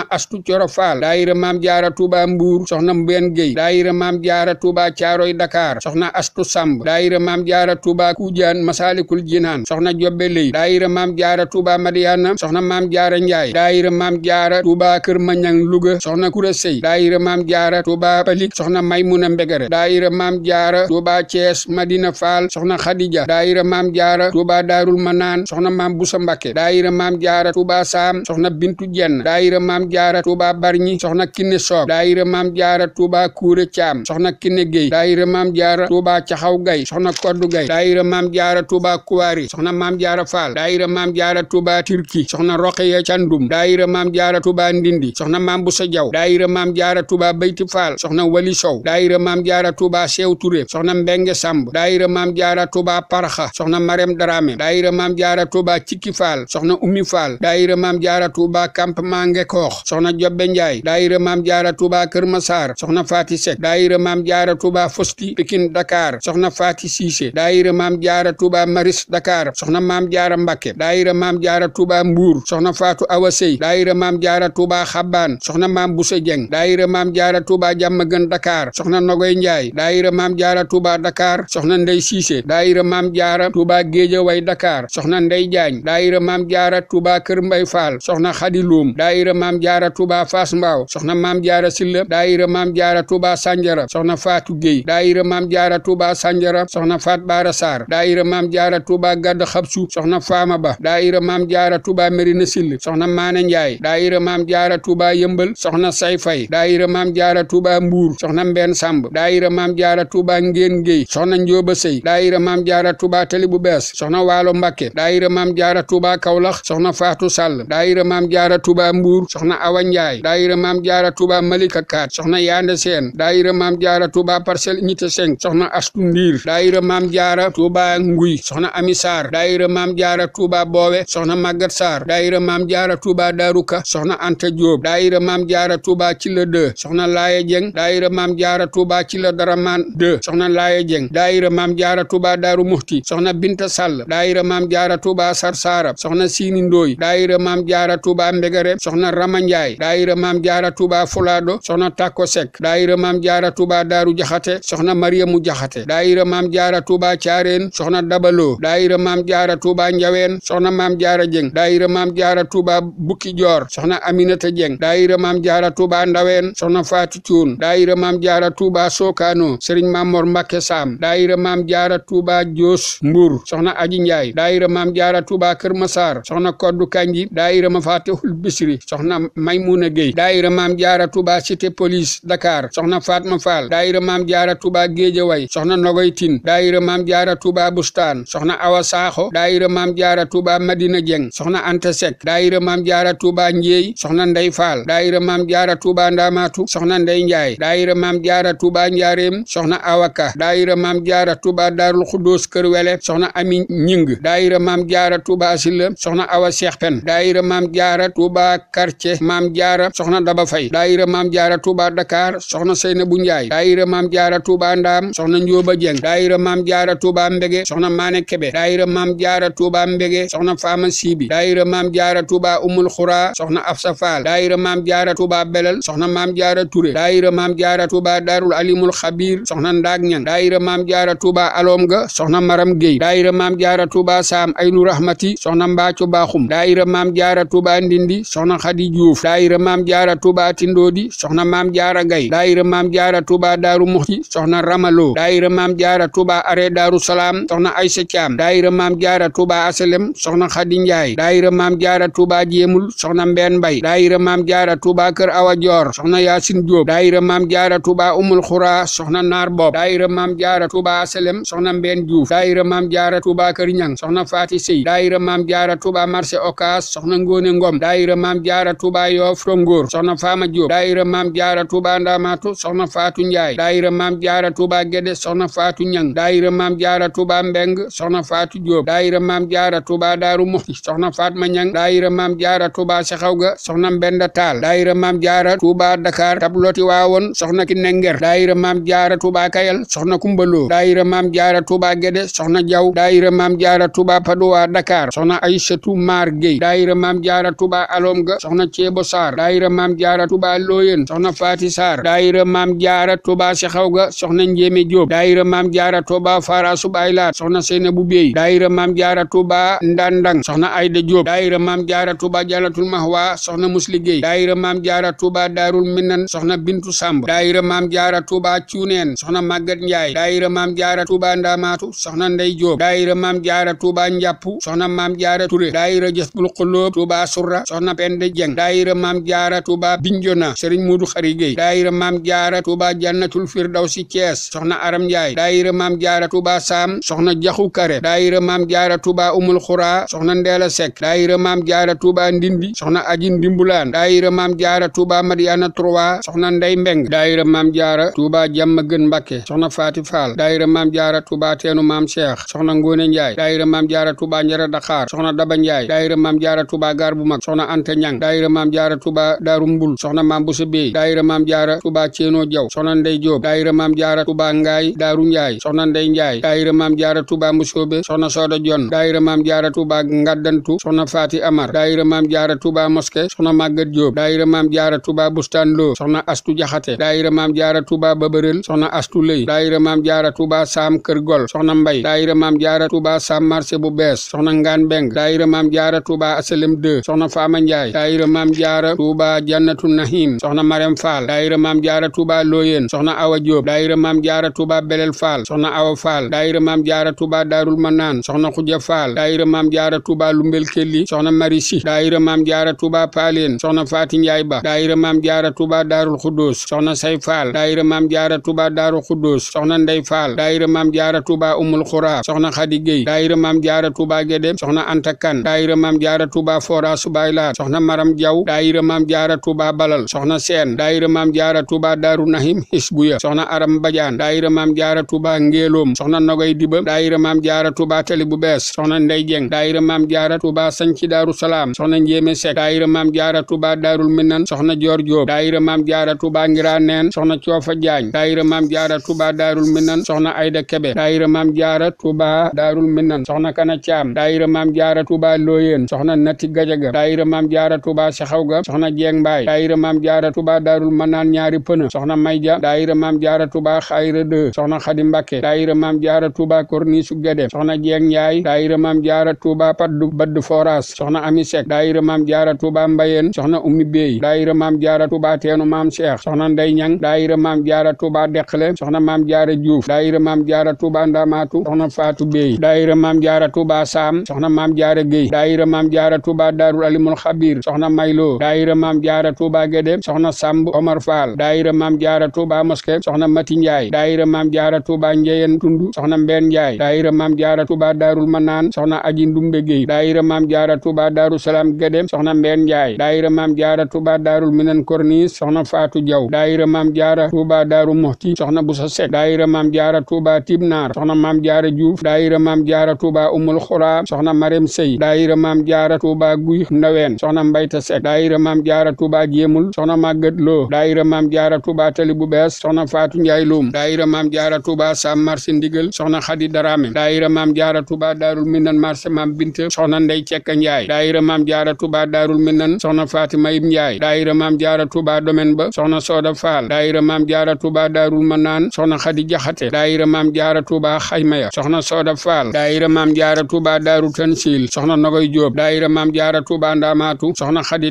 Speaker 1: soxna astu coro faal daayira maam jaara tuuba mbuur soxna mbeen géy daayira maam jaara tuuba caaroy dakar soxna astu samb daayira maam jaara tuuba kuujaan masaalikul jinaan soxna jobbe ley daayira maam jaara tuuba madiyaana soxna maam jaara njaay daayira maam jaara tuuba kër mañang luga soxna kura sey daayira maam jaara tuuba palik soxna maymuna mbegere daayira maam jaara tuuba cees madina faal soxna xadija daayira maam jaara tuuba daarul manaan soxna maam busa mbake daayira maam jaara tuuba saam soxna bintu jenn daayira maam maam jaara tuuba barñi soxna kinne soog daayira maam jaara tuuba kuure caam soxna kinne géy daayira maam jaara tuuba caxaw gay soxna koddu gay daayira maam jaara tuuba kuwaari soxna maam jaara faal daayira maam jaara tuuba turki soxna roqeya candum daayira maam jaara tuuba ndindi soxna maam busa jaw daayira maam jaara tuuba bayti faal soxna wali sow daayira maam jaara tuuba sew ture soxna mbenge samb daayira maam jaara tuuba parxa soxna marem darame daayira maam jaara tuuba cikki faal soxna ummi faal daayira maam jaara tuuba campement ngekoor Sox soxna Jobbe Njaay daayira maam jaara Touba Kër Masaar soxna Faati Sekk daayira maam jaara Touba Fosti Pikin Dakar soxna Faati Siise daayira maam jaara Touba Maris Dakar soxna maam jaara Mbakke daayira maam jaara Touba Mbuur soxna Faatu Awa Sey daayira maam jaara Touba Xabbaan soxna maam Buse Jeng daayira maam jaara Touba Jàmmagën Dakar soxna Nogoy Njaay daayira maam jaara Touba Dakar soxna Ndey Siise daayira maam jaara Touba Géejawaay Dakar soxna Ndey Jaañ daayira maam jaara Touba Kër Mbay Faal soxna Xadi Luum daayira maam maam jaara Touba Fass Mbao soxna maam jaara Silla daayira maam jaara Touba Sanjara soxna Fatou Gueye daayira maam jaara Touba Sanjara soxna Faat Baara Sarr daayira maam jaara Touba Gadd Xabsu soxna Faama Ba daayira maam jaara Touba Merina Sill soxna Maane Njaay daayira maam jaara Touba Yëmbal soxna Say Fay daayira maam jaara Touba Mbuur soxna Mbenn Samb daayira maam jaara Touba Ngeen Gueye soxna Njóoba Sëy daayira maam jaara Touba Tali bu bees soxna Waalo Mbakke daayira maam jaara Touba Kawlax soxna Faatu Sàll daayira maam jaara Touba Mbuur soxna soxna Awa Njaay daayira maam jaara Touba Malika Kaat soxna Yaande Seen daayira maam jaara Touba Parcelles Unité 5 soxna Astu Ndiir daayira maam jaara Touba Nguy soxna Ami daayira maam jaara Touba Boowe soxna Magat Saar daayira maam jaara Touba Daruka soxna Anta Diop daayira maam jaara Touba Cilla 2 soxna Laaye Jeng daayira maam jaara Touba Cilla Daraman 2 soxna Laaye Jeng daayira maam jaara Touba Daaru Muxti soxna Binta Sall daayira maam jaara Touba Sar Saarab soxna Siini Ndooy daayira maam jaara Touba Mbegere soxna Rama Ibrahima Ndiaye daayira maam jaara Touba Fulado soxna Tako Seck daayira maam jaara Touba Daaru Jaxate soxna Mariamu Jaxate daayira maam jaara Touba Caareen soxna Dabalo daayira maam jaara Touba Njaween soxna maam jaara Jeng daayira maam jaara Touba Bukki Joor soxna Aminata Jeng daayira maam jaara Touba Ndaween soxna Faati Cuun daayira maam jaara Touba Sokano Sëriñ Mamor Mbakke Saam daayira maam jaara Touba Joos Mbuur soxna Aji Njaay daayira maam jaara Touba Kër Masaar soxna Koddu Kanji daayira Mafatihul Bisri soxna Maymuna Gueye daayira maam jaara Touba cité police Dakar soxna Fatma Fall daayira maam jaara Touba Géejawaay soxna Nogoy Tine daayira maam jaara Touba Bustaan soxna Awa Saaxo daayira maam jaara Touba Madina Dieng soxna Anta Seck daayira maam jaara Touba Njéey soxna Ndey Fall daayira maam jaara Touba Ndamatu soxna Ndey Njaay daayira maam jaara Touba Njaareem soxna Awaka daayira maam jaara Touba Darul Xuddoos Kër Wele soxna Ami Ñing daayira maam jaara Touba Silla soxna Awa Seex Pen daayira maam jaara Touba maam jaara soxna daba fay daayira maam jaara tuuba dakar soxna na bu njaay daayira maam jaara tuuba ndaam soxna njóoba jeng daayira maam jaara tuuba mbege soxna maane kebe daayira maam jaara tuuba mbege soxna faama siibi daayira maam jaara tuuba umul xuraa soxna afsa faal daayira maam jaara tuuba belal soxna maam jaara ture daayira maam jaara tuuba daarul alimul xabiir soxna ndaag ñang daayira maam jaara tuuba aloom ga soxna maram géy daayira maam jaara tuuba saam aynu rahmati soxna mbaaco baaxum daayira maam jaara tuuba Diouf daayira maam jaara Touba Tindoodi soxna maam jaara Gay daayira maam jaara Touba Daaru Muxti soxna Ramalo daayira maam jaara Touba Are Daaru Salaam soxna Aysa Caam daayira maam jaara Touba Asalem soxna Xadi Njaay daayira maam jaara Touba Jéemul soxna Mbeen Mbay daayira maam jaara Touba Kër Awa Joor soxna Yaasin Jóob daayira maam jaara Touba Umul Xuraa soxna Naar Bob daayira maam jaara Touba Asalem soxna Mbeen Diouf daayira maam jaara Touba Kër Ñang soxna Faati Sey daayira maam jaara Touba Marché Ocass soxna Ngóone Ngom daayira maam jaara Touba Yoff Tongoor soxna Faama Diop daayira Maam Jaara Touba Ndamaatu soxna Faatu Njaay daayira Maam Jaara Touba Gédé soxna Faatu Ñang daayira Maam Jaara Touba Mbeng soxna Faatu Diop daayira Maam Jaara Touba Daaru Muxti soxna Fatma Ñang daayira Maam Jaara Touba Saxawga soxna Mbenda Taal daayira Maam Jaara Touba Dakar Tabloti Waawoon soxna ki Nenger daayira Maam Jaara Touba Kayal soxna Kumbaloo daayira Maam Jaara Touba Gédé soxna Jaw daayira Maam Jaara Touba Padowa Dakar soxna Aysatu Maar Géy daayira Maam Jaara Touba ceebo saar daayira maam jaara tuba looyeen soxna faati saar daayira maam jaara tuba si xawga soxna njéeme jóob daayira maam jaara tuba faara subaay laat soxna seyna bu beey daayira maam jaara tuba ndandang soxna ayda jóob daayira maam jaara tuba janatul mahwa soxna musligéey daayira maam jaara tuba daarul minan soxna bintu samb daayira maam jaara tuba cuuneen soxna màggat njaay daayira maam jaara tuba ndaamaatu soxna ndey jóob daayira maam jaara tuba njàppu soxna maam jaara ture daayira jasbul xuloob tuba surra soxna pende jeng daayira maam jaara tuuba binjona sëriñ muudu xari géy daayira maam jaara tuuba jannatul firdawsi Thiès soxna aram njaay daayira maam jaara tuuba saam soxna jaxu kare daayira maam jaara tuuba umul xuraa soxna ndeela sek daayira maam jaara tuuba ndindi soxna aji ndimbulaan daayira maam jaara tuuba madiana trois soxna ndey mbeng daayira maam jaara tuuba jàmm gën mbàkke soxna faati faal daayira maam jaara tuuba teenu maam cheikh soxna ngóone njaay daayira maam jaara tuuba njara daqaar soxna daba njaay maam jaara tuba daaru mbul soxna maam bu sa beey daayira maam jaara tuba ceenoo jaw soxna ndey joob daayira maam jaara tuba ngaay daaru njaay soxna ndey njaay daayira maam jaara tuba musoobe soxna sooda jon daayira maam jaara tuba ngaddantu soxna faati amar daayira maam jaara tuba moske soxna màggat joob daayira maam jaara tuba bustaan loo soxna astu jaxate daayira maam jaara tuba babërël soxna astu lëy daayira maam jaara tuba saam kër gol soxna mbay daayira maam jaara tuba saam marché bu maam jaara tuuba jannatu nahim soxna marem faal daayira maam jaara tuuba looyeen soxna awa jóob daayira maam jaara tuuba belel faal soxna awa faal daayira maam jaara tuuba daarul manaan soxna xuja faal daayira maam jaara tuuba lumbel kelli soxna mari si daayira maam jaara tuuba paaleen soxna faati njaay ba daayira maam jaara tuuba daarul xuddoos soxna say faal daayira maam jaara tuuba daarul xuddoos soxna ndey faal daayira maam jaara tuuba umul xuraa soxna xadi géy daayira maam jaara tuuba gedem soxna anta kan daayira maam jaara tuuba fora subaylaat Ndaw daayira maam jaara Touba Balal soxna Seen daayira maam jaara Touba Daaru Nahim Hisbuya soxna Aram Badiane daayira maam jaara Touba Ngéloom soxna Nogay Diba daayira maam jaara Touba Tali bu bees soxna Ndey Jeng daayira maam jaara Touba Sanci Daaru Salaam soxna Njéeme Sek daayira maam jaara Touba Daarul Minan soxna Joor Joob daayira maam jaara Touba Ngiraneen soxna Coofa Jaañ daayira maam jaara Touba Daarul Minan soxna Ayda Kebe daayira maam jaara Touba Daarul Minan soxna Kana Caam daayira maam jaara Touba Looyeen soxna Nati Gajaga daayira maam jaara Touba xew ga soxna jeeng mbaay daayira maam jaara tuba daarul manaan ñaari pëna soxna mayja daayira maam jaara tuba xayra deux soxna xadi mbàkke daayira maam jaara tuba kornisu gede soxna jeeng njaay daayira maam jaara tuba paddu badd foras soxna ami sek daayira maam jaara tuba mbayeen soxna ummi beey daayira maam jaara tuba teenu maam cheikh soxna ndey ñang daayira maam jaara tuba deqle soxna maam jaara juuf daayira maam jaara tuba ndamaatu soxna faatu beey daayira maam jaara tuba saam soxna maam jaara géy daayira maam jaara tuba daarul alimul xabir soxna maylu Lo daayira maam jaara Touba Guédé soxna Samb Omar Fall daayira maam jaara Touba Mosquée soxna Mati Ndiaye daayira maam jaara Touba Njeyen Tundu soxna Mbeen Ndiaye daayira maam jaara Touba Darul Manaan soxna Aji Ndumbe Gueye daayira maam jaara Touba Darou Salam Guédé soxna Mbeen Ndiaye daayira maam jaara Touba Darul Minan Corniche soxna Fatou Diaw daayira maam jaara Touba Darou Moxti soxna Boussa Seck daayira maam jaara Touba Tibnar soxna maam jaara Diouf daayira maam jaara Touba Umul Xura soxna Marem Sey daayira maam jaara Touba Guy Ndaween soxna Mbayta Seck daayira maam jaara tuuba jéemul soxna màggat loo daayira maam jaara tuuba tali bu bees soxna faatu njaay loom daayira maam jaara tuuba sam marché ndigal soxna xadi daraame daayira maam jaara tuuba daarul minan marché maam binte soxna ndey cekka njaay daayira maam jaara tuuba daarul minan soxna faati mayib njaay daayira maam jaara tuuba domaine ba soxna sooda faal daayira maam jaara tuuba daarul manaan soxna xadi jaxate daayira maam jaara tuuba xaymaya soxna sooda faal daayira maam jaara tuuba daaru tansil soxna nogoy jóob daayira maam jaara tuuba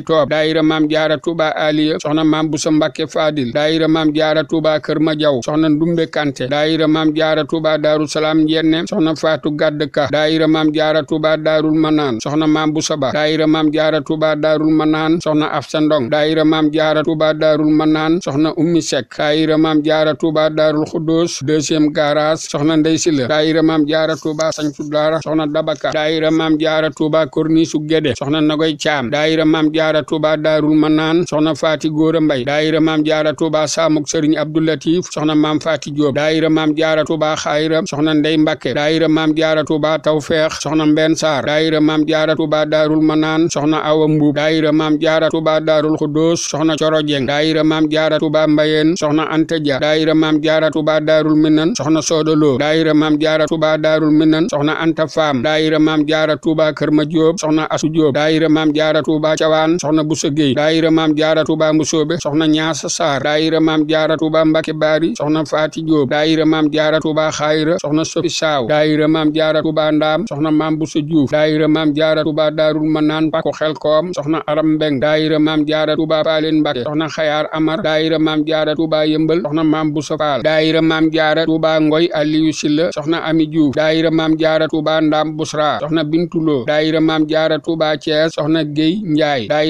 Speaker 1: Xari Toob daayira maam jaara Touba Aliya soxna maam Busa Mbàkke Faadil daayira maam jaara Touba Kër Ma Jaw soxna Ndumbe Kante daayira maam jaara Touba Daaru Salaam Njenne soxna Faatu Gàdd Ka daayira maam jaara Touba Daarul Manaan soxna maam Busa Ba daayira maam jaara Touba Daarul Manaan soxna Afsa Ndong daayira maam jaara Touba Daarul Manaan soxna Ummi Sekk daayira maam jaara Touba Daarul Xuddoos deuxième garage soxna Ndey Sila daayira maam jaara Touba Sañtu Daara soxna Dabaka daayira maam jaara Touba Kornisu Gede soxna Nagoy Caam daayira jaara tuuba daarul manaan soxna faati góora mbay daayira maam jaara tuuba saamuk sëriñ abdulatif soxna maam faati jóob daayira maam jaara tuuba xaayira soxna ndey mbàkke daayira maam jaara tuuba tawfeex soxna mbenn saar daayira maam jaara tuuba daarul manaan soxna awa mbuub daayira maam jaara tuuba daarul xuddoos soxna coro jeng daayira maam jaara tuuba mbayeen soxna anta ja daayira maam jaara tuuba daarul minan soxna soodaloo daayira maam jaara tuuba daarul minan soxna anta faam daayira maam jaara tuuba kër ma jóob soxna asu jóob daayira maam jaara tuuba cawaan soxna Busa Géey daayira maam jaara Tuuba Mbusoobe soxna Ñaasa Saar daayira maam jaara Tuuba Mbàkke Baari soxna Faati Jóob daayira maam jaara Tuuba Xaayira soxna Sofi Saaw daayira maam jaara Tuuba Ndaam soxna maam Busa Juuf daayira maam jaara Tuuba Daarul Manaan Pàkku Xelkoom soxna Aram Mbeng daayira maam jaara Tuuba Paaleen Mbàkke soxna Xayaar Amar daayira maam jaara Tuuba Yëmbal soxna maam Busa Faal daayira maam jaara Tuuba Ngoy a Silla soxna Ami Juuf daayira maam jaara Tuuba Ndaam Busra soxna Bintu Lo daayira maam jaara Tuuba Cees soxna Géy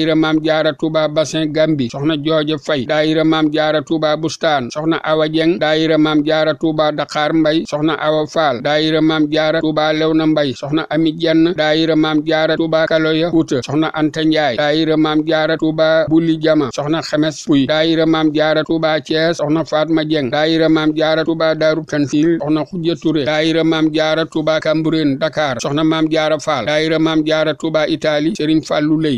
Speaker 1: daayira maam jaara tuuba bassin gambi soxna jooje fay daayira maam jaara tuuba bustaan soxna awa jeng daayira maam jaara tuuba daqaar mbay soxna awa faal daayira maam jaara tuuba lewna mbay soxna ami jenn daayira maam jaara tuuba kaloya kuuta soxna anta njaay daayira maam jaara tuuba buli jama soxna xemes puy daayira maam jaara tuuba cees soxna faatma jeng daayira maam jaara tuuba daaru tansil soxna xujja ture daayira maam dakar soxna maam jaara faal daayira maam jaara tuuba itali sëriñ fàllu lay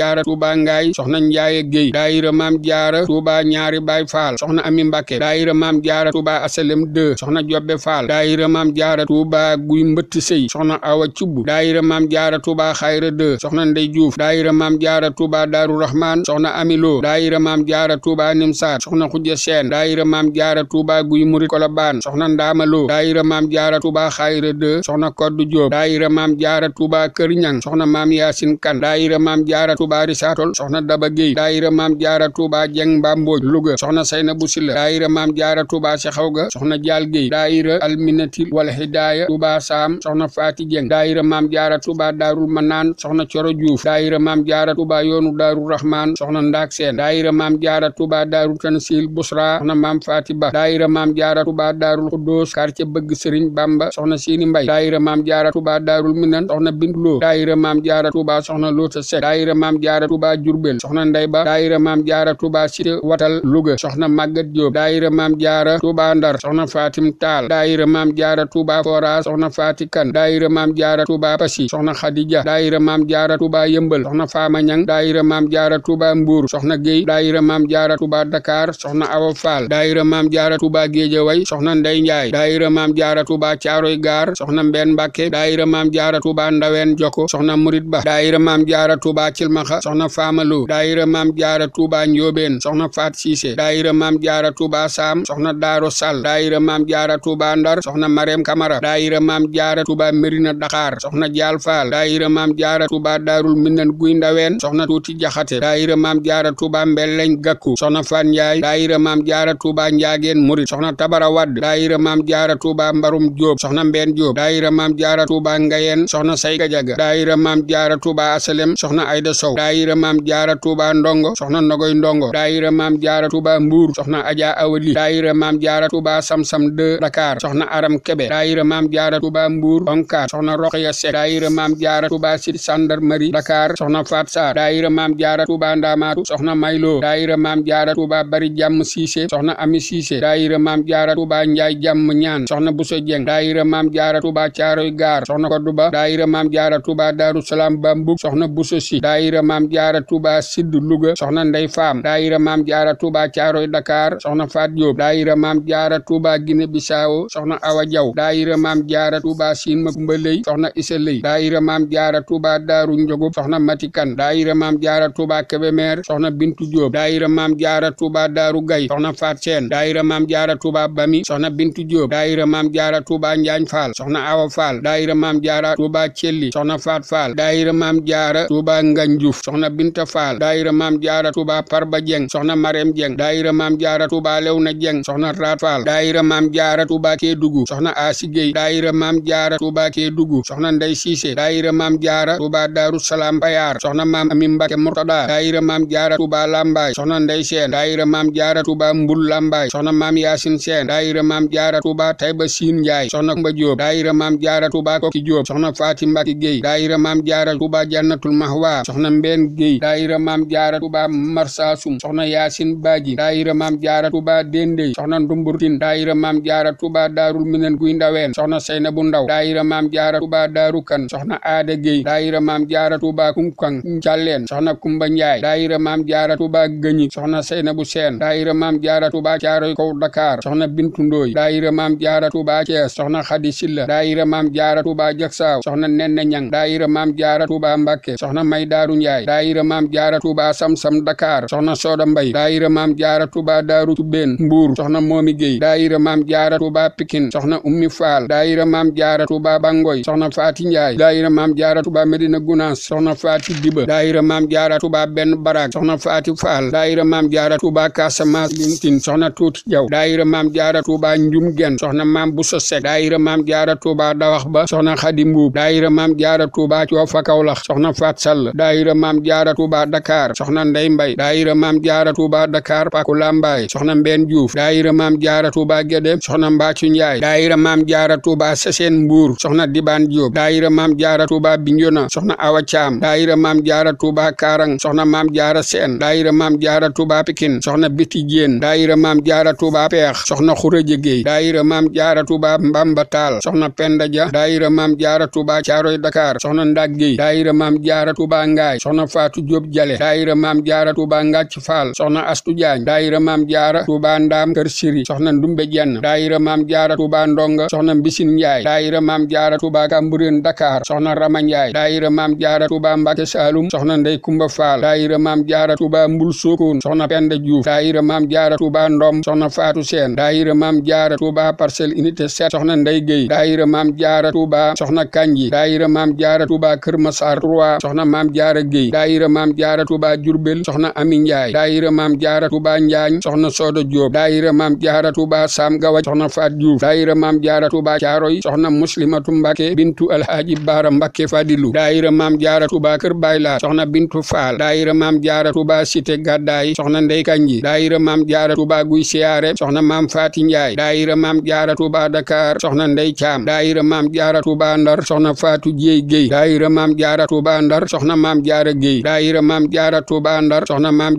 Speaker 1: jaara tuuba ngaay soxna njaaye géy daayira maam jaara tuuba ñaari baay faal soxna ami mbàkke daayira maam jaara tuuba asalem 2 soxna jobbe faal daayira maam jaara tuuba guy mbëtt sëy soxna awa cubb daayira maam jaara tuuba xayra 2 soxna ndey juuf daayira maam jaara tuuba daaru rahmaan soxna ami loo daayira maam jaara tuuba nimsaat soxna xujja seen daayira maam jaara tuuba guy murit kolobaan soxna ndaama loo daayira maam jaara tuuba xayra 2 soxna koddu jóob daayira maam jaara tuuba kër ñang soxna maam yaasin kan daayira maam jaara tuuba baari saatol soxna daba géey daayira maam jaara tuuba jeng mbaa mbooj luga soxna sayna bu silla daayira maam jaara tuuba si xawga soxna jaal géey daayira alminatil wal hidaaya tuuba saam soxna faati jeng daayira maam jaara tuuba daarul manaan soxna coro juuf daayira maam jaara tuuba yoonu daaru rahmaan soxna ndaak seen daayira maam jaara tuuba daaru tansil busra soxna maam faati ba daayira maam jaara tuuba daarul xuddoos quartier bëgg sëriñ bamba soxna siini mbay daayira maam jaara tuuba daarul minan soxna binduloo daayira maam jaara tuuba soxna loota sek daayira maam maam jaara tuuba jurbel soxna nday ba daayira maam jaara tuuba cité watal louga soxna màggat jóob daayira maam jaara tuuba ndar soxna fatim taal daayira maam jaara tuuba fora soxna faati kan daayira maam jaara tuuba pasi soxna xadija daayira maam jaara tuuba yëmbal soxna faama ñang daayira maam jaara tuuba mbuur soxna géy daayira maam jaara tuuba dakar soxna awa faal daayira maam jaara tuuba géejaway soxna ndey njaay daayira maam jaara tuuba caaroy gaar soxna mbenn mbàkke daayira maam jaara tuuba ndaween joko soxna murit ba daayira maam jaara tuuba cilma Sanxa soxna Faama Lo daayira maam jaara Touba Njóobeen soxna Faat Siise daayira maam jaara Touba Saam soxna Daaro Sall daayira maam jaara Touba Ndar soxna Marem Kamara daayira maam jaara Touba Mérina Dakar soxna Jaal Faal daayira maam jaara Touba Daarul Minan Guy Ndaween soxna Tuuti Jaxate daayira maam jaara Touba Mbelleñ Gakku soxna Faat Njaay daayira maam jaara Touba Njaageen Murit soxna Tabara Wadd daayira maam jaara Touba Mbarum Jóob soxna Mbeen Jóob daayira maam jaara Touba Ngayeen soxna Sayka Jaga daayira maam jaara Touba Asalem soxna Ayda Sow Sow daayira maam jaara Touba ndongo soxna Nogoy ndongo daayira maam jaara Touba Mbour soxna Adja Awali daayira maam jaara Touba Samsam 2 Dakar soxna Aram Kebe daayira maam jaara Touba Mbour Onkar soxna Rokhaya Seck daayira maam jaara Touba Cité Gendarmerie Dakar soxna Fat Sarr soxna Maylo daayira maam jaara soxna Ami Cissé daayira soxna Bousso Dieng daayira soxna Koduba daayira maam soxna Bousso Si daayira maam jaara tuuba sidd Louga soxna ndey faam daayira maam jaara tuuba caaroy Dakar soxna faat Diop daayira maam jaara tuuba Guinée Bissau soxna awa jaw daayira maam jaara tuuba siin ma kumba lëy soxna isa lëy daayira maam jaara tuuba daaru njogub soxna matikan daayira maam jaara tuuba Kébémer soxna bintu Diop daayira maam jaara tuuba daaru gay soxna faat seen daayira maam jaara tuuba bami soxna bintu Diop daayira maam jaara tuuba njaañ faal soxna awa faal daayira maam jaara tuuba celli soxna faat faal daayira maam jaara Diouf soxna Binta Faal daayira maam jaara Touba Parba Dieng soxna Marem Dieng daayira maam jaara Touba Lewna Dieng soxna Raat Faal daayira maam jaara Touba Kédougou soxna Asi Gueye daayira maam jaara Touba Kédougou soxna Ndey Cissé daayira maam jaara Touba Daaru Salaam Payar soxna maam Ami Mbacke Murtada daayira maam jaara Touba Lambaay soxna Ndey Seen daayira maam jaara Touba Mbul Lambaay soxna maam Yaasin Seen daayira maam jaara Touba Tayba Siin Njaay soxna Kumba Jóob daayira maam jaara Touba Koki Jóob soxna Faati Mbacke Gueye daayira maam jaara Touba Jannatul Mahwa soxna Sambeen Géy daayira maam jaara Tuuba Marsasum soxna Yaasin Baaji daayira maam jaara Tuuba Dendey soxna Ndumburtin daayira maam jaara Tuuba Daarul Minen Guy Ndaween soxna Seyna bu Ndaw daayira maam jaara Tuuba Daaru Kan soxna Aada Géy daayira maam jaara Tuuba Kunkang Njalleen soxna Kumba Njaay daayira maam jaara Tuuba Gëñi soxna Seyna bu Seen daayira maam jaara Tuuba Caaroy Kaw Dakar soxna Bintu Ndooy daayira maam jaara Tuuba Cees soxna Xadi Silla daayira maam jaara Tuuba Jaksaaw soxna Nenne Ñang daayira maam jaara Tuuba Mbàkke soxna May Daaru Njaay Njaay daayira maam jaara Touba Samsam Dakar soxna Soda Mbay daayira maam jaara Touba Daaru Tubbeen Mbuur soxna Moomi Géy daayira maam jaara Touba Pikin soxna Ummi Faal daayira maam jaara Touba Bangoy soxna Faati Njaay daayira maam jaara Touba Medina Gunaas soxna Faati Diba daayira maam jaara Touba Benn Barak soxna Faati Faal daayira maam jaara Touba Casamance Lintin soxna Tuuti Jaw daayira maam jaara Touba Njum Gen soxna maam Busso Sek daayira maam jaara Touba Dawax Ba soxna Xadi Mbuub maam jaara tuuba dakar soxna ndey mbay daayira maam jaara tuuba dakar paku lambaay soxna mbenn juuf daayira maam jaara tuuba gede soxna mbaacu njaay daayira maam jaara tuuba seseen mbuur soxna dibaan jóob daayira maam jaara tuuba binjona soxna awa caam daayira maam jaara tuuba kaarang soxna maam jaara seen daayira maam jaara tuuba pikin soxna biti jéen daayira maam tuba tuuba peex soxna xurëje géey daayira maam jaara tuuba mbamba soxna penda ja daayira maam jaara tuuba dakar soxna ndàggéey soxna faatu jóob jale daayira maam jaara tuuba ngàcc faal soxna astu jaañ daayira maam jaara tuuba ndaam kër siri soxna ndumbe jenn daayira maam jaara tuuba ndonga soxna mbisin njaay maam jaara tuuba kambureen dakar soxna rama njaay daayira maam jaara tuuba mbàkke saalum soxna ndey kumba faal daayira maam jaara tuuba mbul sookoon soxna penda juuf daayira maam jaara tuuba ndom soxna faatu seen daayira maam jaara tuuba parcelle unité 7 soxna ndey géy daayira Guèye daayira maam jaara Touba Jurbel soxna Ami Njaay daayira maam jaara Touba Njaañ soxna Sooda Jóob daayira maam jaara Touba Sam Gawa soxna Faat Juuf daayira maam jaara Touba Caaroy soxna Muslimatu Mbàkke bintu Alhaaji Baara Mbàkke Fadilu daayira maam jaara Touba Kër Bayla soxna Bintu Faal daayira maam jaara Touba Cité Gàddaay soxna Ndey Kanji daayira maam jaara Touba Guy Siyaare soxna maam Faati Njaay daayira maam jaara Touba Dakar soxna Ndey Caam daayira maam jaara Touba Ndar soxna Faatu jaara géey daayira maam jaara tuuba ndar soxna maam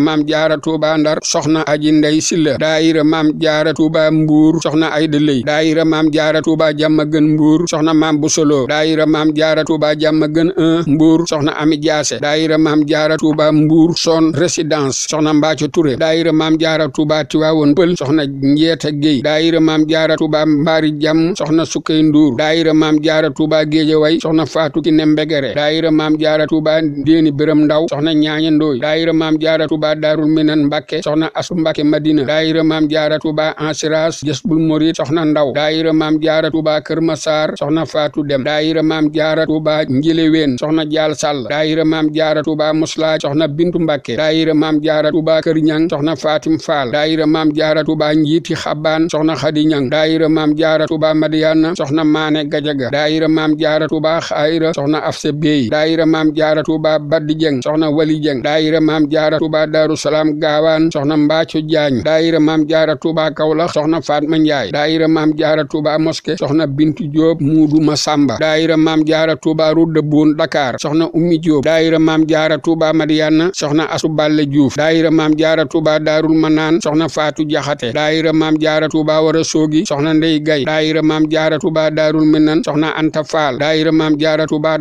Speaker 1: maam jaara tuuba ndar soxna aji ndey silla daayira maam jaara tuuba mbuur soxna ayda lëy daayira maam jaara tuuba jàmma gën mbuur soxna maam bu solo daayira maam jaara tuuba jàmma gën un mbuur soxna ami jaase daayira maam jaara tuuba mbuur son résidence soxna mbaaco ture daayira maam jaara tuba tiwaawoon pël soxna njeeta géey daayira maam jaara tuuba mbaari jàmm soxna sukkay nduur daayira maam jaara tuuba géejawaay soxna faatu ki ne mbegere daayira maam jaara tuuba ndéeni biram ndaw soxna ñaaña ndooy daayira maam jaara tuuba daarul minan mbàkke soxna asu mbàkke madina daayira maam jaara soxna ndaw daayira maam jaara tuuba kër masaar soxna faatu dem daayira maam jaara tuuba njileween soxna jaal sàll daayira maam jaara tuuba muslaaj soxna bintu mbàkke daayira maam jaara tuuba kër ñang soxna fatim faal daayira maam jaara tuuba njiiti xabbaan soxna xadi ñang daayira maam jaara tuuba madiyaana soxna maane gajaga daayira maam jaara tuuba xayra soxna afse beey daayira maam jaara tuuba baddi jeng soxna wali jeng daayira maam jaara tuuba daaru salaam gaawaan soxna mbaaco jaañ daayira maam jaara tuuba kawlax soxna faatma njaay daayira maam jaara tuuba moske soxna bintu jóob muudu masamba daayira maam jaara tuuba rudda buun dakar soxna ummi jóob daayira maam jaara tuuba madiyaana soxna asu balle juuf daayira maam jaara tuuba daarul manaan soxna faatu jaxate daayira maam jaara tuuba wara soogi soxna ndey gay daayira maam jaara tuuba daarul minan soxna anta faal daayira maam jaara tuuba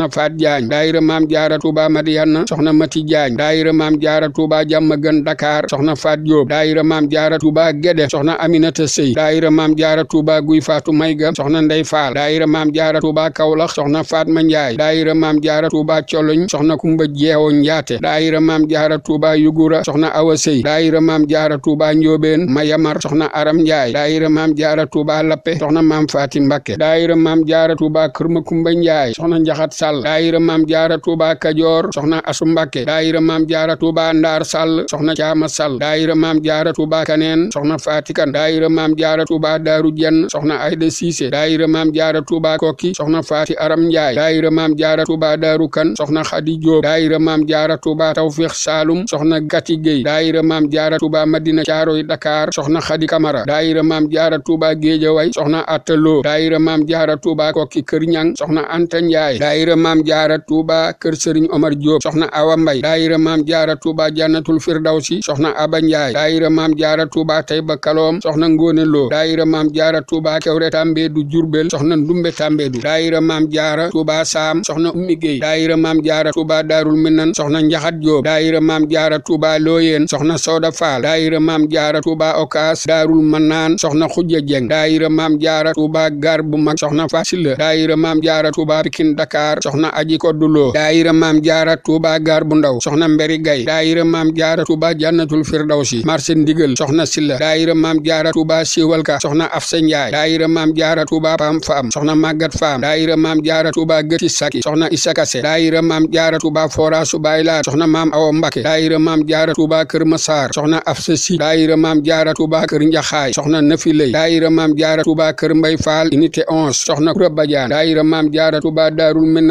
Speaker 1: soxna faat jaañ daayira maam jaara tuuba madiana soxna mati jaañ daayira maam jaara tuuba jàmm gën dakar soxna faat jóob daayira maam jaara tuuba gede soxna aminata sëy daayira maam jaara tuuba guy faatu mayga soxna ndey faal daayira maam jaara tuuba kawlax soxna faat ma njaay daayira maam jaara tuuba coloñ soxna kumba jeewo njaate daayira maam jaara tuuba yugura soxna awa sëy daayira maam jaara tuuba njoobeen mayamar soxna aram njaay daayira maam jaara tuuba lappe soxna maam faati mbakke daayira maam jaara tuuba kër ma kumba njaay soxna njaxat sa Sall daayira maam jaara Touba Kajoor soxna Asu Mbàkke daayira maam jaara Touba Ndaar Sall soxna Caama Sall daayira maam jaara Touba Kaneen soxna Fatikan daayira maam jaara Touba Daaru Jenn soxna Ayda Siise daayira maam jaara Touba Kokki soxna Faati Aram Njaay daayira maam jaara Touba Daaru Kan soxna Xadi Joob daayira maam jaara Touba Tawfiix Saalum soxna Gati Géy daayira maam jaara Touba Madina Caaroy Dakar soxna Xadi Kamara daayira maam jaara Touba Géejawaay soxna Ataloo daayira maam jaara Touba Kokki Kër Ñang soxna Anta Njaay daayira maam jaara tuuba kër sëriñ omar jóob soxna awa mbay daayira maam jaara tuuba jannatul firdawsi soxna aba njaay daayira maam jaara tuuba tayba kaloom soxna ngóone loo daayira maam jaara tuuba kewre tàmbeedu jurbel soxna ndumbe tàmbeedu daayira maam jaara tuuba saam soxna ummi géey daayira maam jaara tuuba daarul minan soxna njaxat jóob daayira maam jaara tuuba looyeen soxna sooda faal daayira maam jaara tuuba okaas daarul manaan soxna xujja jeng daayira maam jaara tuuba gar bu mag soxna fasila daayira maam jaara tuuba soxna aji kodduloo daayira maam jaara tuuba gaar bu ndaw soxna mberi gay daayira maam jaara tuuba jannatul firdawsi marché ndigal soxna silla daayira maam jaara tuuba siiwalka soxna afsa njaay daayira maam jaara tuuba pam faam soxna màggat faam daayira maam jaara tuuba gëti saki soxna isakase daayira maam jaara tuuba fora subaay laat soxna maam awa mbake daayira maam jaara tuuba kër masaar soxna afsa si daayira maam jaara tuuba kër njaxaay soxna nafi lay daayira maam jaara kura bajaan daayira maam jaara tuuba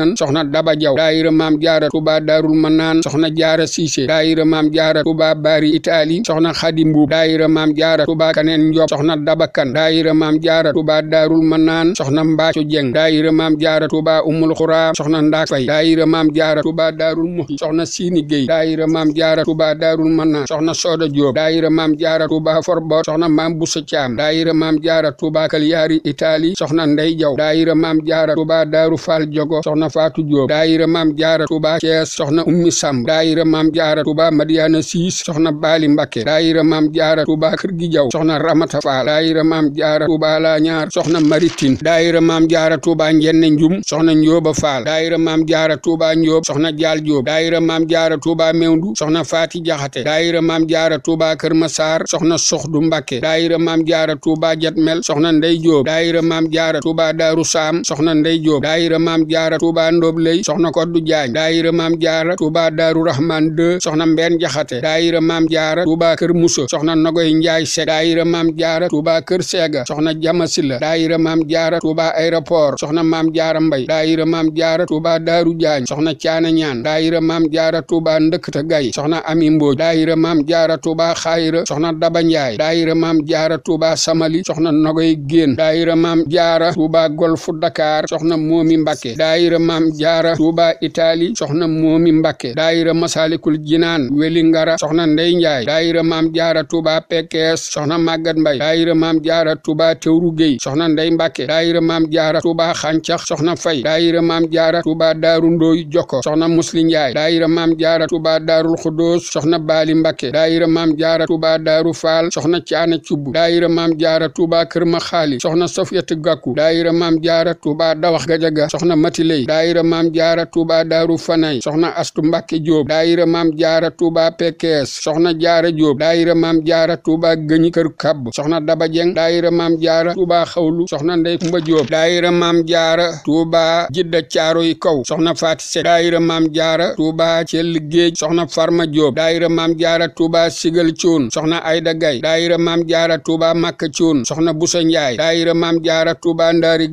Speaker 1: Manaan soxna Daba Jaw daayira maam jaara Tuuba Daarul Manaan soxna jaara Siise daayira maam jaara Tuuba Bari Itaali soxna Xadi Mbuub daayira maam jaara Tuuba Kaneen Njob soxna Daba Kan daayira maam jaara Tuuba Daarul Manaan soxna Mbaaco Jeng daayira maam jaara Tuuba Umul Xuraa soxna Ndaak Fay daayira maam jaara Tuuba Daarul Muxti soxna Siini Géy daayira maam jaara Tuuba Daarul Manaan soxna Sooda Joob daayira maam jaara Tuuba Forboor soxna maam Busa Caam daayira maam jaara Tuuba Kalyaari Itaali soxna Ndey Jaw daayira maam jaara Tuuba Daaru Faal Jogo soxna Faatu Jóob daayira maam jaara Tuuba Cees soxna ummi Samb daayira maam jaara Tuuba Madiana Siis soxna Baali Mbakke daayira maam jaara Tuuba Kër gi Jaw soxna Ramata Faal daayira maam jaara Tuuba la ñaar soxna Maritin daayira maam jaara Tuuba Njenne Njum soxna Njóoba Faal daayira maam jaara Tuuba Njóob soxna Jaal Jóob daayira maam jaara Tuuba Mewndu soxna Faati Jaxate daayira maam jaara Tuuba Kër Masaar soxna Soxdu Mbakke daayira maam jaara Tuuba Jatmel soxna Ndey Jóob daayira maam jaara Tuuba Daaru Saam soxna Ndey Jóob daayira maam jaara Tuuba Touba Ndoob Lay soxna Koddu Jaañ daayira Maam Jaara Touba Daaru Rahman 2 soxna Mbeen Jaxate daayira Maam Jaara Touba Kër Musa soxna Nogoy Njaay Sek daayira Maam Jaara Touba Kër Seega soxna Jama Silla daayira Maam Jaara Touba Aéroport soxna Maam Jaara Mbay daayira Maam Jaara Touba Daaru Jaañ soxna Caana Ñaan daayira Maam Jaara Touba Ndëkkta Gay soxna Ami Mbooj daayira Maam Jaara Touba Xayra soxna Daba Njaay daayira Maam Jaara Touba Samali soxna Nogoy Géen daayira Maam Jaara Touba Golfu Dakar soxna Moomi Mbakke daayira maam jaara tuuba itaali soxna moomi mbàkke daayira masalikul jinaan weli ngara soxna ndey njaay daayira maam jaara tuuba pekkees soxna màggat mbay daayira maam jaara tuuba tewru géy soxna ndey mbàkke daayira maam jaara tuuba xàncax soxna fay daayira maam jaara tuuba daaru ndooy jokko soxna musli njaay daayira maam jaara tuuba daarul xudoos soxna baali mbàkke daayira maam jaara tuuba daaru faal soxna caana cubb daayira maam jaara tuuba kër ma xaali soxna sofiyatu gàkku daayira maam jaara tuuba dawax gajaga soxna matiley daayira maam jaara tuuba daaru fanay soxna astu mbàkke jóob daayira maam jaara tuuba pekees soxna jaara jóob daayira maam jaara tuuba gëñi kër kàbb soxna daba jeng daayira maam jaara tuuba xawlu soxna ndey kumba jóob daayira maam jaara tuuba jidda caaro yi kaw soxna faati sek daayira maam jaara tuuba cell géej soxna farma jóob daayira maam jaara tuuba sigal cuun soxna ayda gay daayira maam jaara tuuba makka cuun soxna busa njaay daayira maam jaara tuuba ndaari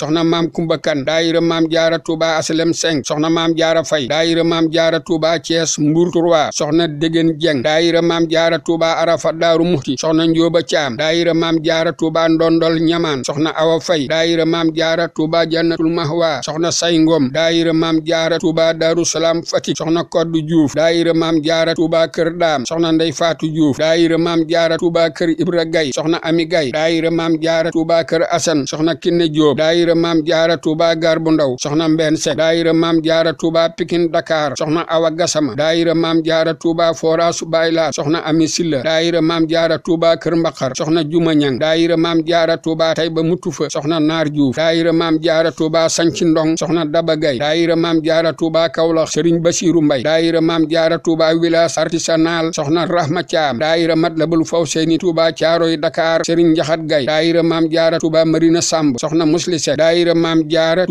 Speaker 1: soxna maam kumba kan Touba HLM 5 soxna maam jaara fay daayira maam jaara Touba Thiès Mbour 3 soxna Degen Dieng daayira maam jaara Touba Arafat Daaru Muxti soxna Njóoba Caam daayira maam jaara Touba Ndondol Ñamaan soxna Awa Fay daayira maam jaara Touba Jannatul Mahwa soxna Say Ngom daayira maam jaara Touba Daaru Salaam Fatick soxna Koddu Diouf daayira maam jaara Touba Kër Daam soxna Ndey Faatu Diouf daayira maam jaara Touba Kër Ibra Gay soxna Ami Gay daayira maam jaara Touba Kër Asan soxna Kinne Joob daayira maam Sembène Seck daayira maam jaara Touba Pikine Dakar soxna Awa Gassama daayira maam jaara Touba Forasu Baylaat soxna Ami Silla daayira maam jaara Touba Kër Mbakar soxna Juma Ñang daayira maam jaara Touba Tayba Mutufa soxna Naar Diouf daayira maam jaara Touba Sanci Ndong soxna Daba Gay daayira maam jaara Touba Kawlax Sëriñ Basiru Mbay daayira maam jaara Touba village artisanal soxna Rahma Thiam daayira Matlabul Fawseyni Touba Caaroy Dakar Sëriñ Njaxat Gay daayira maam jaara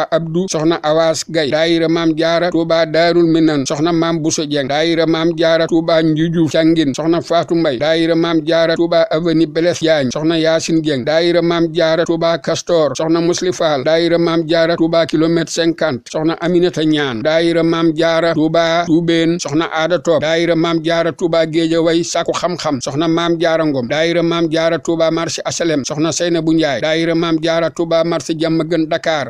Speaker 1: Touba Abdou soxna Awaas Gay daayira maam jaara Touba Daarul Minan soxna maam Bousso Dieng daayira maam jaara Touba Njujuuf Cangin soxna Faatu Mbay daayira maam jaara Touba Avenue Blaise Diagne soxna Yaasin Dieng daayira maam jaara Touba Castor soxna Musli Faal daayira maam jaara Touba kilomètre cinquante soxna Aminata Ñaan daayira maam jaara Touba Toubeen soxna Aada Top daayira maam jaara Touba Géejaway sàkku xam-xam soxna maam jaara Ngom daayira maam jaara Touba marché Asalem soxna Seyna bu Njaay daayira maam jaara Touba marché Jàmm Gën Dakar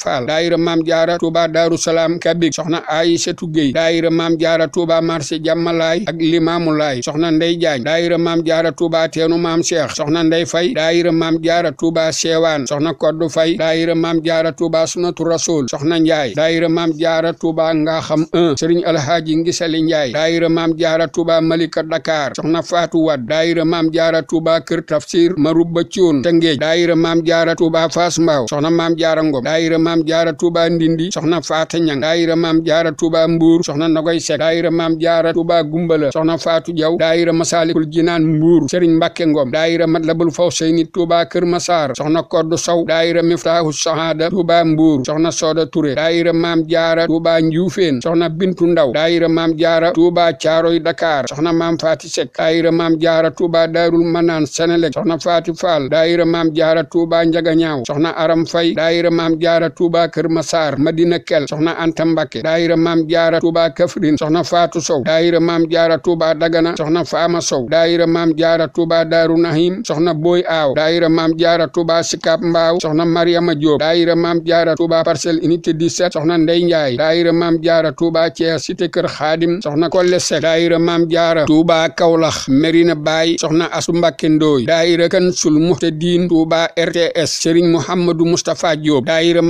Speaker 1: Fall daayira maam jaara Touba Daaru Salaam Kabig soxna Aysatu Géy daayira maam jaara Touba marché jàmmalaay ak limaamulaay soxna Ndey Jaañ daayira maam jaara Touba teenu maam Cheikh soxna Ndey Fay daayira maam jaara Touba Sewaan soxna Koddu Fay daayira maam jaara Touba Sunatu Rasul soxna Njaay daayira maam jaara Touba nga xam 1 Sëriñ Alhaaji Ngisali Njaay daayira maam jaara Touba Malika Dakar soxna Faatu Wad daayira maam jaara Touba Kër Tafsir Maruba Cuun Tëngéej daayira maam jaara Touba Fass Mbaaw soxna maam jaara maam jaara tuuba ndindi soxna faata ñang daayira maam jaara tuuba mbuur soxna nagoy sek daayira maam jaara tuuba gumbala soxna faatu jaw daayira masaalikul jinaan mbuur sëriñ mbàkke ngom daayira matlabul fawsayni tuuba kër masaar soxna koddu sow daayira miftaahu sahaada tuuba mbuur soxna sooda ture daayira maam jaara tuuba njuufeen soxna bintu ndaw daayira maam jaara tuuba caaroy dakar soxna maam faati sek daayira maam jaara tuuba daarul manaan senelek soxna faati faal daayira maam jaara tuuba njagañaaw soxna aram fay daayira maam jaara jaara Touba Kër Massar Madina Kel soxna Anta Mbacke daayira maam jaara Touba Kaffrine soxna Fatou Sow daayira maam jaara Touba Dagana soxna Faama Sow daayira maam jaara Touba Daaru Nahim soxna Boy Aaw daayira maam jaara Touba Sikap Mbaaw soxna Mariama Diop daayira maam jaara Touba Parcelles Unité 17 soxna Ndey Njaay daayira maam jaara Touba Thiès Cité Kër Xaadim soxna Kolle Seck daayira maam jaara Touba Kaolack Merina Baye soxna Asu Mbacke Ndoy daayira kan sul muhtadin Touba RTS Serigne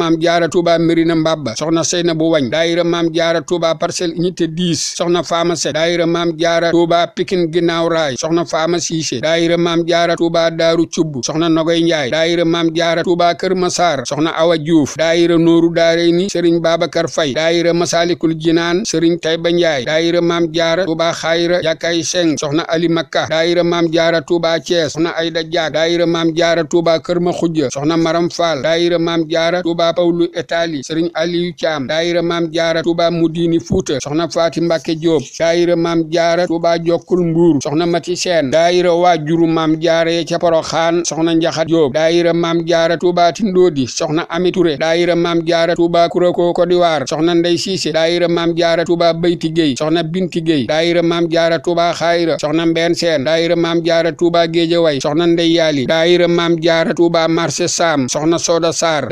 Speaker 1: maam jaara Touba Mérina Mbabba soxna Seynabu Wañ daayira maam jaara Touba Parcelles Unité 10 soxna Faama Seck daayira maam jaara Touba Pikine Ginnaaw Raay soxna Faama Siise daayira maam jaara Touba Daaru Cubb soxna Nogoy Njaay daayira maam jaara Touba Kër Masaar soxna Awa Diouf daayira Nooru Daarayni Serigne Babacar Faye daayira Masalikul Jinaan Serigne Tayba Njaay daayira maam jaara Touba Xayra Yakay Seng soxna Ali Makka daayira maam jaara Touba Thiès soxna Ayda Jaak daayira maam jaara Touba Kër Maxujja soxna Maram Fall daayira maam jaara Touba Pawlu Etali Serigne Aliou Thiam daayira Maam Jaara Touba Mudini Fouta soxna Faati Mbàkke Diop daayira Maam Jaara Touba Jokkul Mbuur soxna Mati Seen daayira waajuru Maam Jaara ye ca Poroxaan soxna Njaxat Diop daayira Maam Jaara Touba Tindoodi soxna Ami Touré daayira Maam Jaara Touba Kuroko Côte d'Ivoire soxna Ndey Siise daayira Maam Jaara Touba Beyti Gueye soxna Binti Gueye daayira Maam Jaara Touba Xayra soxna Mbeen Seen daayira Maam Jaara Touba Géejawaay soxna Ndey Yaali daayira Maam Jaara Touba Marché Sam soxna Soda Sarr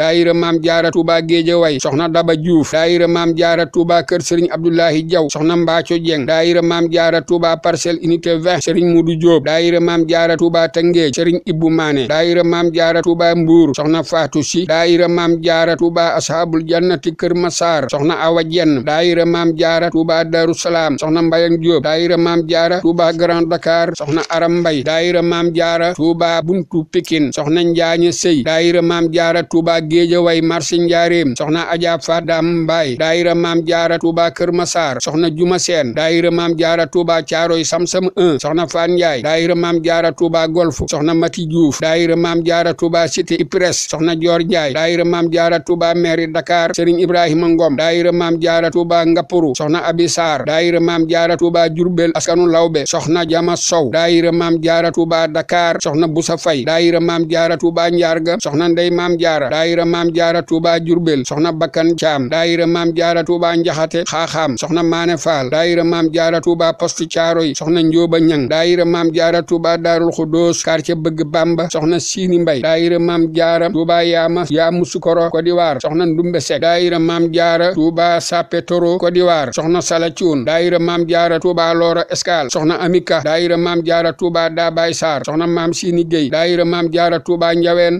Speaker 1: jaara tuuba géejawaay soxna daba juuf daayira maam jaara tuuba kër sëriñ abdoulahi jaw soxna mbaaco jeng daayira maam jaara tuuba parcelle unité 20 sëriñ mudu jóob daayira maam jaara tuuba tëngéej sëriñ ibbu maane daayira maam jaara tuuba mbuur soxna faatu si daayira maam jaara tuuba ashaabul jannati kër masaar soxna awa jenn daayira maam jaara tuuba daru salaam soxna mbayang jóob daayira maam jaara tuuba grand dakar soxna aram daayira maam jaara tuuba buntu pikin soxna njaaña sëy marché njaareem soxna Adja Fadam Mbaye daayira maam jaara Touba Kër Massar soxna Juma Seen daayira maam jaara Touba Caaroy Samsam 1 soxna Fan Ndiaye daayira maam jaara Golf soxna Mati Diouf maam jaara tuba Cité Ipres soxna Dior Ndiaye daayira maam jaara Touba mairie Dakar Serigne Ibrahima Ngom daayira maam jaara Touba Ngapuru soxna Abi Sarr daayira maam jaara Touba Jurbel askanu Lawbe soxna Jama Sow maam jaara Touba Dakar soxna Busa Fay daayira maam jaara Touba Njaarga soxna Ndey maam jaara Touba Jurbel soxna Bakkan Caam daayira maam jaara Touba Njaxate xaaxaam soxna Maane Faal daayira maam jaara Touba Poste Caaroy soxna Njóoba Ñang daayira maam jaara Touba Daarul Xudoos quartier Bëgg Bamba soxna Siini Mbay daayira maam jaara Touba Yaama Yaamu Sukoro Côte d'Ivoire soxna Ndumbe Sek daayira maam jaara Touba Sape Toro Côte d'Ivoire soxna Sala Cuun daayira maam jaara Touba Loora Escale soxna Amika daayira maam jaara Touba Daabay Saar soxna maam Siini Géy daayira maam jaara Touba Njaween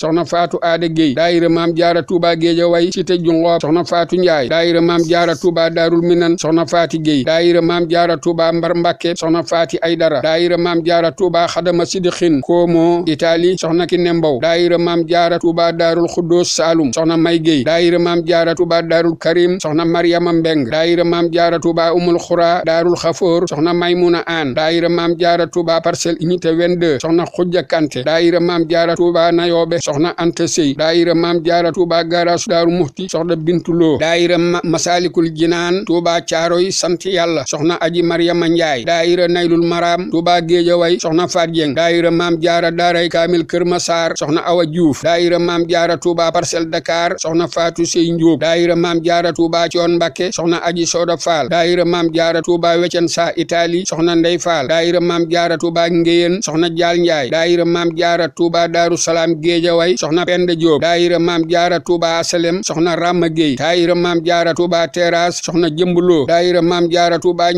Speaker 1: géejawaay cité jungoo soxna faatu njaay daayira maam jaara tuuba daarul minan soxna faati géy daayira maam jaara tuuba mbar mbàkke soxna faati aydara daayira maam jaara tuuba xadama sidixin koomo itali soxna ki nembow daayira maam jaara tuuba daarul xuddoos saalum soxna may géy daayira maam jaara tuuba daarul karim soxna maryama mbeng daayira maam jaara tuuba umul xura daarul xafoor soxna maymuna aan daayira maam jaara tuuba parcelle unité 22 soxna xujja kante daayira maam jaara tuuba nayoobe soxna anta sey daayira maam jaara tuuba gara miraasu daaru muxti soxna bintu loo daayira masaalikul jinaan tuuba caaroy sant yàlla soxna aji maryama njaay daayira naylul maraam tuuba géejaway soxna faat jeng daayira maam jaara daaray kaamil kër masaar soxna awa juuf daayira maam jaara tuuba parcelle dakar soxna faatu sey njóob daayira maam jaara tuuba coon mbakke soxna aji sooda faal daayira maam jaara tuuba weccen sa itali soxna ndey faal daayira maam jaara tuuba ngéyeen soxna jaal njaay daayira maam jaara tuuba daaru salaam soxna penda jóob Asalem soxna Rama Gueye daayira maam jaara Touba Terrasse soxna Jëmbuloo daayira maam jaara Touba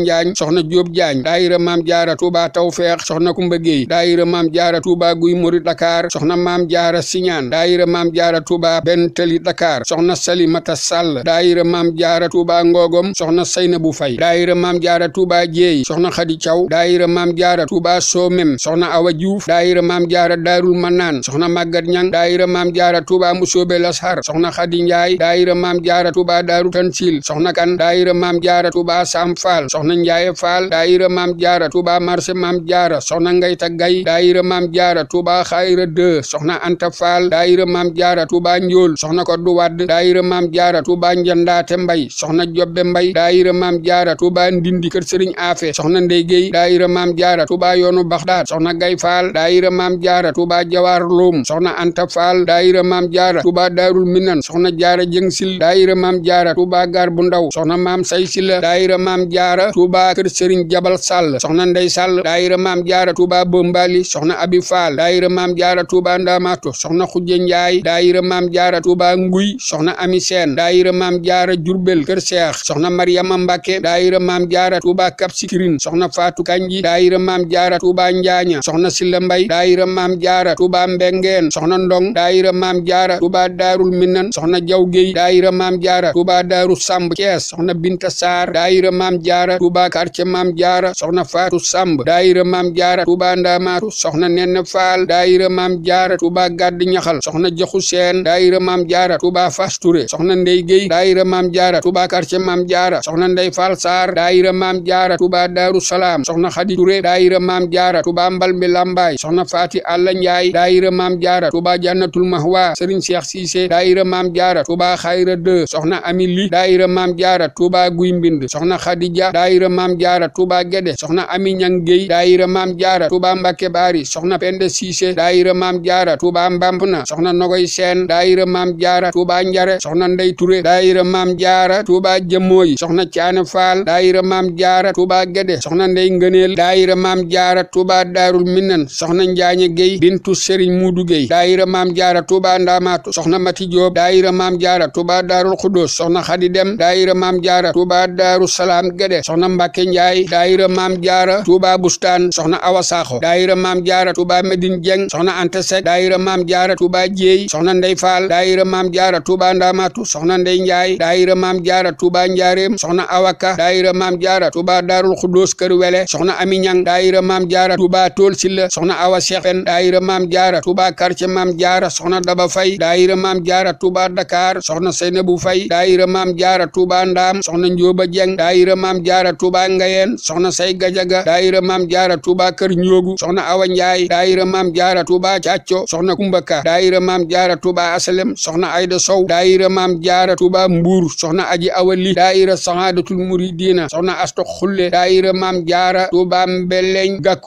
Speaker 1: maam jaara Touba Tawfeex soxna Kumba Gueye daayira maam jaara Touba Guy Mori Dakar soxna maam jaara Siñaan daayira maam jaara Touba Bentali dakaar soxna Salimata Sall daayira maam jaara Touba Ngogom soxna Saynabu Fay daayira maam jaara Touba Jeey soxna Xadi Caw daayira maam jaara Touba Soomem soxna Awa Diouf daayira maam jaara Daarul Manaan soxna Màggat Ñang daayira maam jaara Touba Musoobe Lasar soxna xadi njaay daayira maam jaara tuuba daaru tansil soxna kan daayira maam jaara tuuba sam faal soxna njaaye faal daayira maam jaara tuuba marché maam jaara soxna ngayta gay daayira maam jaara tuuba xayra deux soxna anta faal daayira maam jaara tuuba njool soxna ko du wadd daayira maam jaara tuuba njandaate mbay soxna jobbe mbay daayira maam jaara tuuba ndindi kër sëriñ afe soxna ndey géy daayira maam jaara tuuba yoonu baxdaad soxna gay faal daayira maam jaara tuuba jawaar loom soxna anta faal daayira maam jaara tuuba daarul ñan soxna jaara jëng sil daayira maam jaara tuuba gaar bu ndaw soxna maam say sila daayira maam jaara tuuba kër sëriñ jabal sàll soxna ndey sàll daayira maam jaara tuuba bombaali soxna abi daayira maam jaara tuuba ndaamaatu soxna xujje njaay daayira maam jaara tuuba nguy soxna ami daayira maam jaara jurbel kër seex soxna maryama mbàkke daayira maam jaara tuuba kap sikirin soxna faatu kanji daayira maam jaara tuuba njaaña soxna silla mbay daayira maam jaara tuuba mbengeen soxna ndong daayira maam jaara tuuba daarul minan Ndangaan soxna Jaw Géy daayira Maam Jaara Touba Daaru Samb Thiès soxna Binta Saar daayira Maam Jaara Touba quartier Maam Jaara soxna Faatu Samb daayira Maam Jaara Touba Ndamaatu soxna Nenn Faal daayira Maam Jaara Touba Gàdd Ñaxal soxna Jaxu Seen daayira Maam Jaara Touba Fas Touré soxna Ndey Géy daayira Maam Jaara Touba quartier Maam Jaara soxna Ndey Faal Saar daayira Maam Jaara Touba Daaru Salaam soxna Xadi Touré daayira Maam Jaara Touba Mbalmbi Lambaay soxna Faati Alla Njaay daayira Maam Jaara Touba Jannatul Mahwa Serigne Cheikh maam jaara tuuba xayra 2 soxna ami li daayira maam jaara tuuba guy mbind soxna xadija daayira maam jaara tuuba gede soxna ami ñang géy daayira maam jaara tuuba mbàkke baari soxna pende siise daayira maam jaara tuuba mbampna soxna nogoy seen daayira maam jaara tuuba njare soxna ndey ture daayira maam jaara tuuba jëmmooy soxna caane faal daayira maam jaara tuuba gede soxna ndey ngëneel daayira maam jaara tuuba daarul minan soxna njaañe géy bintu sëriñ muudu géy daayira maam jaara tuuba ndaamaatu soxna mati joob daayira maam jaara tuba daarul xudus soxna xadi dem daayira maam jaara tuba daaru salaam gede soxna mbàkke njaay daayira maam jaara tuba bustaan soxna awa saaxo daayira maam jaara tuba medin jeng soxna anta sek daayira maam jaara tuba jéey soxna ndey faal daayira maam jaara tuba ndaamaatu soxna ndey njaay daayira maam jaara tuba njaareem soxna awaka daayira maam jaara tuba daarul xudus kër wele soxna ami ñang daayira maam jaara tuba tool silla soxna awa seex pen daayira maam jaara tuba quartier maam jaara soxna daba fay daayira maam jaara tuba Touba Dakar soxna Seynabu Fay daayira maam jaara Touba Ndaam soxna Njóoba Jeng daayira maam jaara Touba Ngayeen soxna Say Gajaga daayira maam jaara Touba Kër Njóogu soxna Awa Njaay daayira maam jaara Touba Càcco soxna Kumbaka daayira maam jaara Touba Asalem soxna Ayda Sow daayira maam jaara Touba Mbuur soxna Aji Awali daayira Sahaadatul Muridina soxna Asto Xulle daayira maam jaara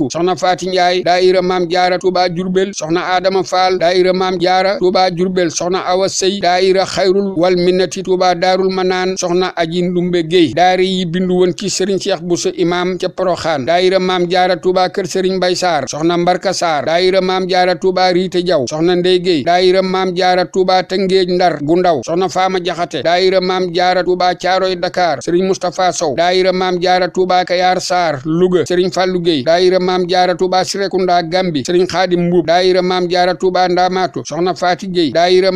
Speaker 1: soxna Faati Njaay daayira maam jaara Touba Jurbel soxna Adama Faal daayira maam jaara Touba Jurbel soxna Awa géey daayira xayrul wal minnati tuuba daarul manaan soxna aji ndumbe géey daayira yi bindu woon ci sëriñ cheikh buso imaam ca poroxaan daayira maam jaara tuuba kër sëriñ mbay saar soxna mbarka saar daayira maam jaara tuuba riite jaw soxna ndey géey daayira maam jaara tuuba tëngéej ndar gu ndaw soxna faama jaxate daayira maam jaara tuuba caaroy dakar sëriñ mustapha sow daayira maam jaara tuuba kayaar saar luga sëriñ fàllu géey daayira maam jaara tuuba sirekunda gambi sëriñ xaadim mbuub daayira maam jaara tuba ndaamaatu soxna faati géey daayira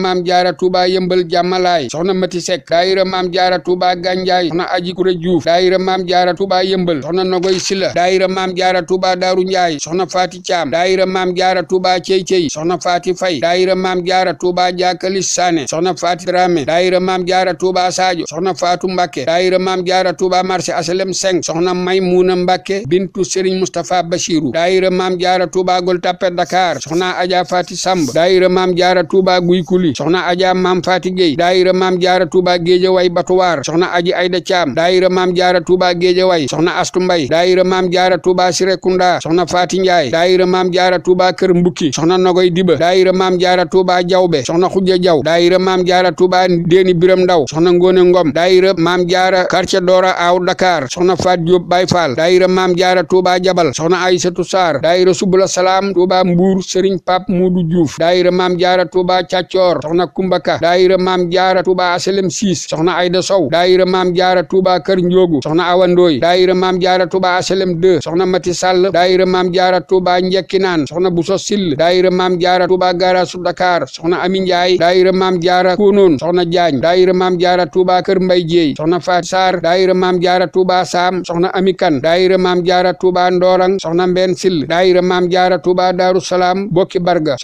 Speaker 1: Touba yëmbal jàmmalaay soxna Mati Seck daayira maam jaara Touba Ganjaay soxna Aji Kuré Diouf daayira maam jaara Touba yëmbal soxna Nogoy Sila daayira maam jaara Touba Daaru Njaay soxna Faati Caam daayira maam jaara Touba Cey Cey soxna Faati Fay daayira maam jaara Touba Jaakalis Saane soxna Faati Dramé daayira maam jaara Touba Sadio soxna Faatu Mbàkke daayira maam jaara Touba marché asalem seng soxna Maymuna Mbàkke bintu Serigne Mustapha Bachiru daayira maam jaara Touba Gueule Tapée Dakar soxna Aja Faati Samb daayira maam jaara Touba Guy Kuli soxna Aja Thiam maam Faati Gueye daayira maam jaara Touba Géejawaay Batuwaar soxna aji Ayda Thiam daayira maam jaara Touba Géejawaay soxna Astu Mbay daayira maam jaara Touba Sirekunda soxna Faati Njaay daayira maam jaara Touba Kër Mbukki soxna Nogoy Diba daayira maam jaara Touba Jawbe soxna Xujja Jaw daayira maam jaara Touba Déeni Biram Ndaw soxna Ngone Ngom daayira maam jaara quartier Dora Aw Dakar soxna Faat Diop Baye Fall daayira maam jaara Touba Jabal soxna Aysatu Saar daayira Subula Salaam Touba Mbuur Serigne Pape Moodu Diouf daayira maam jaara Touba Càccoor soxna Kumba Ka daayira maam jaara Touba aselem siis soxna Ayda Sow daayira maam jaara Touba Kër Njoogu soxna Awa Ndooy daayira maam jaara Touba aselem 2 soxna Mati Sall daayira maam jaara Touba Njekkinaan soxna Buso Sill daayira maam jaara Touba Garasu Dakar soxna Ami Njaay daayira maam jaara Kuunoon soxna Jaañ daayira maam jaara Touba Kër Mbay Jéey soxna Faat Saar daayira maam jaara Touba Saam soxna Ami Kan daayira maam jaara Touba Ndorang soxna Mbeen Sill daayira maam jaara Touba Daaru Salaam Bokki Barga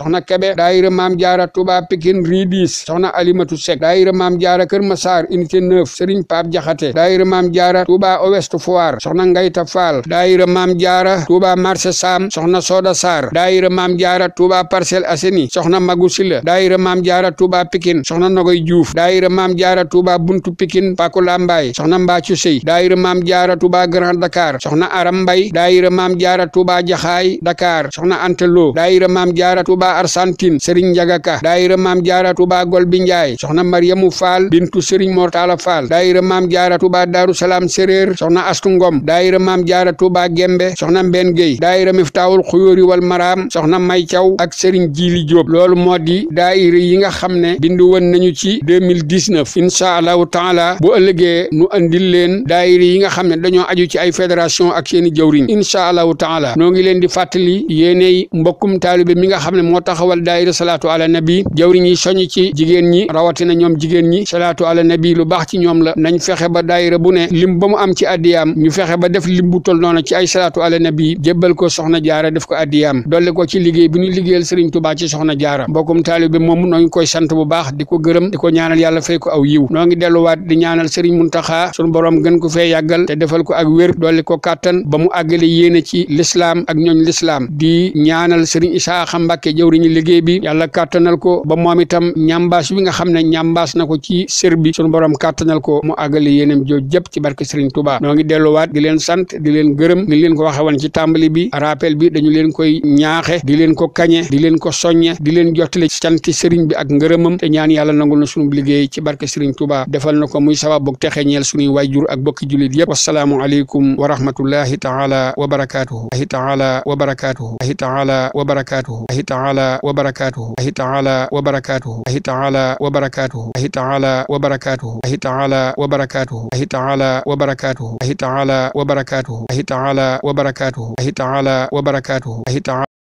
Speaker 1: soxna alimatu sek daayira maam jaara kër masaar unité 9 sëriñ paap jaxate daayira maam jaara touba ouest foire soxna ngayta faal daayira maam jaara touba marché sam soxna sooda saar maam jaara touba parcelle aseni soxna magu sila daayira maam jaara touba pikin soxna nogoy juuf daayira maam jaara touba buntu pikin paku lambaay soxna mbaacu sey daayira maam jaara touba grand dakar soxna aram mbay daayira maam jaara touba jaxaay dakar soxna anteloo daayira maam jaara touba arsantin sëriñ njagaka daayira maam jaara école bi njaay soxna maryamu faal bintu sëriñ mortala faal daayira maam jaara tuuba daaru salaam séréer soxna astu ngom daayira maam jaara tuuba gembe soxna mbenn géy daayira miftaawul xuyóori wal maraam soxna may caw ak sëriñ jiili jóob loolu moo di daayira yi nga xam ne bindu woon nañu ci 2019 incha allahu taala bu ëllëgee nu andil leen daayira yi nga xam ne dañoo aju ci ay fédération ak seeni jawriñ incha allahu taala noo ngi leen di fàttali yéeney mbokkum taalibe mi nga xam ne moo taxawal daayira salaatu jigéen ñi rawatina ñoom jigéen ñi salaatu ala ci ñoom la nañ fexe ba daayira bu ne lim ba mu am ci addiyaam ñu fexe ba def lim bu tol noonu ci ay salaatu ala nabi jébbal ko soxna jaara def ko addiyaam dolli ko ci liggéey bi ñu liggéeyal sëriñ tubaa ci soxna jaara mbokkum taalibe moom noo ngi koy bu baax di ko gërëm di ko ñaanal yàlla fay ko aw yiw noo ngi delluwaat di ñaanal sëriñ muntaxaa sunu borom gën ko fee yàggal te defal ko ak wér dolli ko kàttan ba mu àggale yéene ci lislaam ak ñooñ lislaam di ñaanal sëriñ isaaxa mbàkke jëwriñu liggéey bi yàlla kàttanal ko ba moom ñamba njàmbaas bi nga xam ne njàmbaas na ko ci sër bi sunu borom kàttanal ko mu àggale yéenam joo jëpp ci barke Serigne Touba noo ngi delluwaat di leen sant di leen gërëm di leen ko waxe woon ci tàmbali bi rappel bi dañu leen koy ñaaxe di leen ko kañe di leen ko soññe di leen jottale ci canti Serigne bi ak ngërëmam te ñaan yàlla nangul na sunu liggéey ci barke Serigne Touba defal na ko muy sababu texe ñeel sunuy wayjur ak bokki jullit yëpp wasalaamu aleykum wa rahmatullahi taala wa barakaatuhu ahi taala wa barakaatuhu ahi taala wa barakaatuhu ahi taala تعالى وبركاته الله تعالى وبركاته الله تعالى وبركاته الله تعالى وبركاته الله تعالى وبركاته الله تعالى وبركاته الله تعالى وبركاته الله تعالى